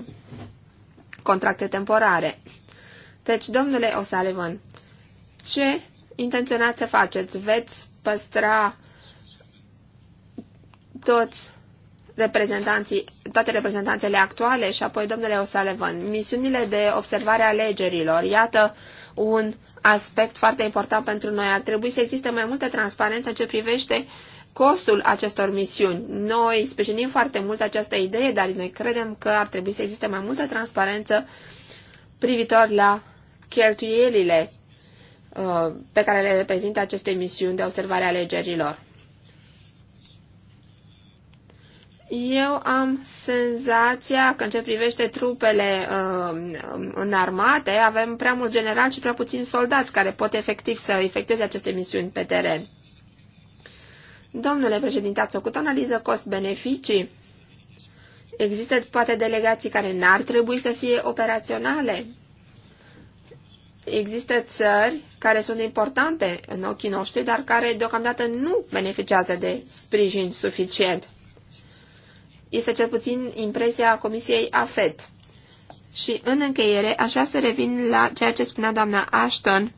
contracte temporare. Deci, domnule O'Sullivan, ce intenționați să faceți? Veți păstra toți reprezentanții, toate reprezentanțele actuale și apoi, domnule O'Sullivan, misiunile de observare a alegerilor. Iată, uh, un aspect foarte important pentru noi. Ar trebui să existe mai multă transparență în ce privește costul acestor misiuni. Noi sprijinim foarte mult această idee, dar noi credem că ar trebui să existe mai multă transparență privitor la cheltuielile uh, pe care le reprezintă aceste misiuni de observare a alegerilor. Eu am senzația că în ce privește trupele uh, um, um, armate, avem prea mult general și prea puțini soldați care pot efectiv să efectueze aceste misiuni pe teren. Domnule președinte, ați făcut o analiză cost-beneficii? Există poate delegații care n-ar trebui să fie operaționale? Există țări care sunt importante în ochii noștri, dar care deocamdată nu beneficiază de sprijin suficient. Este cel puțin impresia Comisiei AFET. Și în încheiere aș vrea să revin la ceea ce spunea doamna Ashton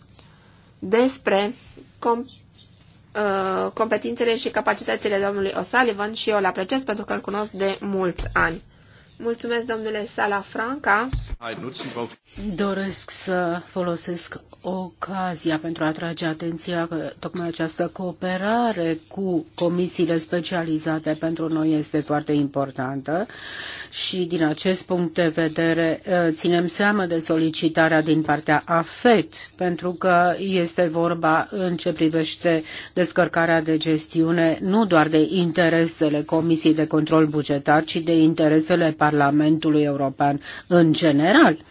despre com uh, competințele și capacitățile domnului O'Sullivan și eu îl apreciez pentru că îl cunosc de mulți ani. Mulțumesc, domnule Sala Franca. Doresc să folosesc ocazia pentru a atrage atenția că tocmai această cooperare cu comisiile specializate pentru noi este foarte importantă și din acest punct de vedere ă, ținem seama de solicitarea din partea AFET pentru că este vorba în ce privește descărcarea de gestiune nu doar de interesele Comisiei de Control Bugetar, ci de interesele Parlamentului European în general. Uh,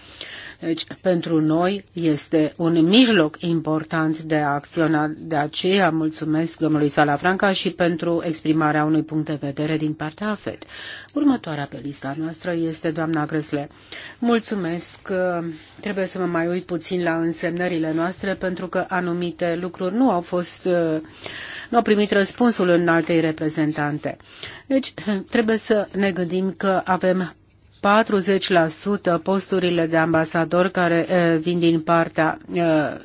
deci, pentru noi este un mijloc important de a acționa. De aceea mulțumesc domnului Salafranca și pentru exprimarea unui punct de vedere din partea AFED. Următoarea pe lista noastră este doamna Gresle. Mulțumesc. Trebuie să mă mai uit puțin la însemnările noastre pentru că anumite lucruri nu au fost, nu au primit răspunsul în altei reprezentante. Deci, trebuie să ne gândim că avem 40% posturile de ambasador care vin din partea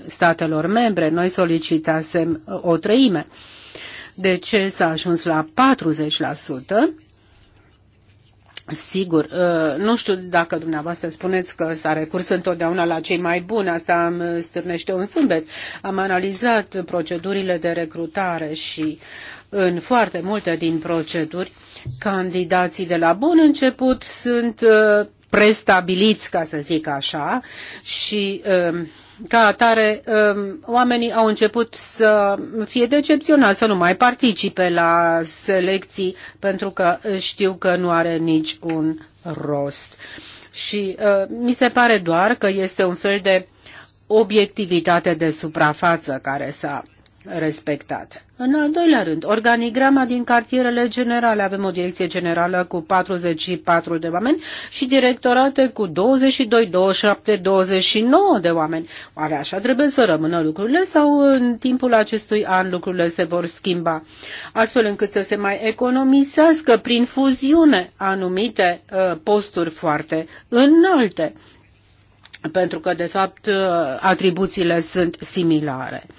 statelor membre. Noi solicitasem o treime. De ce s-a ajuns la 40%? Sigur, nu știu dacă dumneavoastră spuneți că s-a recurs întotdeauna la cei mai buni, asta îmi stârnește un zâmbet. Am analizat procedurile de recrutare și în foarte multe din proceduri, candidații de la bun început sunt uh, prestabiliți, ca să zic așa, și um, ca atare um, oamenii au început să fie decepționați, să nu mai participe la selecții pentru că știu că nu are nici un rost. Și uh, mi se pare doar că este un fel de obiectivitate de suprafață care s-a respectat. În al doilea rând, organigrama din cartierele generale. Avem o direcție generală cu 44 de oameni și directorate cu 22, 27, 29 de oameni. Oare așa trebuie să rămână lucrurile sau în timpul acestui an lucrurile se vor schimba? Astfel încât să se mai economisească prin fuziune anumite uh, posturi foarte înalte pentru că, de fapt, uh, atribuțiile sunt similare. Uh,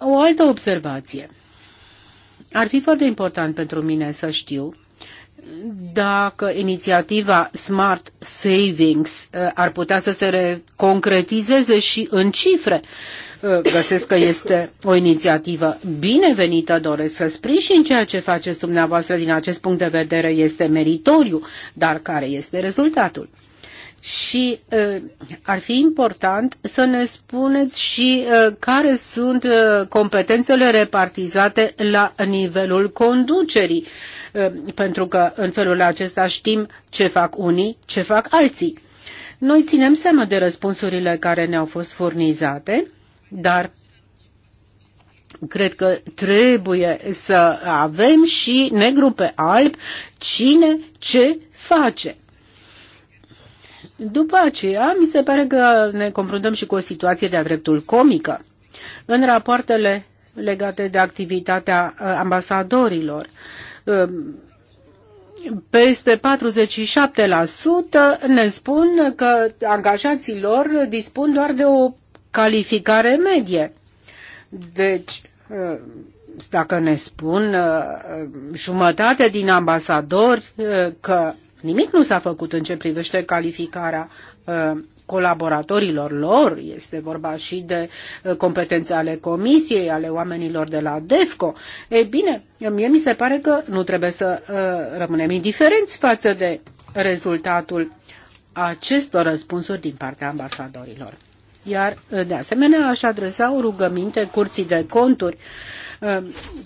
o altă observație. Ar fi foarte important pentru mine să știu dacă inițiativa Smart Savings uh, ar putea să se concretizeze și în cifre. Uh, găsesc că este o inițiativă binevenită, doresc să sprijin ceea ce faceți dumneavoastră din acest punct de vedere, este meritoriu, dar care este rezultatul? și uh, ar fi important să ne spuneți și uh, care sunt uh, competențele repartizate la nivelul conducerii, pentru că în felul acesta știm ce fac unii, ce fac alții. Noi ținem seama de răspunsurile care ne-au fost furnizate, dar cred că trebuie să avem și negru pe alb cine ce face. După aceea, mi se pare că ne confruntăm și cu o situație de-a dreptul comică. În rapoartele legate de activitatea uh, ambasadorilor, uh, peste 47% ne spun că angajații lor dispun doar de o calificare medie. Deci, uh, dacă ne spun jumătate din ambasadori că Nimic nu s-a făcut în ce privește calificarea uh, colaboratorilor lor, este vorba și de uh, competențe ale comisiei, ale oamenilor de la DEFCO. Ei bine, mie mi se pare că nu trebuie să uh, rămânem indiferenți față de rezultatul acestor răspunsuri din partea ambasadorilor. Iar, de asemenea, aș adresa o rugăminte curții de conturi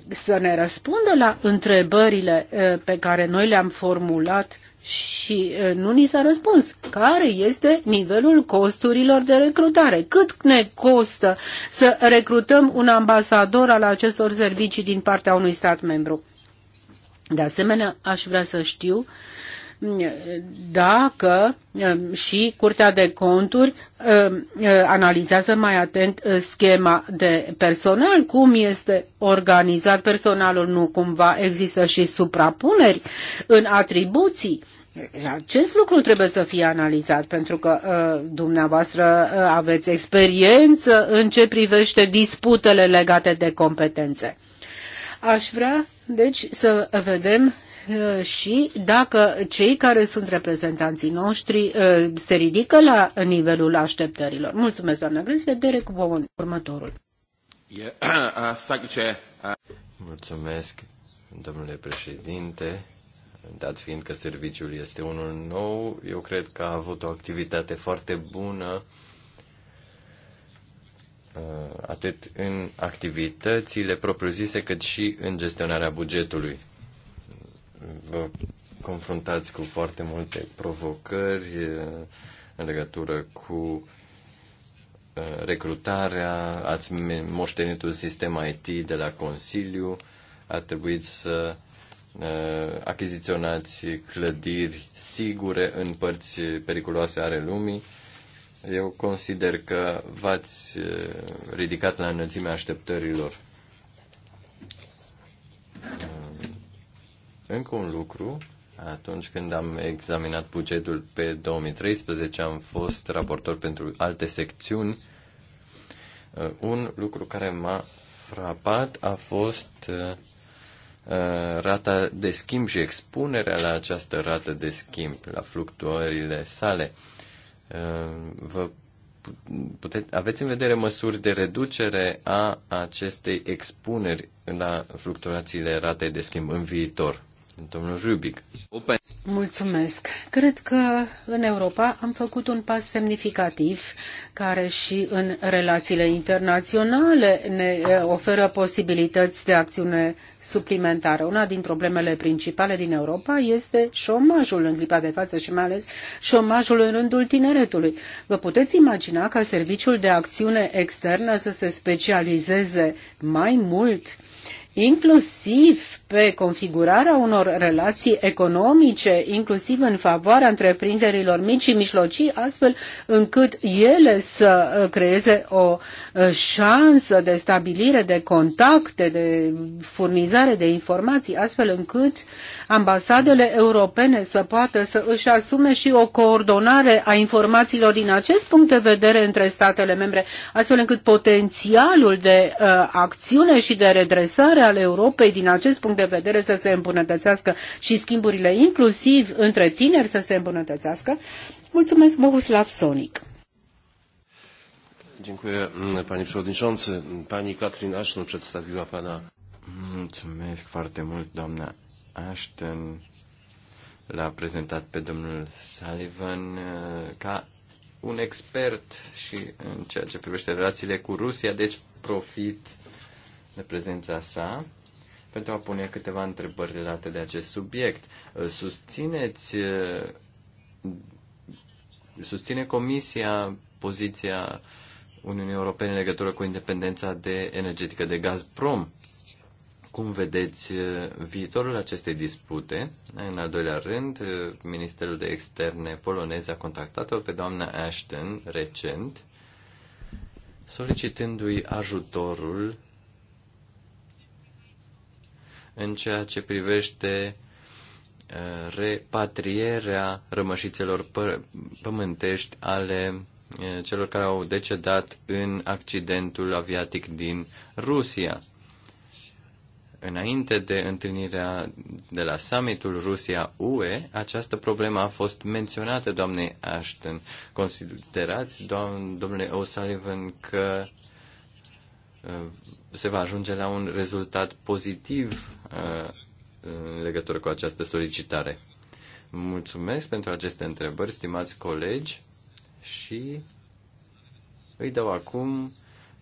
să ne răspundă la întrebările pe care noi le-am formulat și nu ni s-a răspuns care este nivelul costurilor de recrutare. Cât ne costă să recrutăm un ambasador al acestor servicii din partea unui stat membru? De asemenea, aș vrea să știu dacă și Curtea de Conturi analizează mai atent schema de personal, cum este organizat personalul, nu cumva există și suprapuneri în atribuții. Acest lucru trebuie să fie analizat pentru că dumneavoastră aveți experiență în ce privește disputele legate de competențe. Aș vrea, deci, să vedem Eh, și dacă cei care sunt reprezentanții noștri eh, se ridică la nivelul așteptărilor. Mulțumesc, doamna Grâns, vedere cu următorul. *clears throat* Uh, uh, Mulțumesc, domnule președinte. Dat fiind că serviciul este unul nou, eu cred că a avut o activitate foarte bună uh, atât în activitățile propriu-zise cât și în gestionarea bugetului vă confruntați cu foarte multe provocări în legătură cu recrutarea, ați moștenit un sistem IT de la Consiliu, a trebuit să achiziționați clădiri sigure în părți periculoase ale lumii. Eu consider că v-ați ridicat la înălțimea așteptărilor Încă un lucru, atunci când am examinat bugetul pe 2013, am fost raportor pentru alte secțiuni. Uh, un lucru care m-a frapat a fost uh, uh, rata de schimb și expunerea la această rată de schimb, la fluctuările sale. Vă puteți, aveți în vedere măsuri de reducere a acestei expuneri la fluctuațiile ratei de schimb în viitor? Domnul Mulțumesc. Cred că în Europa am făcut un pas semnificativ care și în relațiile internaționale ne eh, oferă posibilități de acțiune suplimentară. Una din problemele principale din Europa este șomajul în clipa de față și mai ales șomajul în rândul tineretului. Vă puteți imagina ca serviciul de acțiune externă să se specializeze mai mult inclusiv pe configurarea unor relații economice, inclusiv în favoarea întreprinderilor mici și mijlocii, astfel încât ele să uh, creeze o uh, șansă de stabilire, de contacte, de furnizare de informații, astfel încât ambasadele europene să poată să își asume și o coordonare a informațiilor din acest punct de vedere între statele membre, astfel încât potențialul de uh, acțiune și de redresare al Europei din acest punct de de vedere să se îmbunătățească și schimburile inclusiv între tineri să se îmbunătățească. Mulțumesc, Boguslav Sonic. Dziękuję panie przewodniczący. Pani Katrin Ashton przedstawiła pana. Mulțumesc foarte mult, doamna Ashton. L-a prezentat pe domnul Sullivan uh, ca un expert și în ceea ce privește relațiile cu Rusia, deci profit de prezența sa pentru a pune câteva întrebări legate de acest subiect. Susțineți, susține Comisia poziția Uniunii Europene în legătură cu independența de energetică de Gazprom. Cum vedeți uh, viitorul acestei dispute? În al doilea rând, uh, Ministerul de Externe polonez a contactat-o pe doamna Ashton recent, solicitându-i ajutorul în ceea ce privește uh, repatrierea rămășițelor pământești ale uh, celor care au decedat în accidentul aviatic din Rusia. Înainte de întâlnirea de la summitul Rusia-UE, această problemă a fost menționată doamnei Ashton. Considerați, doamne domnule O'Sullivan, că uh, se va ajunge la un rezultat pozitiv uh, în legătură cu această solicitare. Mulțumesc pentru aceste întrebări, stimați colegi, și îi dau acum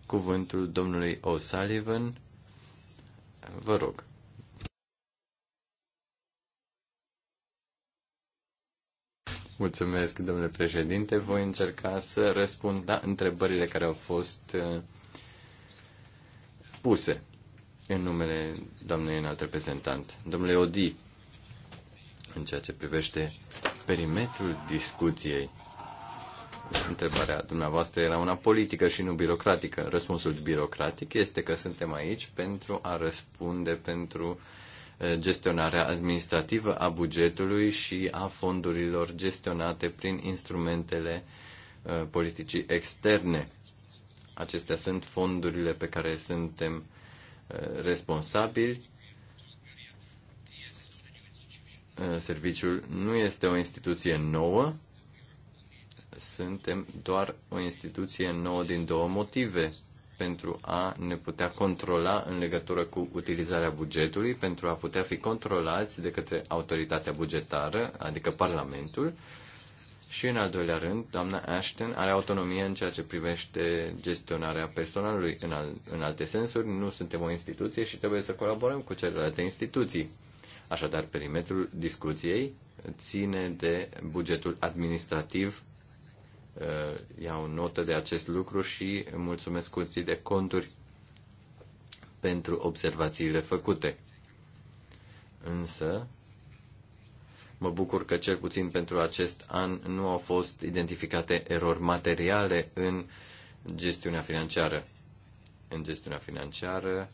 cuvântul domnului O'Sullivan. Vă rog. Mulțumesc, domnule președinte. Voi încerca să răspund la întrebările care au fost uh, puse în numele doamnei înalt reprezentant. Domnule Odi, în ceea ce privește perimetrul discuției, întrebarea dumneavoastră era una politică și nu birocratică. Răspunsul birocratic este că suntem aici pentru a răspunde pentru gestionarea administrativă a bugetului și a fondurilor gestionate prin instrumentele politicii externe Acestea sunt fondurile pe care suntem uh, responsabili. Uh, serviciul nu este o instituție nouă, suntem doar o instituție nouă din două motive pentru a ne putea controla în legătură cu utilizarea bugetului, pentru a putea fi controlați de către autoritatea bugetară, adică Parlamentul, și în al doilea rând, doamna Ashton are autonomie în ceea ce privește gestionarea personalului. În, al, în alte sensuri, nu suntem o instituție și trebuie să colaborăm cu celelalte instituții. Așadar, perimetrul discuției ține de bugetul administrativ. Uh, iau notă de acest lucru și mulțumesc curții de conturi pentru observațiile făcute. Însă, Mă bucur că cel puțin pentru acest an nu au fost identificate erori materiale în gestiunea financiară. În gestiunea financiară,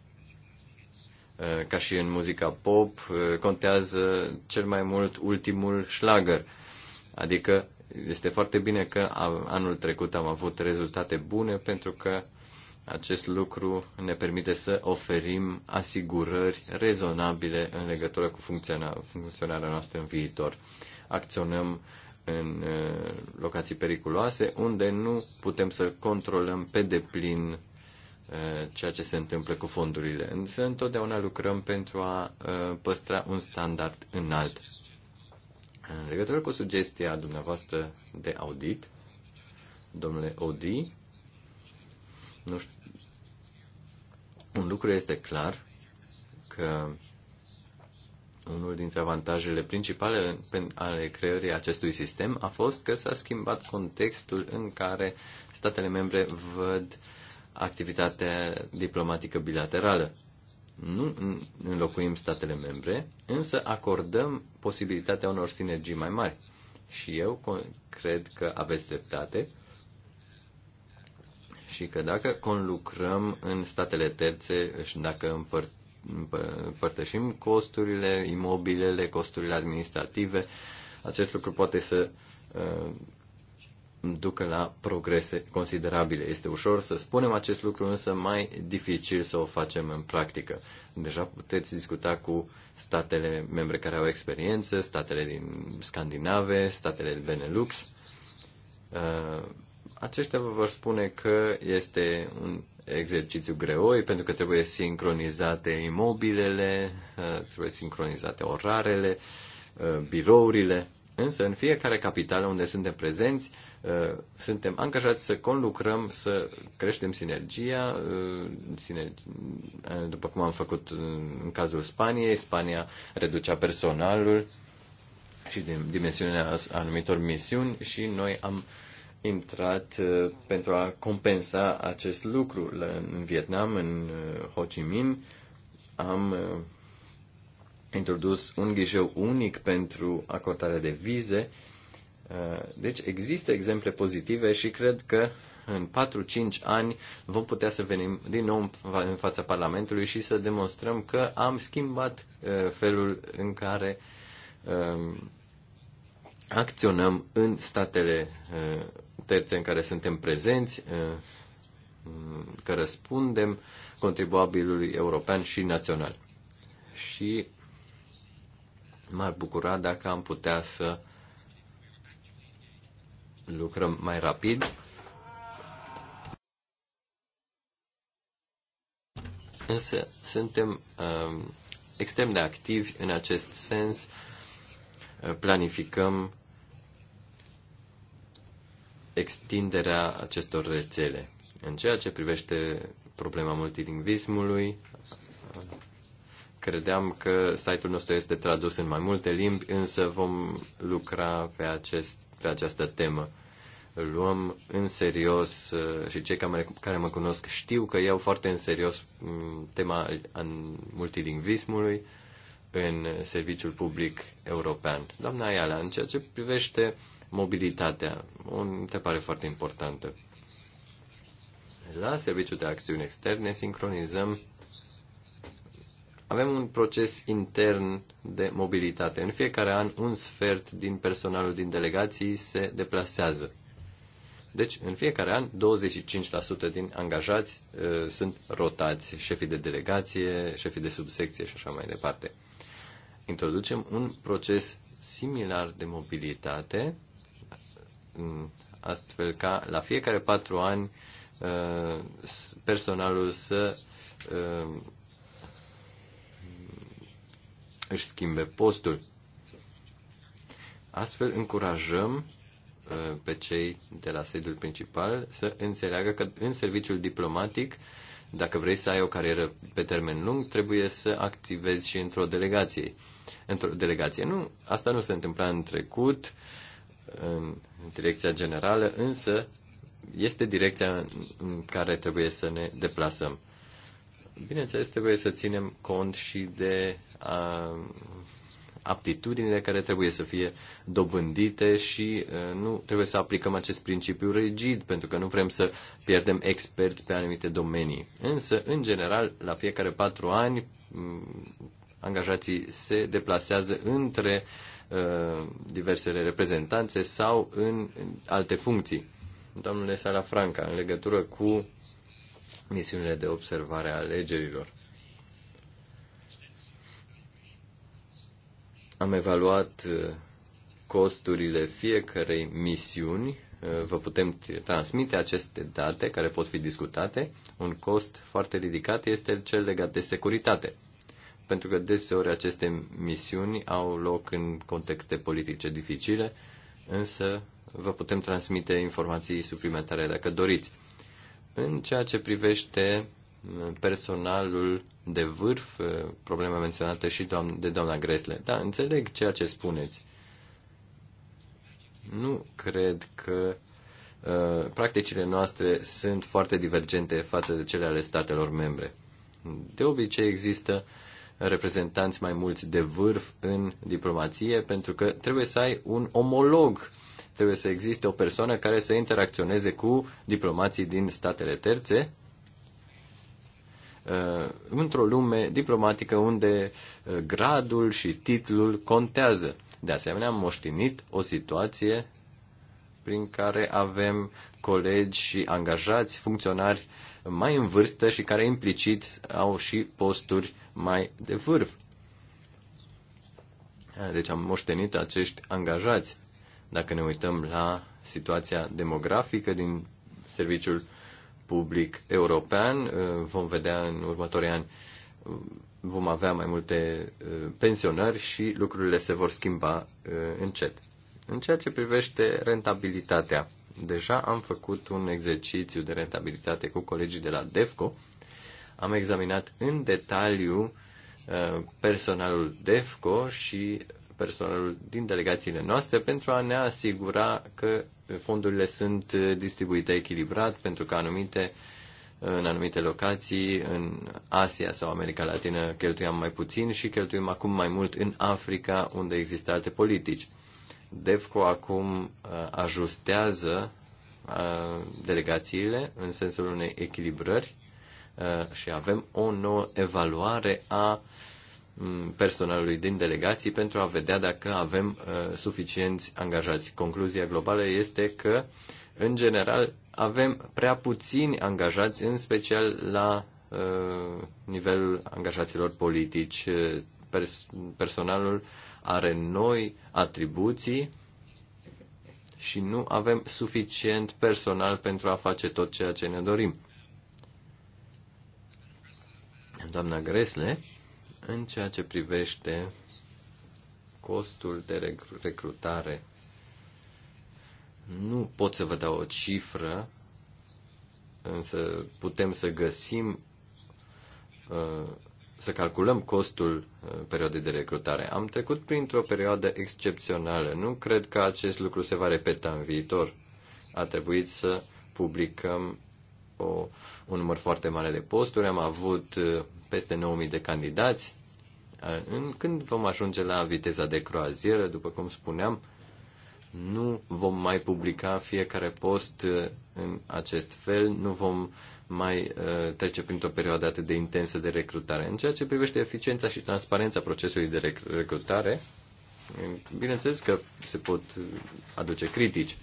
ă, ca și în muzica pop, ă, contează cel mai mult ultimul șlagăr. Adică este foarte bine că anul trecut am avut rezultate bune pentru că acest lucru ne permite să oferim asigurări rezonabile în legătură cu funcționarea noastră în viitor. Acționăm în uh, locații periculoase unde nu putem să controlăm pe deplin uh, ceea ce se întâmplă cu fondurile. Însă întotdeauna lucrăm pentru a uh, păstra un standard înalt. În legătură cu sugestia dumneavoastră de audit, domnule Odi, nu știu un lucru este clar, că unul dintre avantajele principale ale creării acestui sistem a fost că s-a schimbat contextul în care statele membre văd activitatea diplomatică bilaterală. Nu înlocuim statele membre, însă acordăm posibilitatea unor sinergii mai mari. Și eu cred că aveți dreptate și că dacă conlucrăm în statele terțe și dacă împăr- împărtășim costurile, imobilele, costurile administrative, acest lucru poate să uh, ducă la progrese considerabile. Este ușor să spunem acest lucru, însă mai dificil să o facem în practică. Deja puteți discuta cu statele membre care au experiență, statele din Scandinave, statele Benelux. Uh, aceștia vă vor spune că este un exercițiu greoi pentru că trebuie sincronizate imobilele, uh, trebuie sincronizate orarele, uh, birourile. Însă în fiecare capitală unde suntem prezenți, uh, suntem angajați să conlucrăm, să creștem sinergia, după cum am făcut în cazul Spaniei, Spania reducea personalul și dimensiunea anumitor misiuni și noi am uh, intrat uh, pentru a compensa acest lucru. În Vietnam, în uh, Ho Chi Minh, am uh, introdus un ghișeu unic pentru acordarea de vize. Deci există exemple pozitive și cred că în 4-5 ani vom putea să venim din nou în fața Parlamentului și să demonstrăm că am schimbat felul în care um, acționăm în Statele terțe în care suntem prezenți, eh, că răspundem contribuabilului european și național. Și m-ar bucura dacă am putea să lucrăm mai rapid. Însă suntem eh, extrem de activi în acest sens, eh, planificăm extinderea acestor rețele. În ceea ce privește problema multilingvismului, credeam că site-ul nostru este tradus în mai multe limbi, însă vom lucra pe, acest, pe această temă. Luăm în serios uh, și cei care mă cunosc știu că iau foarte în serios mm, tema multilingvismului în serviciul public european. Doamna Iala, în ceea ce privește uh, mobilitatea, o te pare foarte importantă. La serviciul de acțiuni externe sincronizăm avem un proces intern de mobilitate. În fiecare an, un sfert din personalul din delegații se deplasează. Deci, în fiecare an, 25% din angajați uh, sunt rotați, șefii de delegație, șefii de subsecție și așa mai departe. Introducem un proces similar de mobilitate Mm, astfel ca la fiecare patru ani uh, personalul să uh, își schimbe postul. Astfel încurajăm uh, pe cei de la sediul principal să înțeleagă că în serviciul diplomatic, dacă vrei să ai o carieră pe termen lung, trebuie să activezi și într-o delegație. Într-o delegație. Nu, asta nu se întâmpla în trecut direcția generală, însă este direcția în care trebuie să ne deplasăm. Bineînțeles, trebuie să ținem cont și de a, aptitudinile care trebuie să fie dobândite și nu trebuie să aplicăm acest principiu rigid, pentru că nu vrem să pierdem experți pe anumite domenii. Însă, în general, la fiecare patru ani, angajații se deplasează între uh, Uh, diversele reprezentanțe sau în alte funcții. Domnule franca în legătură cu misiunile de observare a alegerilor. Am evaluat uh, costurile fiecarei misiuni. Uh, vă putem transmite aceste date care pot fi discutate. Un cost foarte ridicat este cel legat de securitate pentru că deseori aceste misiuni au loc în contexte politice dificile, însă vă putem transmite informații suplimentare dacă doriți. În ceea ce privește personalul de vârf, problema menționată și de doamna Gresle. Da, înțeleg ceea ce spuneți. Nu cred că uh, practicile noastre sunt foarte divergente față de cele ale statelor membre. De obicei există uh, reprezentanți mai mulți de vârf în diplomație, pentru că trebuie să ai un omolog. Trebuie să existe o persoană care să interacționeze cu diplomații din statele terțe uh, într-o lume diplomatică unde uh, gradul și titlul contează. De asemenea, am moștenit o situație prin care avem colegi și angajați, funcționari mai în vârstă și care implicit au și posturi mai de vârf. Deci am moștenit acești angajați. Dacă ne uităm la situația demografică din serviciul public european, uh, vom vedea în următorii ani uh, vom avea mai multe uh, pensionări și lucrurile se vor schimba încet. În ceea ce privește rentabilitatea, deja am făcut un exercițiu de rentabilitate cu colegii de la DEFCO am examinat în detaliu uh, personalul DEFCO și personalul din delegațiile noastre pentru a ne asigura că fondurile sunt uh, distribuite echilibrat pentru că anumite uh, în anumite locații, în Asia sau America Latină cheltuiam mai puțin și cheltuim acum mai mult în Africa, unde există alte politici. DEFCO acum ajustează delegațiile în sensul unei echilibrări Uh, și avem o nouă evaluare a mm, personalului din delegații pentru a vedea dacă avem uh, suficienți angajați. Concluzia globală este că, în general, avem prea puțini angajați, în special la uh, nivelul angajaților politici. Personalul are noi atribuții și nu avem suficient personal pentru a face tot ceea ce ne dorim doamna Gresle în ceea ce privește costul de recrutare. Nu pot să vă dau o cifră, însă putem să găsim, uh, să calculăm costul uh, perioadei de recrutare. Am trecut printr-o perioadă excepțională. Nu cred că acest lucru se va repeta în viitor. A trebuit să publicăm o, un număr foarte mare de posturi. Am avut uh, peste 9.000 de candidați. În când vom ajunge la viteza de croazieră, după cum spuneam, nu vom mai publica fiecare post în acest fel, nu vom mai trece printr-o perioadă atât de intensă de recrutare. În ceea ce privește eficiența și transparența procesului de recrutare, bineînțeles că se pot aduce critici.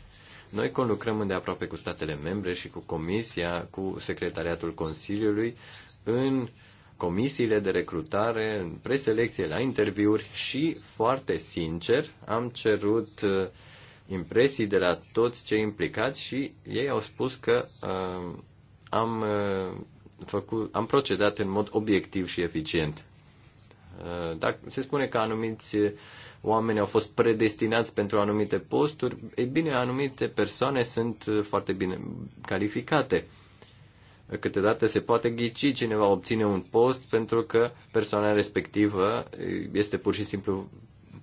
Noi conlucrăm îndeaproape cu statele membre și cu Comisia, cu Secretariatul Consiliului în uh, comisiile de recrutare, în preselecție, la interviuri și, foarte sincer, am cerut uh, impresii de la toți cei implicați și ei au spus că uh, am, uh, făcut, am procedat în mod obiectiv și eficient. Uh, dacă se spune că anumiți oameni au fost predestinați pentru anumite posturi, e bine, anumite persoane sunt uh, foarte bine calificate. Uh, câteodată se poate ghici cine va obține un post pentru că persoana respectivă eh, este pur și simplu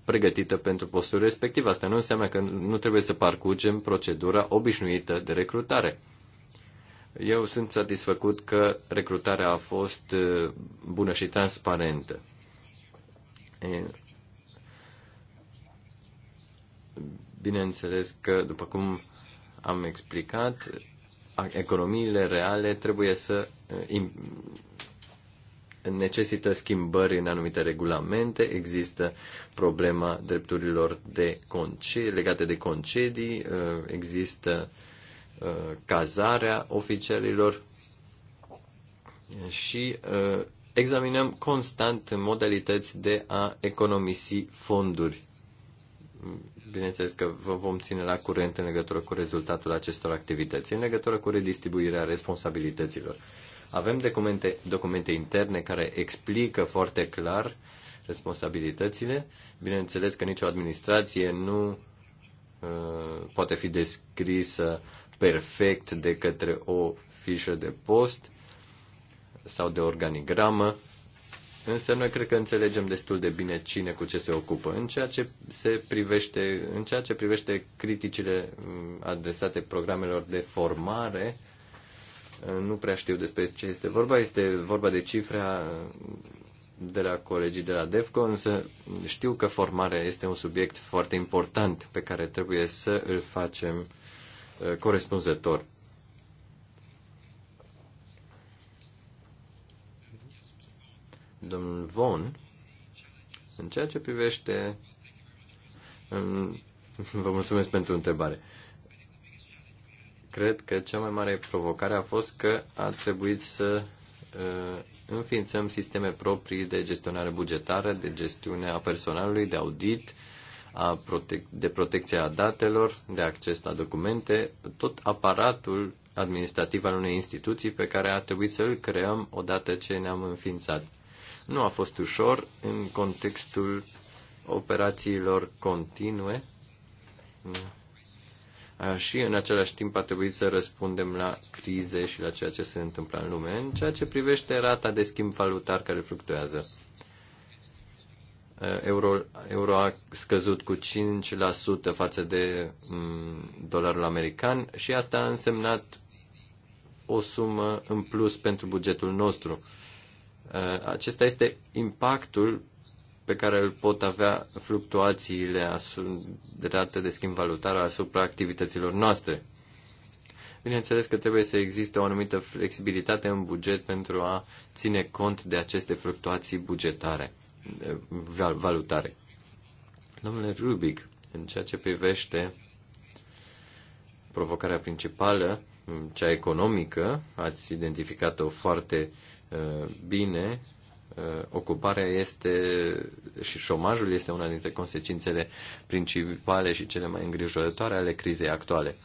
pregătită pentru postul respectiv. Asta nu înseamnă că nu trebuie să parcurgem procedura obișnuită de recrutare. Eu sunt satisfăcut că recrutarea a fost eh, bună și transparentă. Bineînțeles că, după cum am explicat, economiile reale trebuie să eh, necesită schimbări în anumite regulamente, există problema drepturilor de concedii, legate de concedii, eh, există eh, cazarea oficialilor și examinăm constant modalități de a economisi fonduri bineînțeles că vă vom ține la curent în legătură cu rezultatul acestor activități, în legătură cu redistribuirea responsabilităților. Avem documente, documente interne care explică foarte clar responsabilitățile. Bineînțeles că nicio administrație nu uh, poate fi descrisă perfect de către o fișă de post sau de organigramă Însă noi cred că înțelegem destul de bine cine cu ce se ocupă. În ceea ce, se privește, în ceea ce privește criticile mm, adresate programelor de formare, mm, nu prea știu despre ce este vorba. Este vorba de cifra mm, de la colegii de la DEFCO, însă știu că formarea este un subiect foarte important pe care trebuie să îl facem corespunzător. domnul Von, în ceea ce privește. *laughs* Vă mulțumesc pentru întrebare. Cred că cea mai mare provocare a fost că a trebuit să ă, înființăm sisteme proprii de gestionare bugetară, de gestiune a personalului, de audit, a protec- de protecție a datelor, de acces la documente, tot aparatul administrativ al unei instituții pe care a trebuit să îl creăm odată ce ne-am înființat. Nu a fost ușor în contextul operațiilor continue și în același timp a trebuit să răspundem la crize și la ceea ce se întâmplă în lume, în ceea ce privește rata de schimb valutar care fluctuează. Euro, euro a scăzut cu 5% față de dolarul american și asta a însemnat o sumă în plus pentru bugetul nostru. Uh, acesta este impactul pe care îl pot avea fluctuațiile de rată de schimb valutar asupra activităților noastre. Bineînțeles că trebuie să existe o anumită flexibilitate în buget pentru a ține cont de aceste fluctuații bugetare, uh, valutare. Domnule Rubic, în ceea ce privește provocarea principală, cea economică, ați identificat-o foarte Eh, bine, eh, ocuparea este și șomajul este una dintre consecințele principale și cele mai îngrijorătoare ale crizei actuale.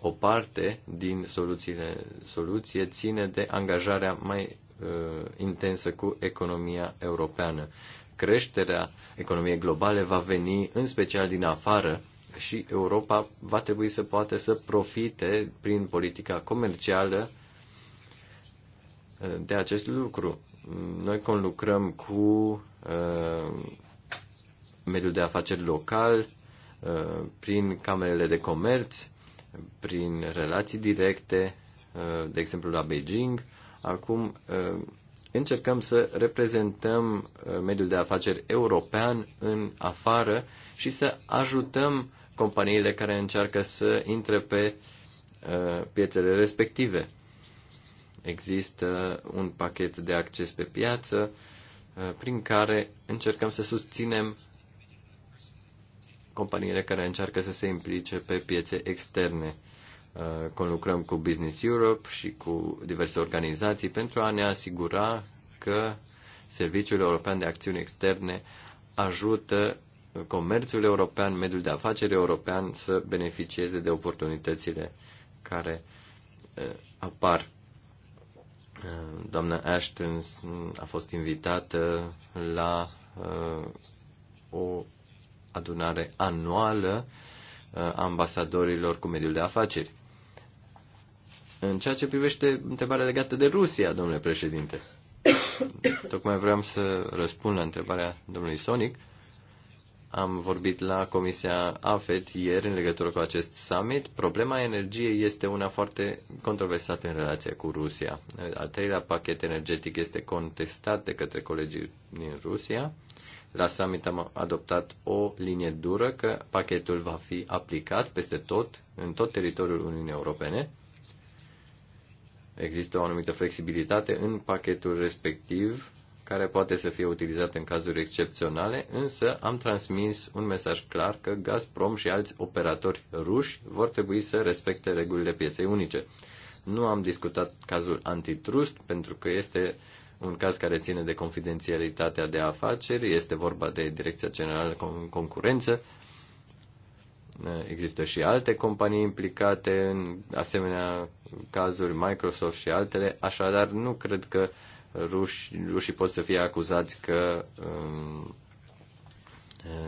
O parte din soluțiile, soluție ține de angajarea mai uh, intensă cu economia europeană. Creșterea economiei globale va veni în special din afară și Europa va trebui să poată să profite prin politica comercială uh, de acest lucru. Noi conlucrăm cu uh, mediul de afaceri local, uh, prin camerele de comerț, prin relații directe, uh, de exemplu la Beijing. Acum încercăm să reprezentăm mediul de afaceri european în afară și să ajutăm companiile care încearcă să intre pe piețele respective există un pachet de acces pe piață uh, prin care încercăm să susținem companiile care încearcă să se implice pe piețe externe. Uh, conlucrăm cu Business Europe și cu diverse organizații pentru a ne asigura că Serviciul European de Acțiuni Externe ajută comerțul european, mediul de afaceri european să beneficieze de oportunitățile care uh, apar. Doamna Ashton a fost invitată la uh, o adunare anuală uh, a ambasadorilor cu mediul de afaceri. În ceea ce privește întrebarea legată de Rusia, domnule președinte, *coughs* tocmai vreau să răspund la întrebarea domnului Sonic. Uh, am vorbit la Comisia AFET ieri în legătură cu acest summit. Problema energiei este una foarte controversată în relația cu Rusia. Al treilea pachet energetic este contestat de către colegii din Rusia. La summit am adoptat o linie dură că pachetul va fi aplicat peste tot, în tot teritoriul Uniunii Europene. Există o anumită flexibilitate în pachetul respectiv care poate să fie utilizat în cazuri excepționale, însă am transmis un mesaj clar că Gazprom și alți operatori ruși vor trebui să respecte regulile pieței unice. Nu am discutat cazul antitrust pentru că este un caz care ține de confidențialitatea de afaceri, este vorba de Direcția Generală Concurență, Există și alte companii implicate în asemenea cazuri, Microsoft și altele, așadar nu cred că uh, ruși, rușii pot să fie acuzați că um,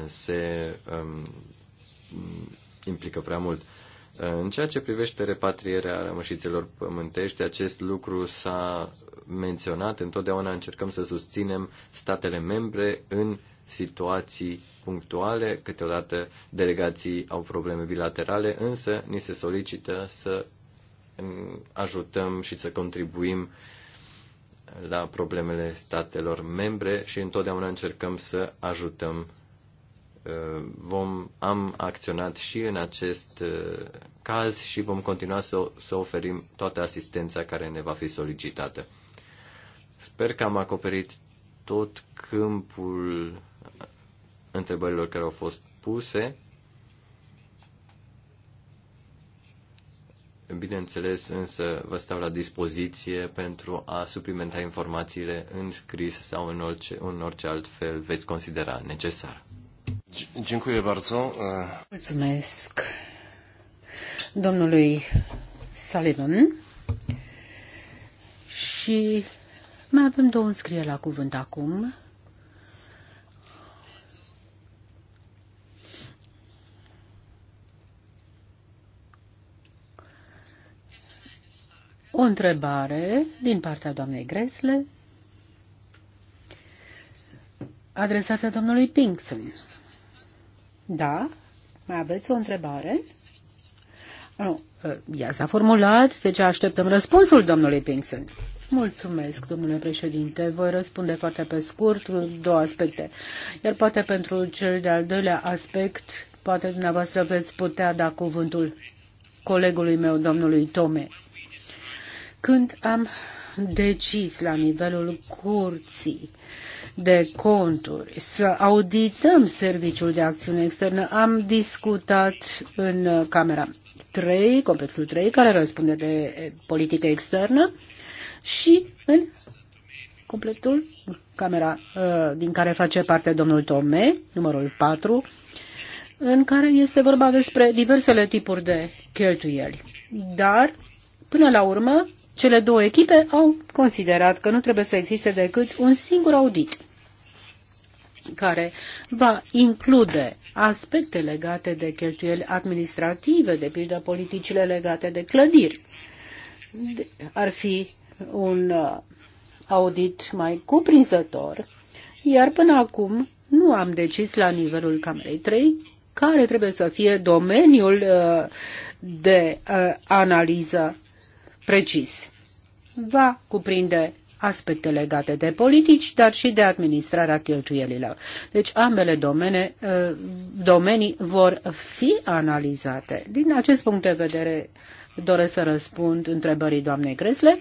se um, implică prea mult. Uh, în ceea ce privește repatrierea rămășițelor pământești, acest lucru s-a menționat. Întotdeauna încercăm să susținem statele membre în situații punctuale, câteodată delegații au probleme bilaterale, însă ni se solicită să ajutăm și să contribuim uh, la problemele statelor membre și întotdeauna încercăm să ajutăm. Uh, vom, am acționat și în acest uh, caz și vom continua să, să oferim toată asistența care ne va fi solicitată. Sper că am acoperit tot câmpul întrebărilor care au fost puse. Bineînțeles, însă vă stau la dispoziție pentru a suplimenta informațiile în scris sau în orice, în orice alt fel veți considera necesar. Dziękuję bardzo. Mulțumesc domnului Sullivan. Și mai avem două înscrieri la cuvânt acum. O întrebare din partea doamnei Gresle adresată domnului Pinkson. Da? Mai aveți o întrebare? Nu, ea s-a formulat, deci așteptăm răspunsul domnului Pinkson. Mulțumesc, domnule președinte. Voi răspunde foarte pe scurt două aspecte. Iar poate pentru cel de-al doilea aspect, poate dumneavoastră veți putea da cuvântul colegului meu, domnului Tome. Când am decis la nivelul curții de conturi să audităm serviciul de acțiune externă, am discutat în Camera 3, Complexul 3, care răspunde de politică externă, și în completul camera uh, din care face parte domnul Tome, numărul 4, în care este vorba despre diversele tipuri de cheltuieli. Dar, până la urmă, cele două echipe au considerat că nu trebuie să existe decât un singur audit care va include aspecte legate de cheltuieli administrative, de pildă politicile legate de clădiri. Ar fi un uh, audit mai cuprinzător, iar până acum nu am decis la nivelul Camerei 3 care trebuie să fie domeniul uh, de uh, analiză precis. Va cuprinde aspecte legate de politici, dar și de administrarea cheltuielilor. Deci ambele domene, uh, domenii vor fi analizate. Din acest punct de vedere, doresc să răspund întrebării doamnei Gresle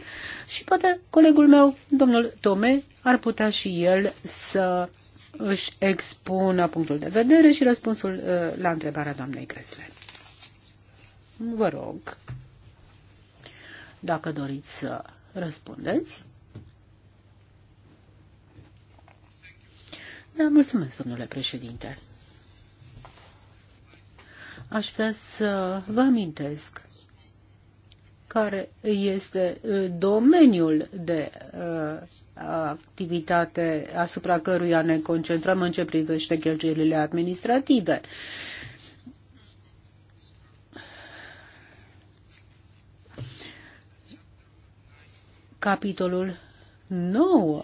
și poate colegul meu, domnul Tome, ar putea și el să își expună punctul de vedere și răspunsul uh, la întrebarea doamnei Gresle. Vă rog dacă doriți să răspundeți. Da, mulțumesc, domnule președinte. Aș vrea să vă amintesc care este uh, domeniul de uh, activitate asupra căruia ne concentrăm în ce privește cheltuielile administrative. Uh, Capitolul 9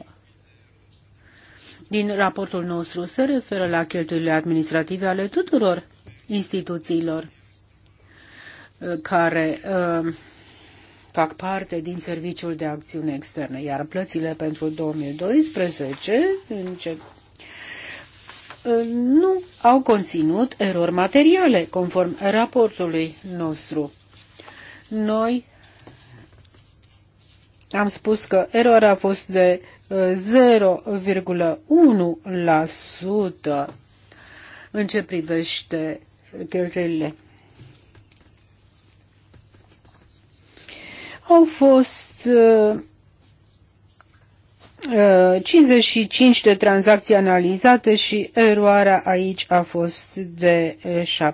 din raportul nostru se referă la cheltuielile administrative ale tuturor instituțiilor uh, care uh, fac parte din Serviciul de Acțiune Externă, iar plățile pentru 2012 încep uh, nu au conținut erori materiale, conform raportului nostru. Noi am spus că eroarea a fost de 0,1% uh, în ce privește cheltuielile. Au fost uh, 55 uh, de tranzacții analizate și eroarea aici a fost de 7%.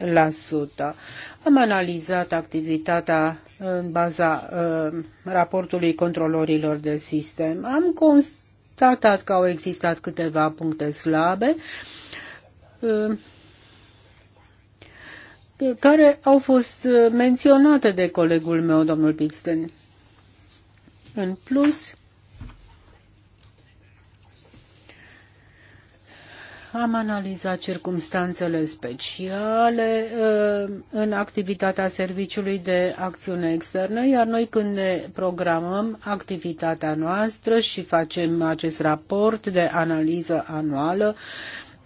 Uh, am analizat activitatea în baza uh, raportului controlorilor de sistem. Am constatat că au existat câteva puncte slabe uh, care au fost uh, menționate de colegul meu, domnul Pixten. În plus, am analizat circumstanțele speciale uh, în activitatea Serviciului de Acțiune Externă, iar noi când ne programăm activitatea noastră și facem acest raport de analiză anuală,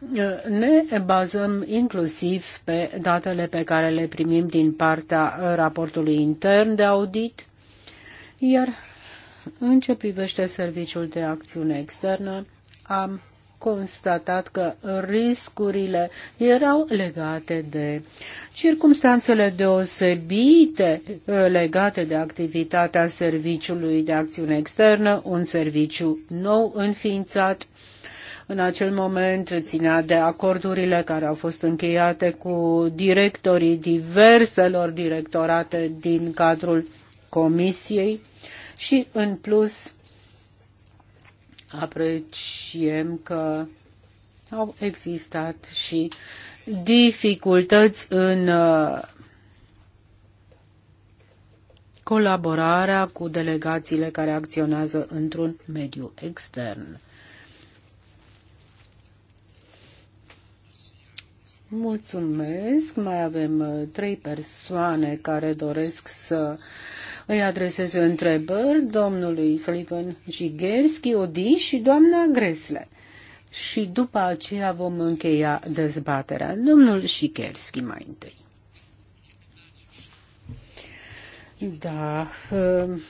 uh, ne bazăm inclusiv pe datele pe care le primim din partea raportului intern de audit, iar în ce privește Serviciul de Acțiune Externă, am constatat că riscurile erau legate de circumstanțele deosebite uh, legate de activitatea Serviciului de Acțiune Externă, un serviciu nou înființat. În acel moment ținea de acordurile care au fost încheiate cu directorii diverselor directorate din cadrul Comisiei și, în plus, apreciem că au existat și dificultăți în uh, colaborarea cu delegațiile care acționează într-un mediu extern. Mulțumesc. Mai avem uh, trei persoane care doresc să îi adresez întrebări domnului Sullivan Jigerski, Odi și doamna Gresle. Și după aceea vom încheia dezbaterea. Domnul Jigerski mai întâi. Da. Uh,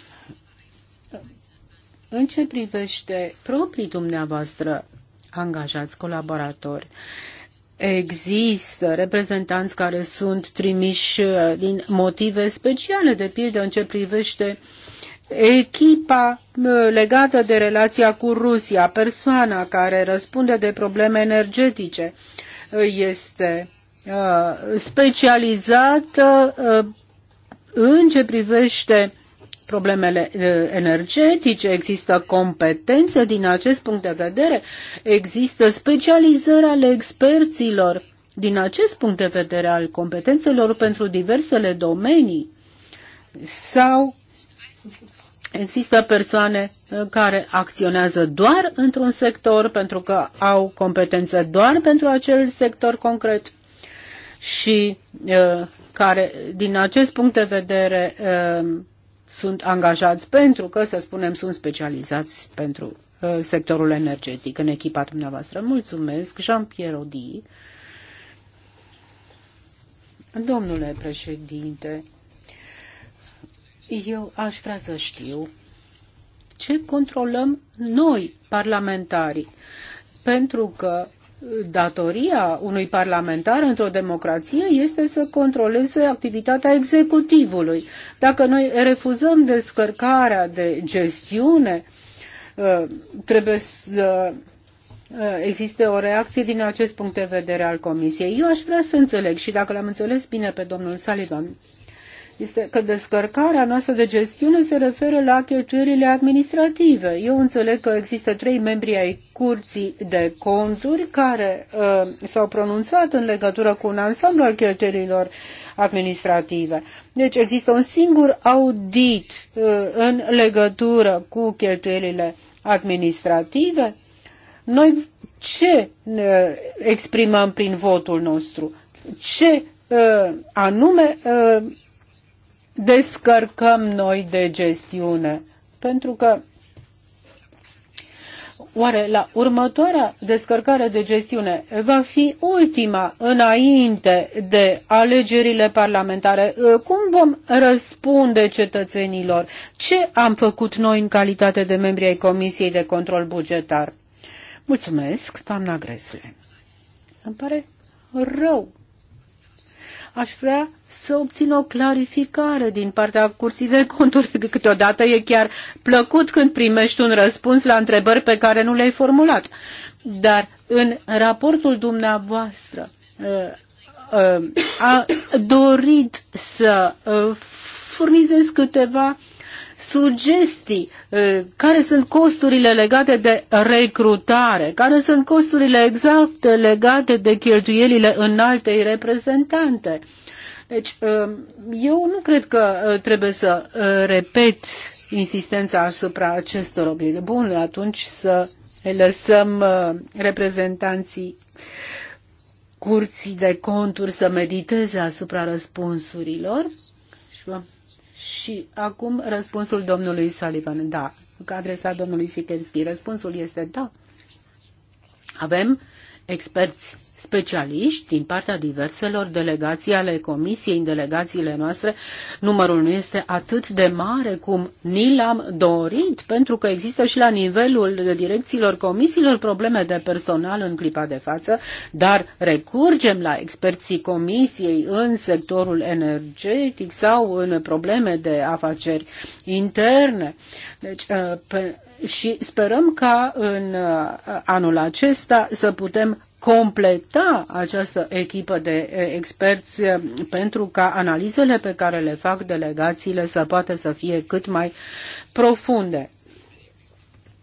în ce privește proprii dumneavoastră angajați colaboratori, Există reprezentanți care sunt trimiși uh, din motive speciale, de pildă în ce privește echipa uh, legată de relația cu Rusia, persoana care răspunde de probleme energetice, uh, este specializată în ce privește problemele energetice, există competență din acest punct de vedere, există specializări ale experților din acest punct de vedere al competențelor pentru diversele domenii sau Există persoane care acționează doar într-un sector pentru că au competențe doar pentru acel sector concret și uh, care, din acest punct de vedere, uh, sunt angajați pentru că, să spunem, sunt specializați pentru uh, sectorul energetic în echipa dumneavoastră. Mulțumesc, Jean-Pierre Odi. Domnule președinte, eu aș vrea să știu ce controlăm noi, parlamentarii, pentru că datoria unui parlamentar într-o democrație este să controleze activitatea executivului. Dacă noi refuzăm descărcarea de gestiune, uh, trebuie să uh, existe o reacție din acest punct de vedere al Comisiei. Eu aș vrea să înțeleg și dacă l-am înțeles bine pe domnul Sullivan, este că descărcarea noastră de gestiune se referă la cheltuielile administrative. Eu înțeleg că există trei membri ai curții de conturi care uh, s-au pronunțat în legătură cu un ansamblu al cheltuielilor administrative. Deci există un singur audit uh, în legătură cu cheltuielile administrative. Noi ce ne uh, exprimăm prin votul nostru? Ce uh, anume uh, descărcăm noi de gestiune. Pentru că Oare la următoarea descărcare de gestiune va fi ultima înainte de alegerile parlamentare? Cum vom răspunde cetățenilor? Ce am făcut noi în calitate de membri ai Comisiei de Control Bugetar? Mulțumesc, doamna Gresle. Îmi pare rău aș vrea să obțin o clarificare din partea cursii de conturi. Câteodată e chiar plăcut când primești un răspuns la întrebări pe care nu le-ai formulat. Dar în raportul dumneavoastră uh, uh, a dorit să uh, furnizez câteva sugestii uh, care sunt costurile legate de recrutare, care sunt costurile exacte legate de cheltuielile înaltei reprezentante. Deci, uh, eu nu cred că uh, trebuie să repet insistența asupra acestor obiecte. Bun, atunci să lăsăm reprezentanții curții de conturi să mediteze asupra răspunsurilor. Și și acum răspunsul domnului Sullivan. Da, adresat domnului Sikerski. Răspunsul este da. Avem experți specialiști din partea diverselor delegații ale Comisiei în delegațiile noastre. Numărul nu este atât de mare cum ni l-am dorit, pentru că există și la nivelul direcțiilor comisiilor probleme de personal în clipa de față, dar recurgem la experții Comisiei în sectorul energetic sau în probleme de afaceri interne. Deci, pe și sperăm ca în uh, anul acesta să putem completa această echipă de uh, experți uh, pentru ca analizele pe care le fac delegațiile să poată să fie cât mai profunde.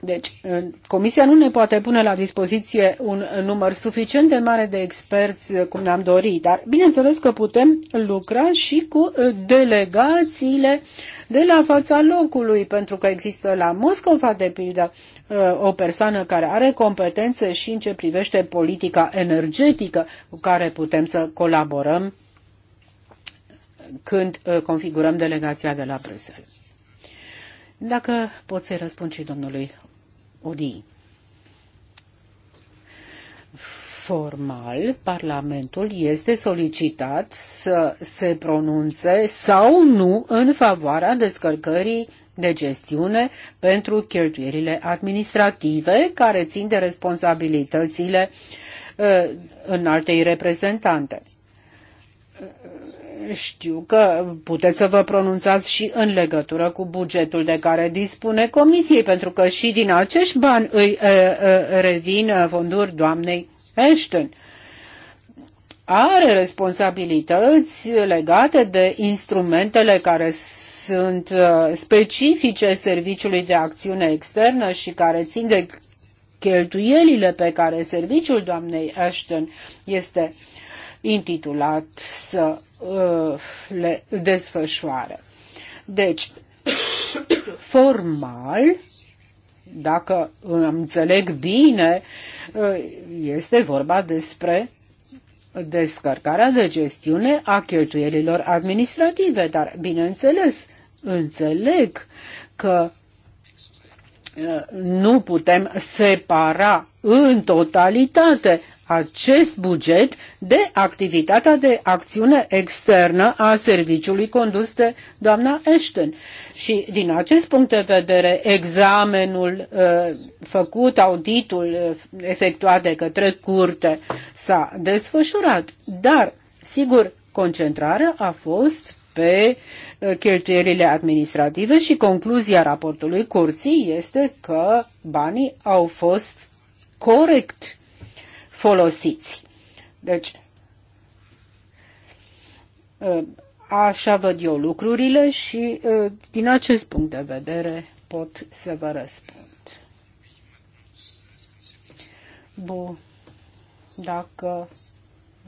Deci, Comisia nu ne poate pune la dispoziție un număr suficient de mare de experți uh, cum ne-am dorit, dar bineînțeles că putem lucra și cu uh, delegațiile de la fața locului, pentru că există la Moscova, de pildă, uh, o persoană care are competențe și în ce privește politica energetică cu care putem să colaborăm când configurăm delegația de la Bruxelles. Dacă pot să-i răspund și domnului Odi. Formal, Parlamentul este solicitat să se pronunțe sau nu în favoarea descărcării de gestiune pentru cheltuierile administrative care țin de responsabilitățile uh, înaltei reprezentante știu că puteți să vă pronunțați și în legătură cu bugetul de care dispune Comisiei, pentru că și din acești bani îi e, e, revin fonduri doamnei Ashton. Are responsabilități legate de instrumentele care sunt specifice Serviciului de Acțiune Externă și care țin de cheltuielile pe care serviciul doamnei Ashton este intitulat să le desfășoară. Deci, formal, dacă înțeleg bine, este vorba despre descărcarea de gestiune a cheltuielilor administrative, dar bineînțeles, înțeleg că uh, nu putem separa în totalitate acest buget de activitatea de acțiune externă a serviciului condus de doamna Ashton. Și din acest punct de vedere, examenul uh, făcut, auditul uh, efectuat de către curte s-a desfășurat. Dar, sigur, concentrarea a fost pe uh, cheltuielile administrative și concluzia raportului curții este că banii au fost corect folosiți. Deci, ă, așa văd eu lucrurile și ă, din acest punct de vedere pot să vă răspund. Bun. Dacă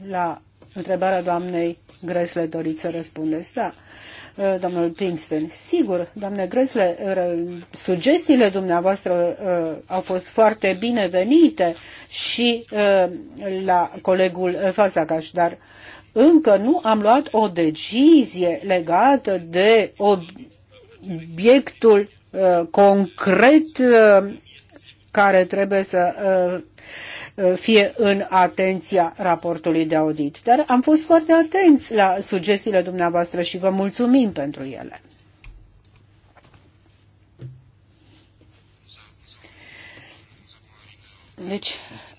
la întrebarea doamnei Gresle doriți să răspundeți, da. Eh, domnul Pinkston. Sigur, doamne Gresle, eh, sugestiile dumneavoastră eh, au fost foarte binevenite și la colegul Fazagaș, dar încă nu am luat o decizie legată de obiectul concret care trebuie să Uh, fie în atenția raportului de audit. Dar am fost foarte atenți la sugestiile dumneavoastră și vă mulțumim pentru ele. Deci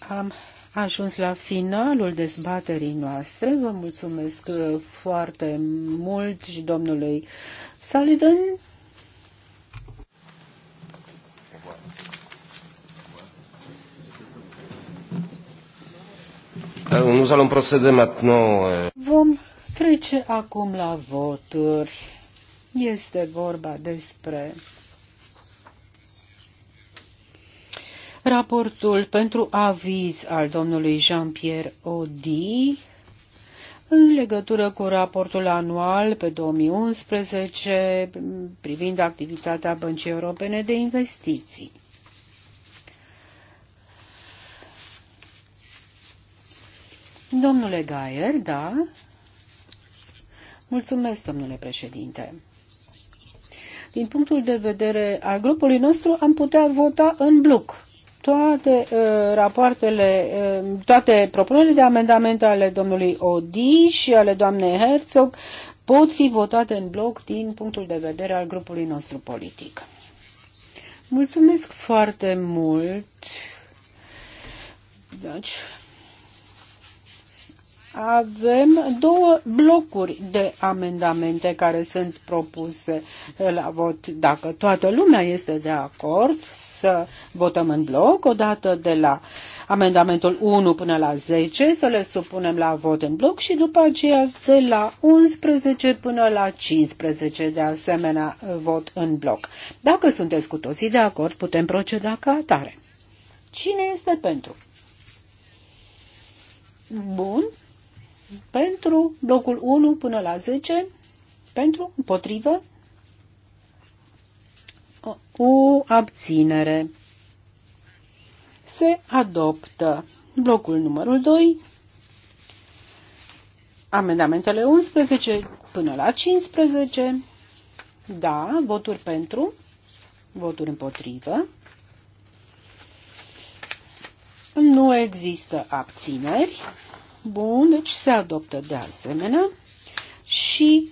am ajuns la finalul dezbaterii noastre. Vă mulțumesc uh, foarte mult și domnului Sullivan Nous allons procéder maintenant. Vom trece acum la voturi. Este vorba despre raportul pentru aviz al domnului Jean-Pierre Odi în legătură cu raportul anual pe 2011 privind activitatea Băncii Europene de Investiții. Domnule Gaier, da. Mulțumesc, domnule președinte. Din punctul de vedere al grupului nostru, am putea vota în bloc toate uh, rapoartele, uh, toate propunerile de amendamente ale domnului Odi și ale doamnei Herzog pot fi votate în bloc din punctul de vedere al grupului nostru politic. Mulțumesc foarte mult. Deci, avem două blocuri de amendamente care sunt propuse la vot. Dacă toată lumea este de acord să votăm în bloc, odată de la amendamentul 1 până la 10, să le supunem la vot în bloc și după aceea de la 11 până la 15, de asemenea vot în bloc. Dacă sunteți cu toții de acord, putem proceda ca atare. Cine este pentru? Bun pentru blocul 1 până la 10, pentru, împotrivă, o abținere. Se adoptă blocul numărul 2, amendamentele 11 până la 15, da, voturi pentru, voturi împotrivă, nu există abțineri, Bun, deci se adoptă de asemenea și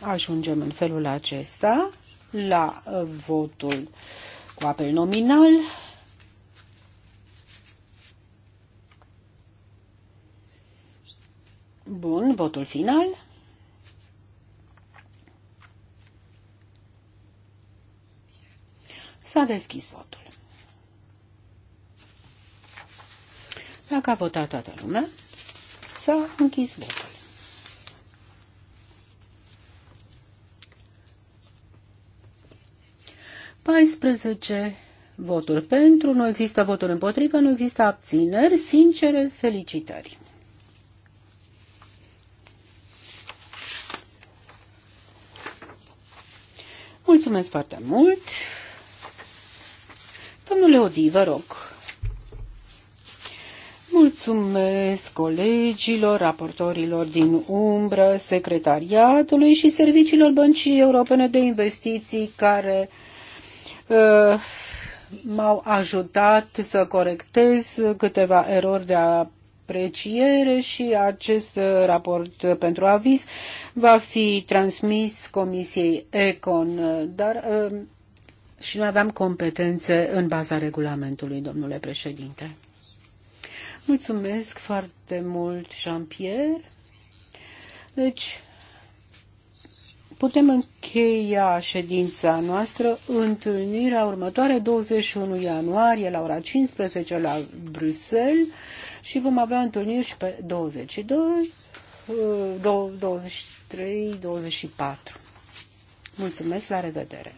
ajungem în felul acesta la uh, votul cu apel nominal. Bun, votul final. S-a deschis votul. Dacă a votat toată lumea, S-a închis votul. Paisprezece voturi pentru, nu există voturi împotrivă, nu există abțineri. Sincere, felicitări! Mulțumesc foarte mult! Domnule Odi, vă rog! Mulțumesc colegilor, raportorilor din umbră, secretariatului și serviciilor Băncii Europene de Investiții care uh, m-au ajutat să corectez câteva erori de apreciere și acest raport pentru aviz va fi transmis Comisiei Econ, dar uh, și nu aveam competențe în baza regulamentului, domnule președinte. Mulțumesc foarte mult, Jean-Pierre. Deci, putem încheia ședința noastră, întâlnirea următoare, 21 ianuarie, la ora 15 la Bruxelles și vom avea întâlniri și pe 22, 23, 24. Mulțumesc, la revedere!